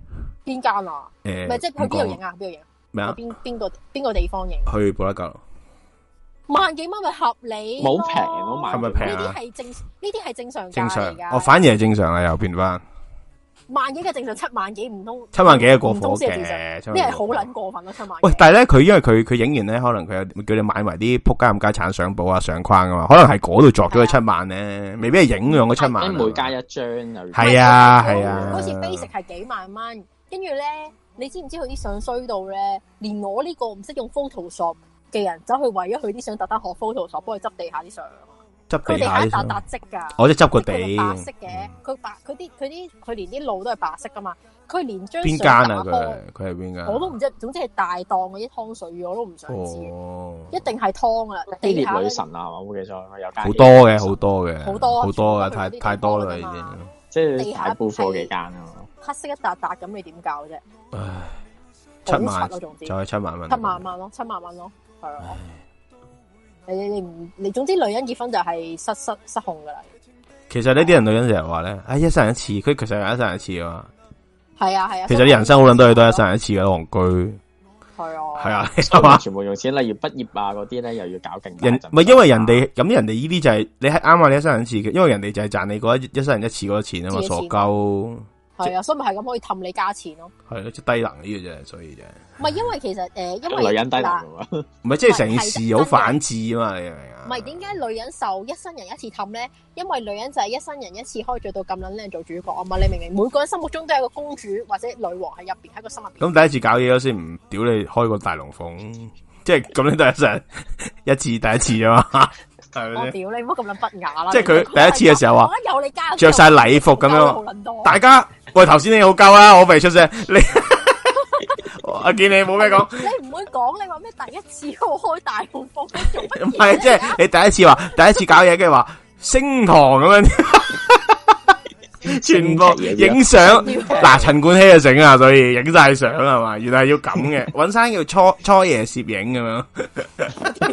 邊間啊？誒、呃，咪即係去邊度影啊？邊度影？咩啊？邊邊個邊個地方影、啊？去布拉格囉。萬幾蚊咪合理，冇平，冇平，係咪平啊？呢啲係正，呢啲係正常，正常，哦，反而係正常啊，又變翻。萬幾嘅正常，七萬幾唔通七萬幾係過火嘅，咩係好撚過分咯七萬多？喂，但係咧佢因為佢佢影完咧，可能佢有叫你買埋啲仆街咁家產相簿啊相框啊嘛，可能係嗰度作咗佢七萬咧，未必係影用嗰七萬。每加一張啊，係啊係啊，嗰時 Basic 係幾萬蚊，跟住咧，你知唔知佢啲相衰到咧？連我呢個唔識用 Photoshop 嘅人走去為咗佢啲相特登學 Photoshop 幫佢執地下啲相。佢哋係一笪笪積噶，我啲執個地，白色嘅，佢、嗯、白，佢啲佢啲，佢連啲路都係白色噶嘛，佢連張邊間啊佢，佢係邊間？我都唔知，總之係大檔嗰啲湯水，我都唔想知、哦，一定係湯啊！地下女神啊，我冇記錯有好多嘅，好多嘅，好多好多嘅，太太多啦，已經，即係睇鋪多幾間啊！黑色一笪笪咁，你點搞啫？唉，七萬咯，就係、是、七萬蚊，七萬蚊咯，七萬蚊咯，係啊。你你你總之女人結婚就係失失失控噶啦。其實呢啲人女人成日話咧，哎一生人一次，佢其實一生人一次啊嘛。係啊係啊。其實人生好捻多嘢都一生人一次嘅戇居。係啊。係啊。全部用錢，例如畢業啊嗰啲咧，又要搞勁人。唔係因為人哋咁、啊、人哋呢啲就係、是、你係啱話，你一生人一次嘅，因為人哋就係賺你一,一生人一次嗰錢啊嘛，傻鳩。係啊， [music] 所以咪係咁可以氹你價錢咯。係咯，即低能呢嘅啫，所以就唔係，因為其實誒、呃，因為女人低能啊，唔係，即係成件事好反智啊嘛，不是是的，你明唔明啊？唔係點解女人受一生人一次氹咧？因為女人就係一生人一次可以做到咁捻靚做主角啊嘛，你明唔明？每個人心目中都有個公主或者女王喺入邊，喺個心入邊。咁第一次搞嘢先唔屌你開個大龍鳳， [laughs] 即係咁樣都係一一次第一次啫嘛。 [laughs] 我屌你，唔好咁樣不雅啦！即係佢第一次嘅時候話，着晒禮服咁樣，大家喂，頭先你好鳩啦，我未出聲，你我見你冇咩講。你唔會講你話咩第一次我開大門，做乜？唔係，即係你第一次話第一次搞嘢，跟住話升堂咁樣，全部影相嗱，陳冠希就整啊，所以影晒相係嘛？原來係要咁嘅，尹生要初初夜攝影咁樣。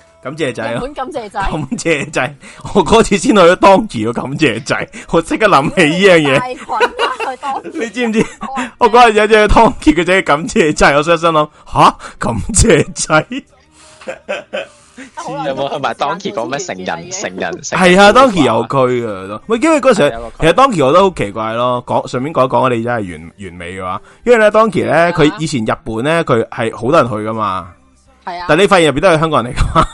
感謝仔，感謝仔，感謝仔，我嗰次先去咗當期嘅感謝仔，我即刻諗起呢樣嘢。你， [laughs] 你知唔知？我嗰日有隻當期嘅仔感謝仔，我心心諗吓，感謝仔，知、啊啊、有冇？同埋當期講咩？成人？成人係啊，啊，當期有區噶咯。喂，因為嗰時為其實當期，我都好奇怪咯。講順便講一講，我哋真係完完美嘅話，因為咧當期咧，佢、啊、以前日本咧，佢係好多人去噶嘛。係啊，但你發現入邊都係香港人嚟噶嘛？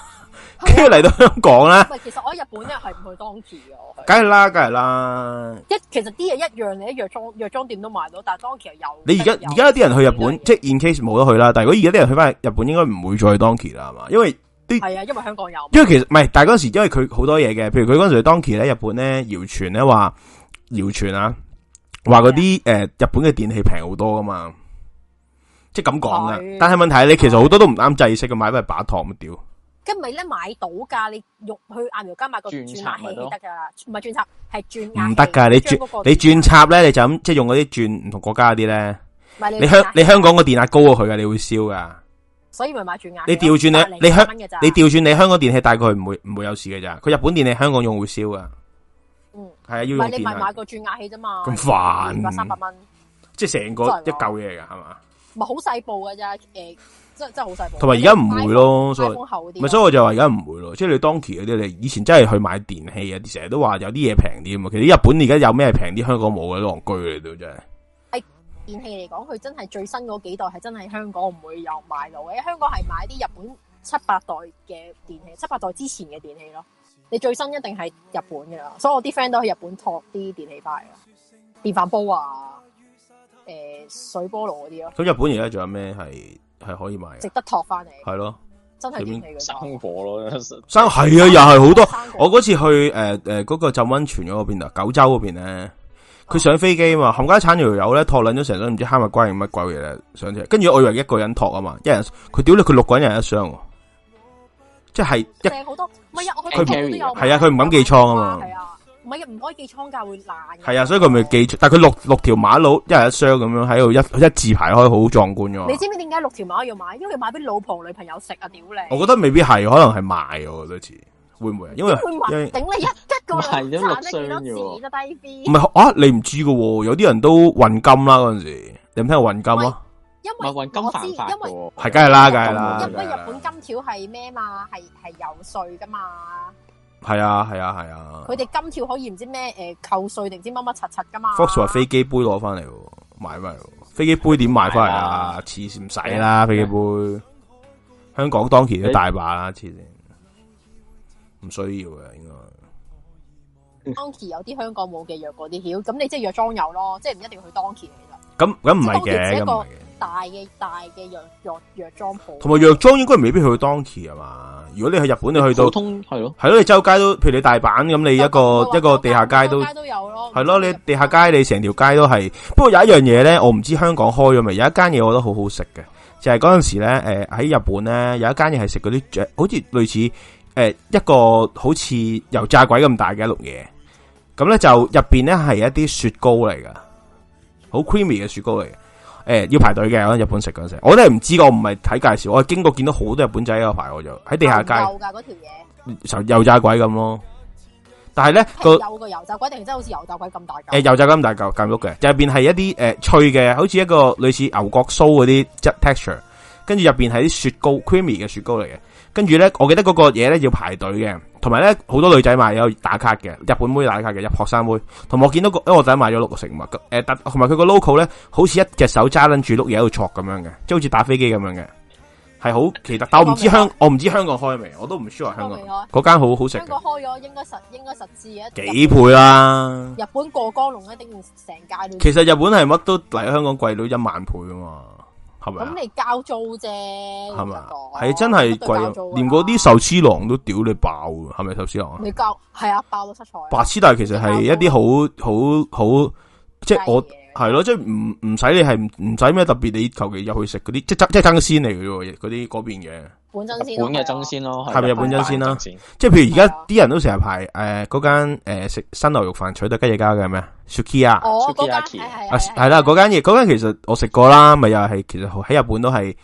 跟住嚟到香港啦，其實我喺日本咧係唔去當期嘅，梗係啦，梗係啦。一其實啲嘢一樣，你喺藥妝藥妝店都買到，但係當期係有。你而家而家有啲人去日本，即係 in case 冇得去啦。但係如果而家啲人去翻日本，應該唔會再去當期啦，係嘛？因為係啊，因為香港有。因為其實唔係，但係嗰時候因為佢好多嘢嘅，譬如佢嗰時當期咧，日本咧謠傳咧話謠傳啊，話嗰啲誒日本嘅電器平好多噶嘛，即係咁講啦。但係問題你其實好多都唔啱制式，嘅買都係把糖因咪咧買到噶，你用去亞苗家買個轉壓器都得噶啦，唔係轉插係轉壓唔得噶，你轉你轉插咧你就即係、就是、用嗰啲轉唔同國家嗰啲咧，你香你香港個電壓高過佢噶，你會燒噶，所以咪買轉壓。你調轉你100，你香你調轉你香港電器大概唔會唔會有事嘅咋，佢日本電器香港用會燒噶。嗯，係啊，要用電器你買咪買個轉壓器啫嘛，咁煩，三百蚊，即係成個、就是、一嚿嘢噶，係嘛？唔好細部㗎啫，即、呃、真真係好細部。同埋而家唔會咯，所以，h 啲，咪所以我就話而家唔會咯，即、就、係、是、你當期嗰啲，你以前真係去買電器啊，啲成日都話有啲嘢平啲啊嘛。其實日本而家有咩平啲？香港冇嘅啲戇居嚟到真係。係電器嚟講，佢真係最新嗰幾代係真係香港唔會有買到嘅，香港係買啲日本七八代嘅電器，七八代之前嘅電器咯。你最新一定係日本㗎啦，所以我啲 friend 都去日本托啲電器翻嚟啊，電飯煲啊。誒、啊，水菠蘿嗰啲咯。咁日本而家仲有咩係係可以買，值得托翻嚟？係咯，真係變生火咯，生係啊，又係好多。生火我嗰次去誒誒嗰個浸溫泉嗰邊啊，九州嗰邊咧，佢、啊、上飛機啊嘛，冚家鏟條友咧托捻咗成堆唔知哈密瓜定乜鬼嘢上車，跟住我以為一個人托啊嘛，一人佢屌你，佢六個人一箱、嗯，即係一好多，係啊，佢係啊，佢唔敢寄艙啊嘛。唔係唔可以寄倉，價會爛，係啊，所以佢咪寄，但係佢六六條馬路一人一箱咁樣喺度一一字排開，好壯觀噶、啊。你知唔知點解六條馬要買？因為要買俾老婆女朋友食啊，屌你！我覺得未必係，可能係賣，我覺得會唔會？因為頂你一一個係差唔多幾多字低啲。唔係啊，你唔知噶、啊？有啲人都運金啦嗰陣時，你唔冇聽運金啊？因為運金犯法嘅，係梗係啦，梗係啦。因為日本金條係咩嘛？係係有稅噶嘛？係啊係啊係啊！佢哋金條可以唔知咩誒、呃、扣稅定唔知乜乜柒柒噶嘛？Fox 話飛機杯攞翻嚟，買翻嚟？飛機杯點買翻嚟啊？黐線唔使啦，飛機杯、嗯。香港當期都大把啦，黐、欸、線。唔需要嘅，應該。當期有啲香港冇嘅藥嗰啲，曉咁你即係藥妝有咯，即係唔一定去當期嚟啦。咁咁唔係嘅，而且一個大嘅大嘅藥藥藥妝鋪，同埋藥妝應該未必去當期啊嘛。如果你去日本，你去到，普通，係咯，係咯，你周街都，譬如你大阪咁，你一個一個地下街都，街都有係咯，你地下街你成條街都係。不過有一樣嘢咧，我唔知香港開咗未？有一間嘢我覺得好好食嘅，就係嗰陣時咧，誒、呃、喺日本咧有一間嘢係食嗰啲，好似類似誒一個好似油炸鬼咁大嘅一碌嘢。咁咧就入邊咧係一啲雪糕嚟噶，好 creamy 嘅雪糕嚟。誒、欸，要排隊嘅，日本食嗰時，我都係唔知，我唔係睇介紹，我係經過見到好多日本仔喺度排，我就喺地下街。油噶條嘢，油炸鬼咁咯。但係咧個油個油炸鬼，定然之間好似油炸鬼咁大誒、呃，油炸咁大嚿夾碌嘅，入邊係一啲誒、呃、脆嘅，好似一個類似牛角酥嗰啲 texture，跟住入邊係啲雪糕，creamy 嘅雪糕嚟嘅。跟住咧，我記得嗰個嘢咧要排隊嘅，同埋咧好多女仔買有打卡嘅，日本妹打卡嘅，入學生妹，同我見到個因為我一個仔買咗六個食物，同埋佢個 logo 咧，好似一隻手揸撚住碌嘢喺度戳咁樣嘅，即係好似打飛機咁樣嘅，係好奇特。但我唔知香，我唔知香港開未，我都唔知香港。嗰間好好食。香港開咗應該十支啊，幾倍啦、啊？日本過江龍一定住成街女。其實日本係乜都嚟香港貴到一萬倍啊嘛～咁、啊、你交租啫，係咪、啊？係真係貴、啊，連嗰啲壽司郎都屌你爆，係咪壽司郎、啊？你交係啊，爆到七彩。白痴，但係其實係一啲好好好，即係我。係咯，即係唔唔使你係唔使咩特別，你求其入去食嗰啲，即係即係爭鮮嚟嘅，嗰啲嗰邊嘅。本爭鮮，本嘅爭鮮咯，係咪日本爭鮮啦？即係譬如而家啲人都成日排誒，嗰間誒食新牛肉飯，取得吉野家嘅係咩？Sukiya，ki，嗰間係啦，嗰間嘢，嗰間、oh, 哎、其實我食過啦，咪又係其實喺日本都係。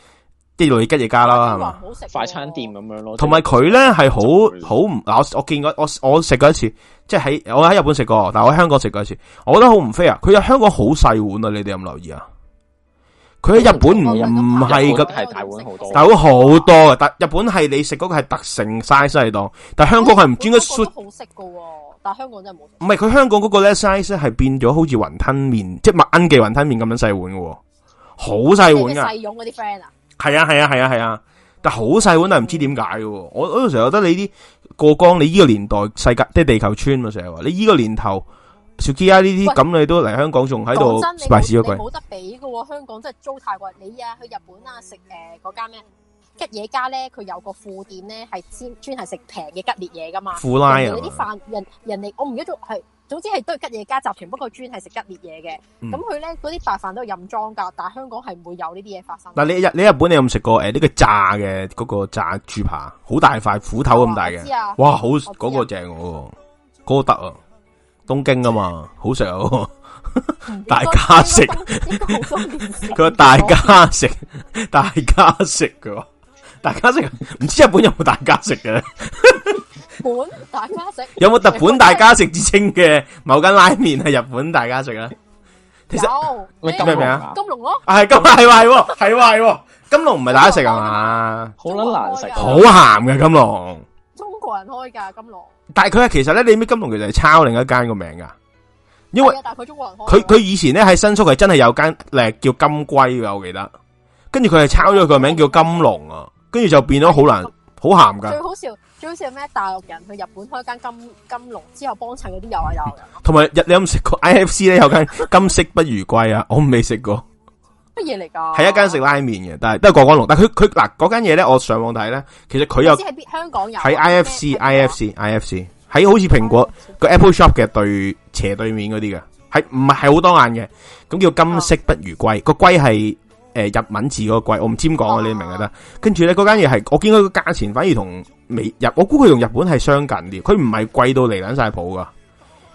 啲類嘅吉野家啦，係嘛、啊？好食快餐店咁樣咯。同埋佢咧係好好唔，我我見過我我食過一次，即係喺我喺日本食過，但係我喺香港食過一次，我覺得好唔飛啊！佢喺香港好細碗啊！你哋有冇留意啊？佢喺日本唔係個大碗好多，大碗好多嘅，但日本係你食嗰個係特盛 size 西檔，但香港係唔專。個好食噶，但係香港真係冇。唔係佢香港嗰個咧 size 係變咗，好似雲吞麵，即係麥奀記雲吞麵咁樣細碗嘅，好細碗噶。細勇嗰啲 friend 啊！係啊係啊係啊係啊，啊，啊，但好細碗都係唔知點解喎。我我成日覺得你啲過江，你依個年代世界即係地球村啊，成日話你依個年頭小雞啊呢啲咁，你都嚟香港仲喺度排屎咗貴。冇得比喎，香港真係租太貴。你啊去日本啊食誒嗰間咩吉野家咧，佢有個副店咧係專專係食平嘅吉列嘢噶嘛。富拉人，人。人哋我唔記得咗係。總之係都吉野家集團，不過佢專係食吉列嘢嘅。咁佢咧，嗰啲白飯都係任裝噶，但係香港係唔會有呢啲嘢發生。嗱，你日你日本你有冇食過誒？呢、呃這個炸嘅嗰、那個炸豬扒，好大塊斧頭咁大嘅。哦、知、啊、哇，好嗰、啊那個正喎，嗰、那個得啊，東京啊嘛，好啊、那個、 [laughs] 食啊！ [laughs] [laughs] 大家食，佢話大家食，大家食佢話大家食大家食佢大家食唔知日本有冇大家食嘅？本大家食 [laughs] 有冇特，本大家食之稱嘅某間拉麵係、啊、日本大家食啊？其實有咩、欸、名金龍咯，係金係咪？係咪？金龍唔係大家食係嘛？好撚難食，好咸㗎金龍。中國人開噶金龍，但係佢係其實咧，你咩金龍其實係抄另一間個名噶，因為佢中國人開，佢佢以前咧喺新宿係真係有間誒叫金龜噶，我記得，跟住佢係抄咗佢個名叫金龍啊，跟住就變咗好難好咸噶。好似咩大陸人去日本開間金金龍，之後幫襯嗰啲遊啊遊嘅。同埋日你有冇食過 I F C 咧？有間金色不如龜啊，我未食過，乜嘢嚟噶？係一間食拉麵嘅，但係都係過江龍，但係佢佢嗱嗰間嘢咧，我上網睇咧，其實佢有，喺香港有，喺 I F C I F C I F C 喺好似蘋果個 Apple Shop 嘅對斜對面嗰啲嘅，係唔係係好多眼嘅？咁叫金色不如龜，個龜係。誒、呃，日文字嗰個貴，我唔知點講啊，啊，你明唔明得？跟住咧，嗰間嘢係我見佢個價錢反而同美日，我估佢同日本係相近啲。佢唔係貴到嚟捻晒譜噶，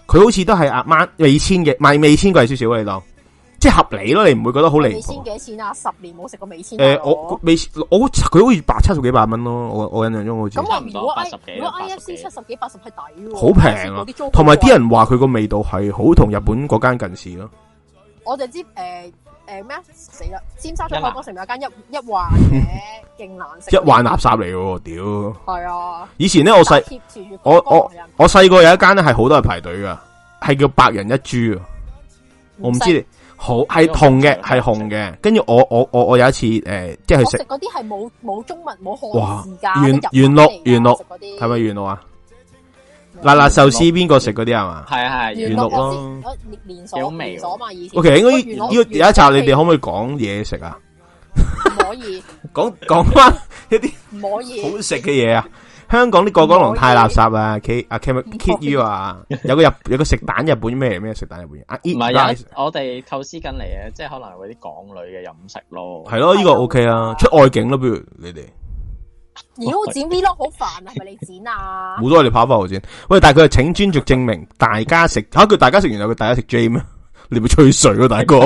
佢好似都係啊萬味千嘅，唔係味千貴少少咯，你當即係合理咯，你唔會覺得好離？味千幾錢啊？十年冇食過味千，啊。誒、呃，我味千，我佢好似百七十幾百蚊咯。我我印象中好似差唔多如果 I F C 七十幾八十係抵。好平啊！同埋啲人話佢個味道係好同日本嗰間近似咯。我就知誒。呃誒、欸、咩死啦！尖沙咀海港城有間一一環嘅勁難食，一環 [laughs] 垃圾嚟喎，屌！係啊！以前咧我細我我我細個有一間咧係好多人排隊噶，係叫百人一豬，我唔知你好係紅嘅係紅嘅，跟住我我我我有一次誒即係去食嗰啲係冇冇中文冇漢字嘅，元綠元綠係咪元綠啊？喇，喇，壽司邊個食嗰啲，係咪？係，係，元綠囉。連鎖，連鎖嘛意思。喇，有一集你哋可唔可以講嘢食呀？唔可以。講，講返一啲好食嘅嘢呀？香港啲過江龍太垃圾呀？ [laughs] 說什麼,說什麼, [laughs] [laughs] 妖剪 V 咯，好煩啊！係咪你剪啊？冇多，你跑波我剪。喂，但係佢請專屬證明大家食吓佢，大家食完又叫大家食 J 咩？你冇吹水咯，大哥，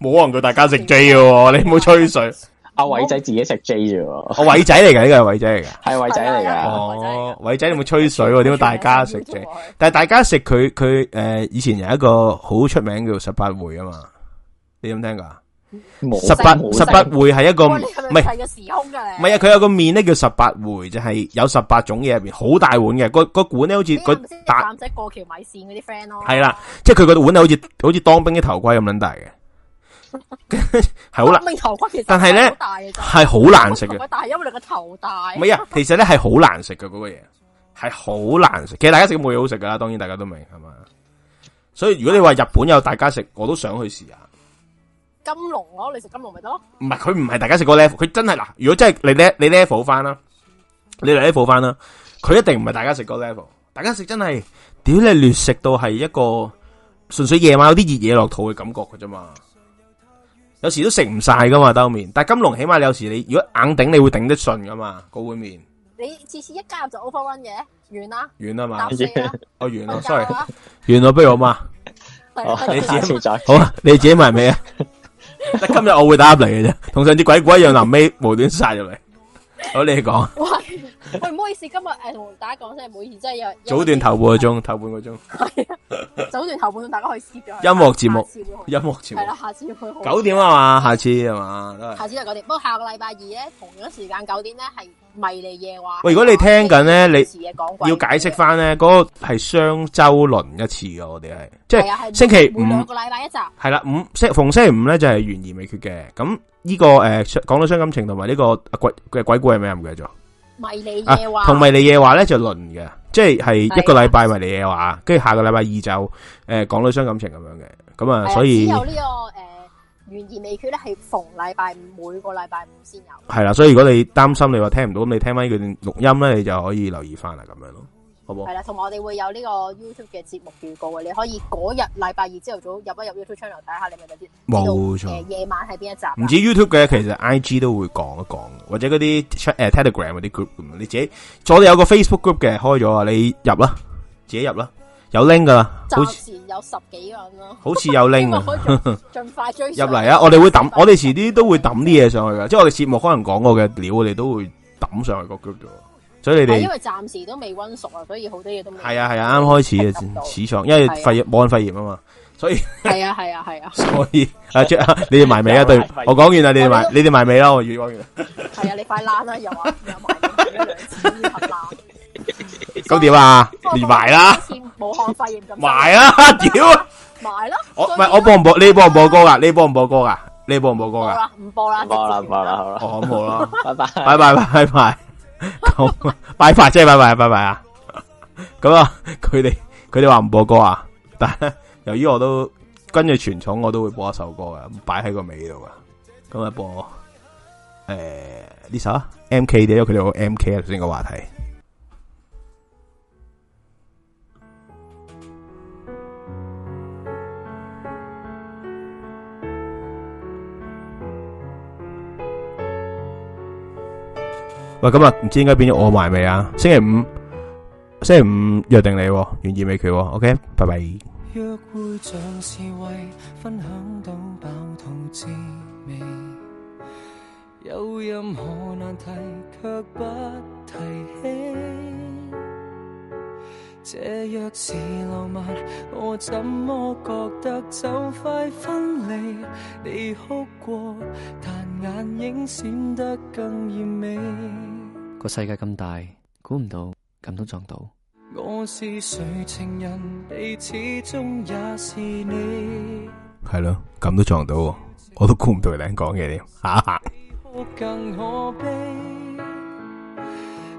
冇可能叫大家食 J 噶、啊，你冇吹水。阿、啊、偉仔自己食 J 咋、啊哦？我偉仔嚟噶，呢個係偉仔嚟噶，係偉仔嚟噶。哦，偉仔你冇吹水點、啊、解大家食 J？但係大家食佢佢誒，以前有一個好出名嘅叫十八會啊嘛，你有冇聽過？十八十八回係一個唔係個時空嘅，唔係啊！佢有個麵咧叫十八回，就係、是、有十八種嘢，入邊，好大碗嘅。個個碗咧好似個男仔過橋米線啲 friend 咯，係啦，即係佢個碗好似、哎啊、好似 [laughs] 當兵啲頭盔咁樣，大嘅，係 [laughs] 好 [laughs] 難。頭盔其實但係咧係好難食嘅，但係因為你個頭大，唔係啊！ [laughs] 其實咧係好難食嘅嗰個嘢，係好難食。其實大家食冇嘢好食噶啦，當然大家都明係嘛。所以如果你話日本有大家食，我都想去試下。金龍我，你食金龍咪得咯？唔係，佢唔係大家食過 level，佢真係嗱。如果真係你 level，你 level 翻啦，你 level 翻啦，佢一定唔係大家食過 level。大家食真係，屌你亂食到係一個純粹夜晚有啲熱嘢落肚嘅感覺噶啫嘛。有時都食唔晒噶嘛兜麵，但係金龍起碼你有時你如果硬頂你會頂得順噶嘛嗰碗麵。你次次一加入就 overrun 嘅，軟啦，軟啊嘛。哦，軟啦，sorry，軟啦不如我嘛。你自己潮仔，好啊，你自己埋尾啊。今日我會打入嚟嘅啫，同上次鬼鬼一樣，臨尾無端晒入嚟。好你講，喂，喂，唔好意思，今日誒同大家講聲，唔好意思，即係。早段頭半個鐘，頭半個鐘。係啊，早段頭半個鐘，大家可以試咗。音樂節目，音樂節目係啦，下次要去九點啊嘛，下次啊嘛，都係。下次就九點，不過下個禮拜二咧，同樣時間九點咧係。迷你夜話。喂，如果你聽緊咧，你要解釋翻咧，嗰個係雙周輪一次嘅，我哋係，即係星期五兩個禮拜一集。係啦，五逢星期五咧就係懸疑未決嘅。咁呢個誒港女傷感情同埋呢個鬼嘅鬼故係咩啊？唔記得咗。迷你夜話同迷你夜話咧就輪嘅，即係係一個禮拜迷你夜話，跟住下個禮拜二就誒港女傷感情咁樣嘅。咁啊，所以。懸而未決咧，係逢禮拜五，每個禮拜五先有。係啦，所以如果你擔心你話聽唔到，咁你聽翻佢錄音咧，你就可以留意翻啦，咁樣咯，好唔好？係啦，同埋我哋會有呢個 YouTube 嘅節目預告啊，你可以嗰日禮拜二朝頭早入一入 YouTube channel 睇下，你咪就知。冇錯。夜晚係邊一集？唔止 YouTube 嘅，其實 IG 都會講一講，或者嗰啲誒 Telegram 嗰啲 group，你自己左底有個 Facebook group 嘅開咗啊，你入啦，自己入啦。有拎噶啦，暫時有十幾樣咯，好似有拎，盡快追入嚟啊！我哋會抌，我哋遲啲都會抌啲嘢上去噶，即係我哋節目可能講過嘅料，我哋都會抌上去個 group 度。所以你哋係因為暫時都未溫熟啊，所以好多嘢都未係啊係啊，啱啱、啊、開始嘅市場，因為肺、啊、炎肺炎啊嘛，所以係啊係啊係啊，啊，所以阿 Jack，你哋埋尾啊，對，我講完啦，你哋埋你哋埋尾啦，我粵講完啦，係啊，你快爛啦，又話又埋埋咗兩次，咁點啊？連埋啦！似武漢肺炎咁埋啊！屌，埋咯！我唔係我播唔播？你播唔播歌噶？你播唔播歌噶？你播唔播歌噶？唔播啦！唔播啦！唔播啦！好啦，我唔播啦！拜拜！拜拜！拜拜！好，拜拜！即係拜拜！拜拜啊！咁啊，佢哋佢哋話唔播歌啊，但係咧，由於我都跟住全場，我都會播一首歌噶，擺喺個尾度噶。今日播誒呢首 M K 啲，因為佢哋有 M K 先個話題。喂，今日，唔知應該變咗我埋未啊？星期五，星期五約定你，願意畀佢？OK，拜拜。約會像是為分享到飽肚滋味，有任何難題卻不提起。個世界咁大，估唔到咁都撞到。我是誰情人，你始終也是你。係咯，咁都撞到，我都估唔到你哋講嘢點。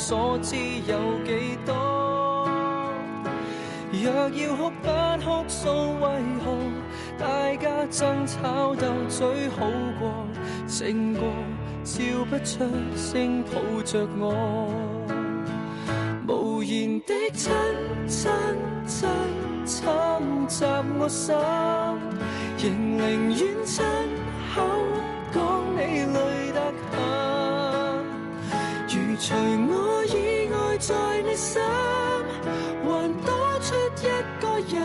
所知有幾多？若要哭不哭訴為何？大家爭吵鬥嘴好過，勝過笑不出聲抱着我。 [music] [music] 無言的親親親侵襲我心，仍寧願親口講你累得很。除我以外，在你心還多出一個人，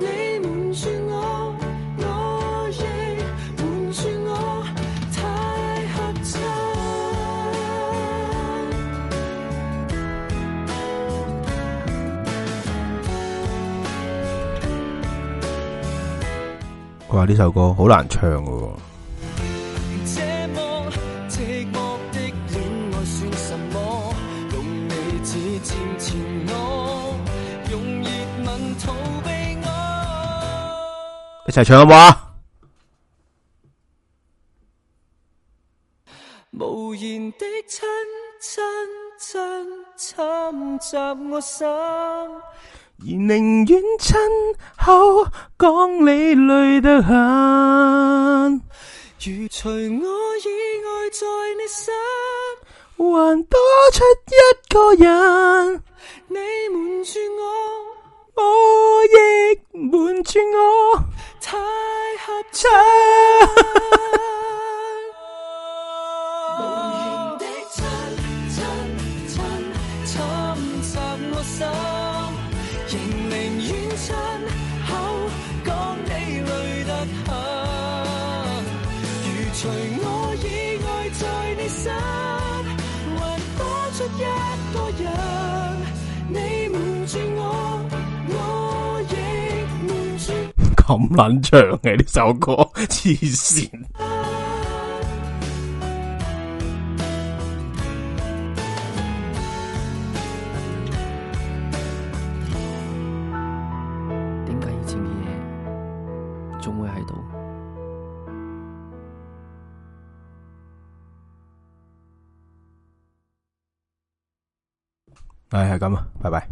你瞞著我，我也瞞著我，太哇！呢首歌好難唱哦、啊。一齊唱啊！無言的親親親侵襲我心，仍寧願親口講你累得很，如除我以外，在你心還多出一個人，你瞞住我。我亦瞞住我，太合襯。咁捻難唱嘅呢首歌，黐線！點解以前嘅嘢仲會喺度？誒，係咁啊，拜拜。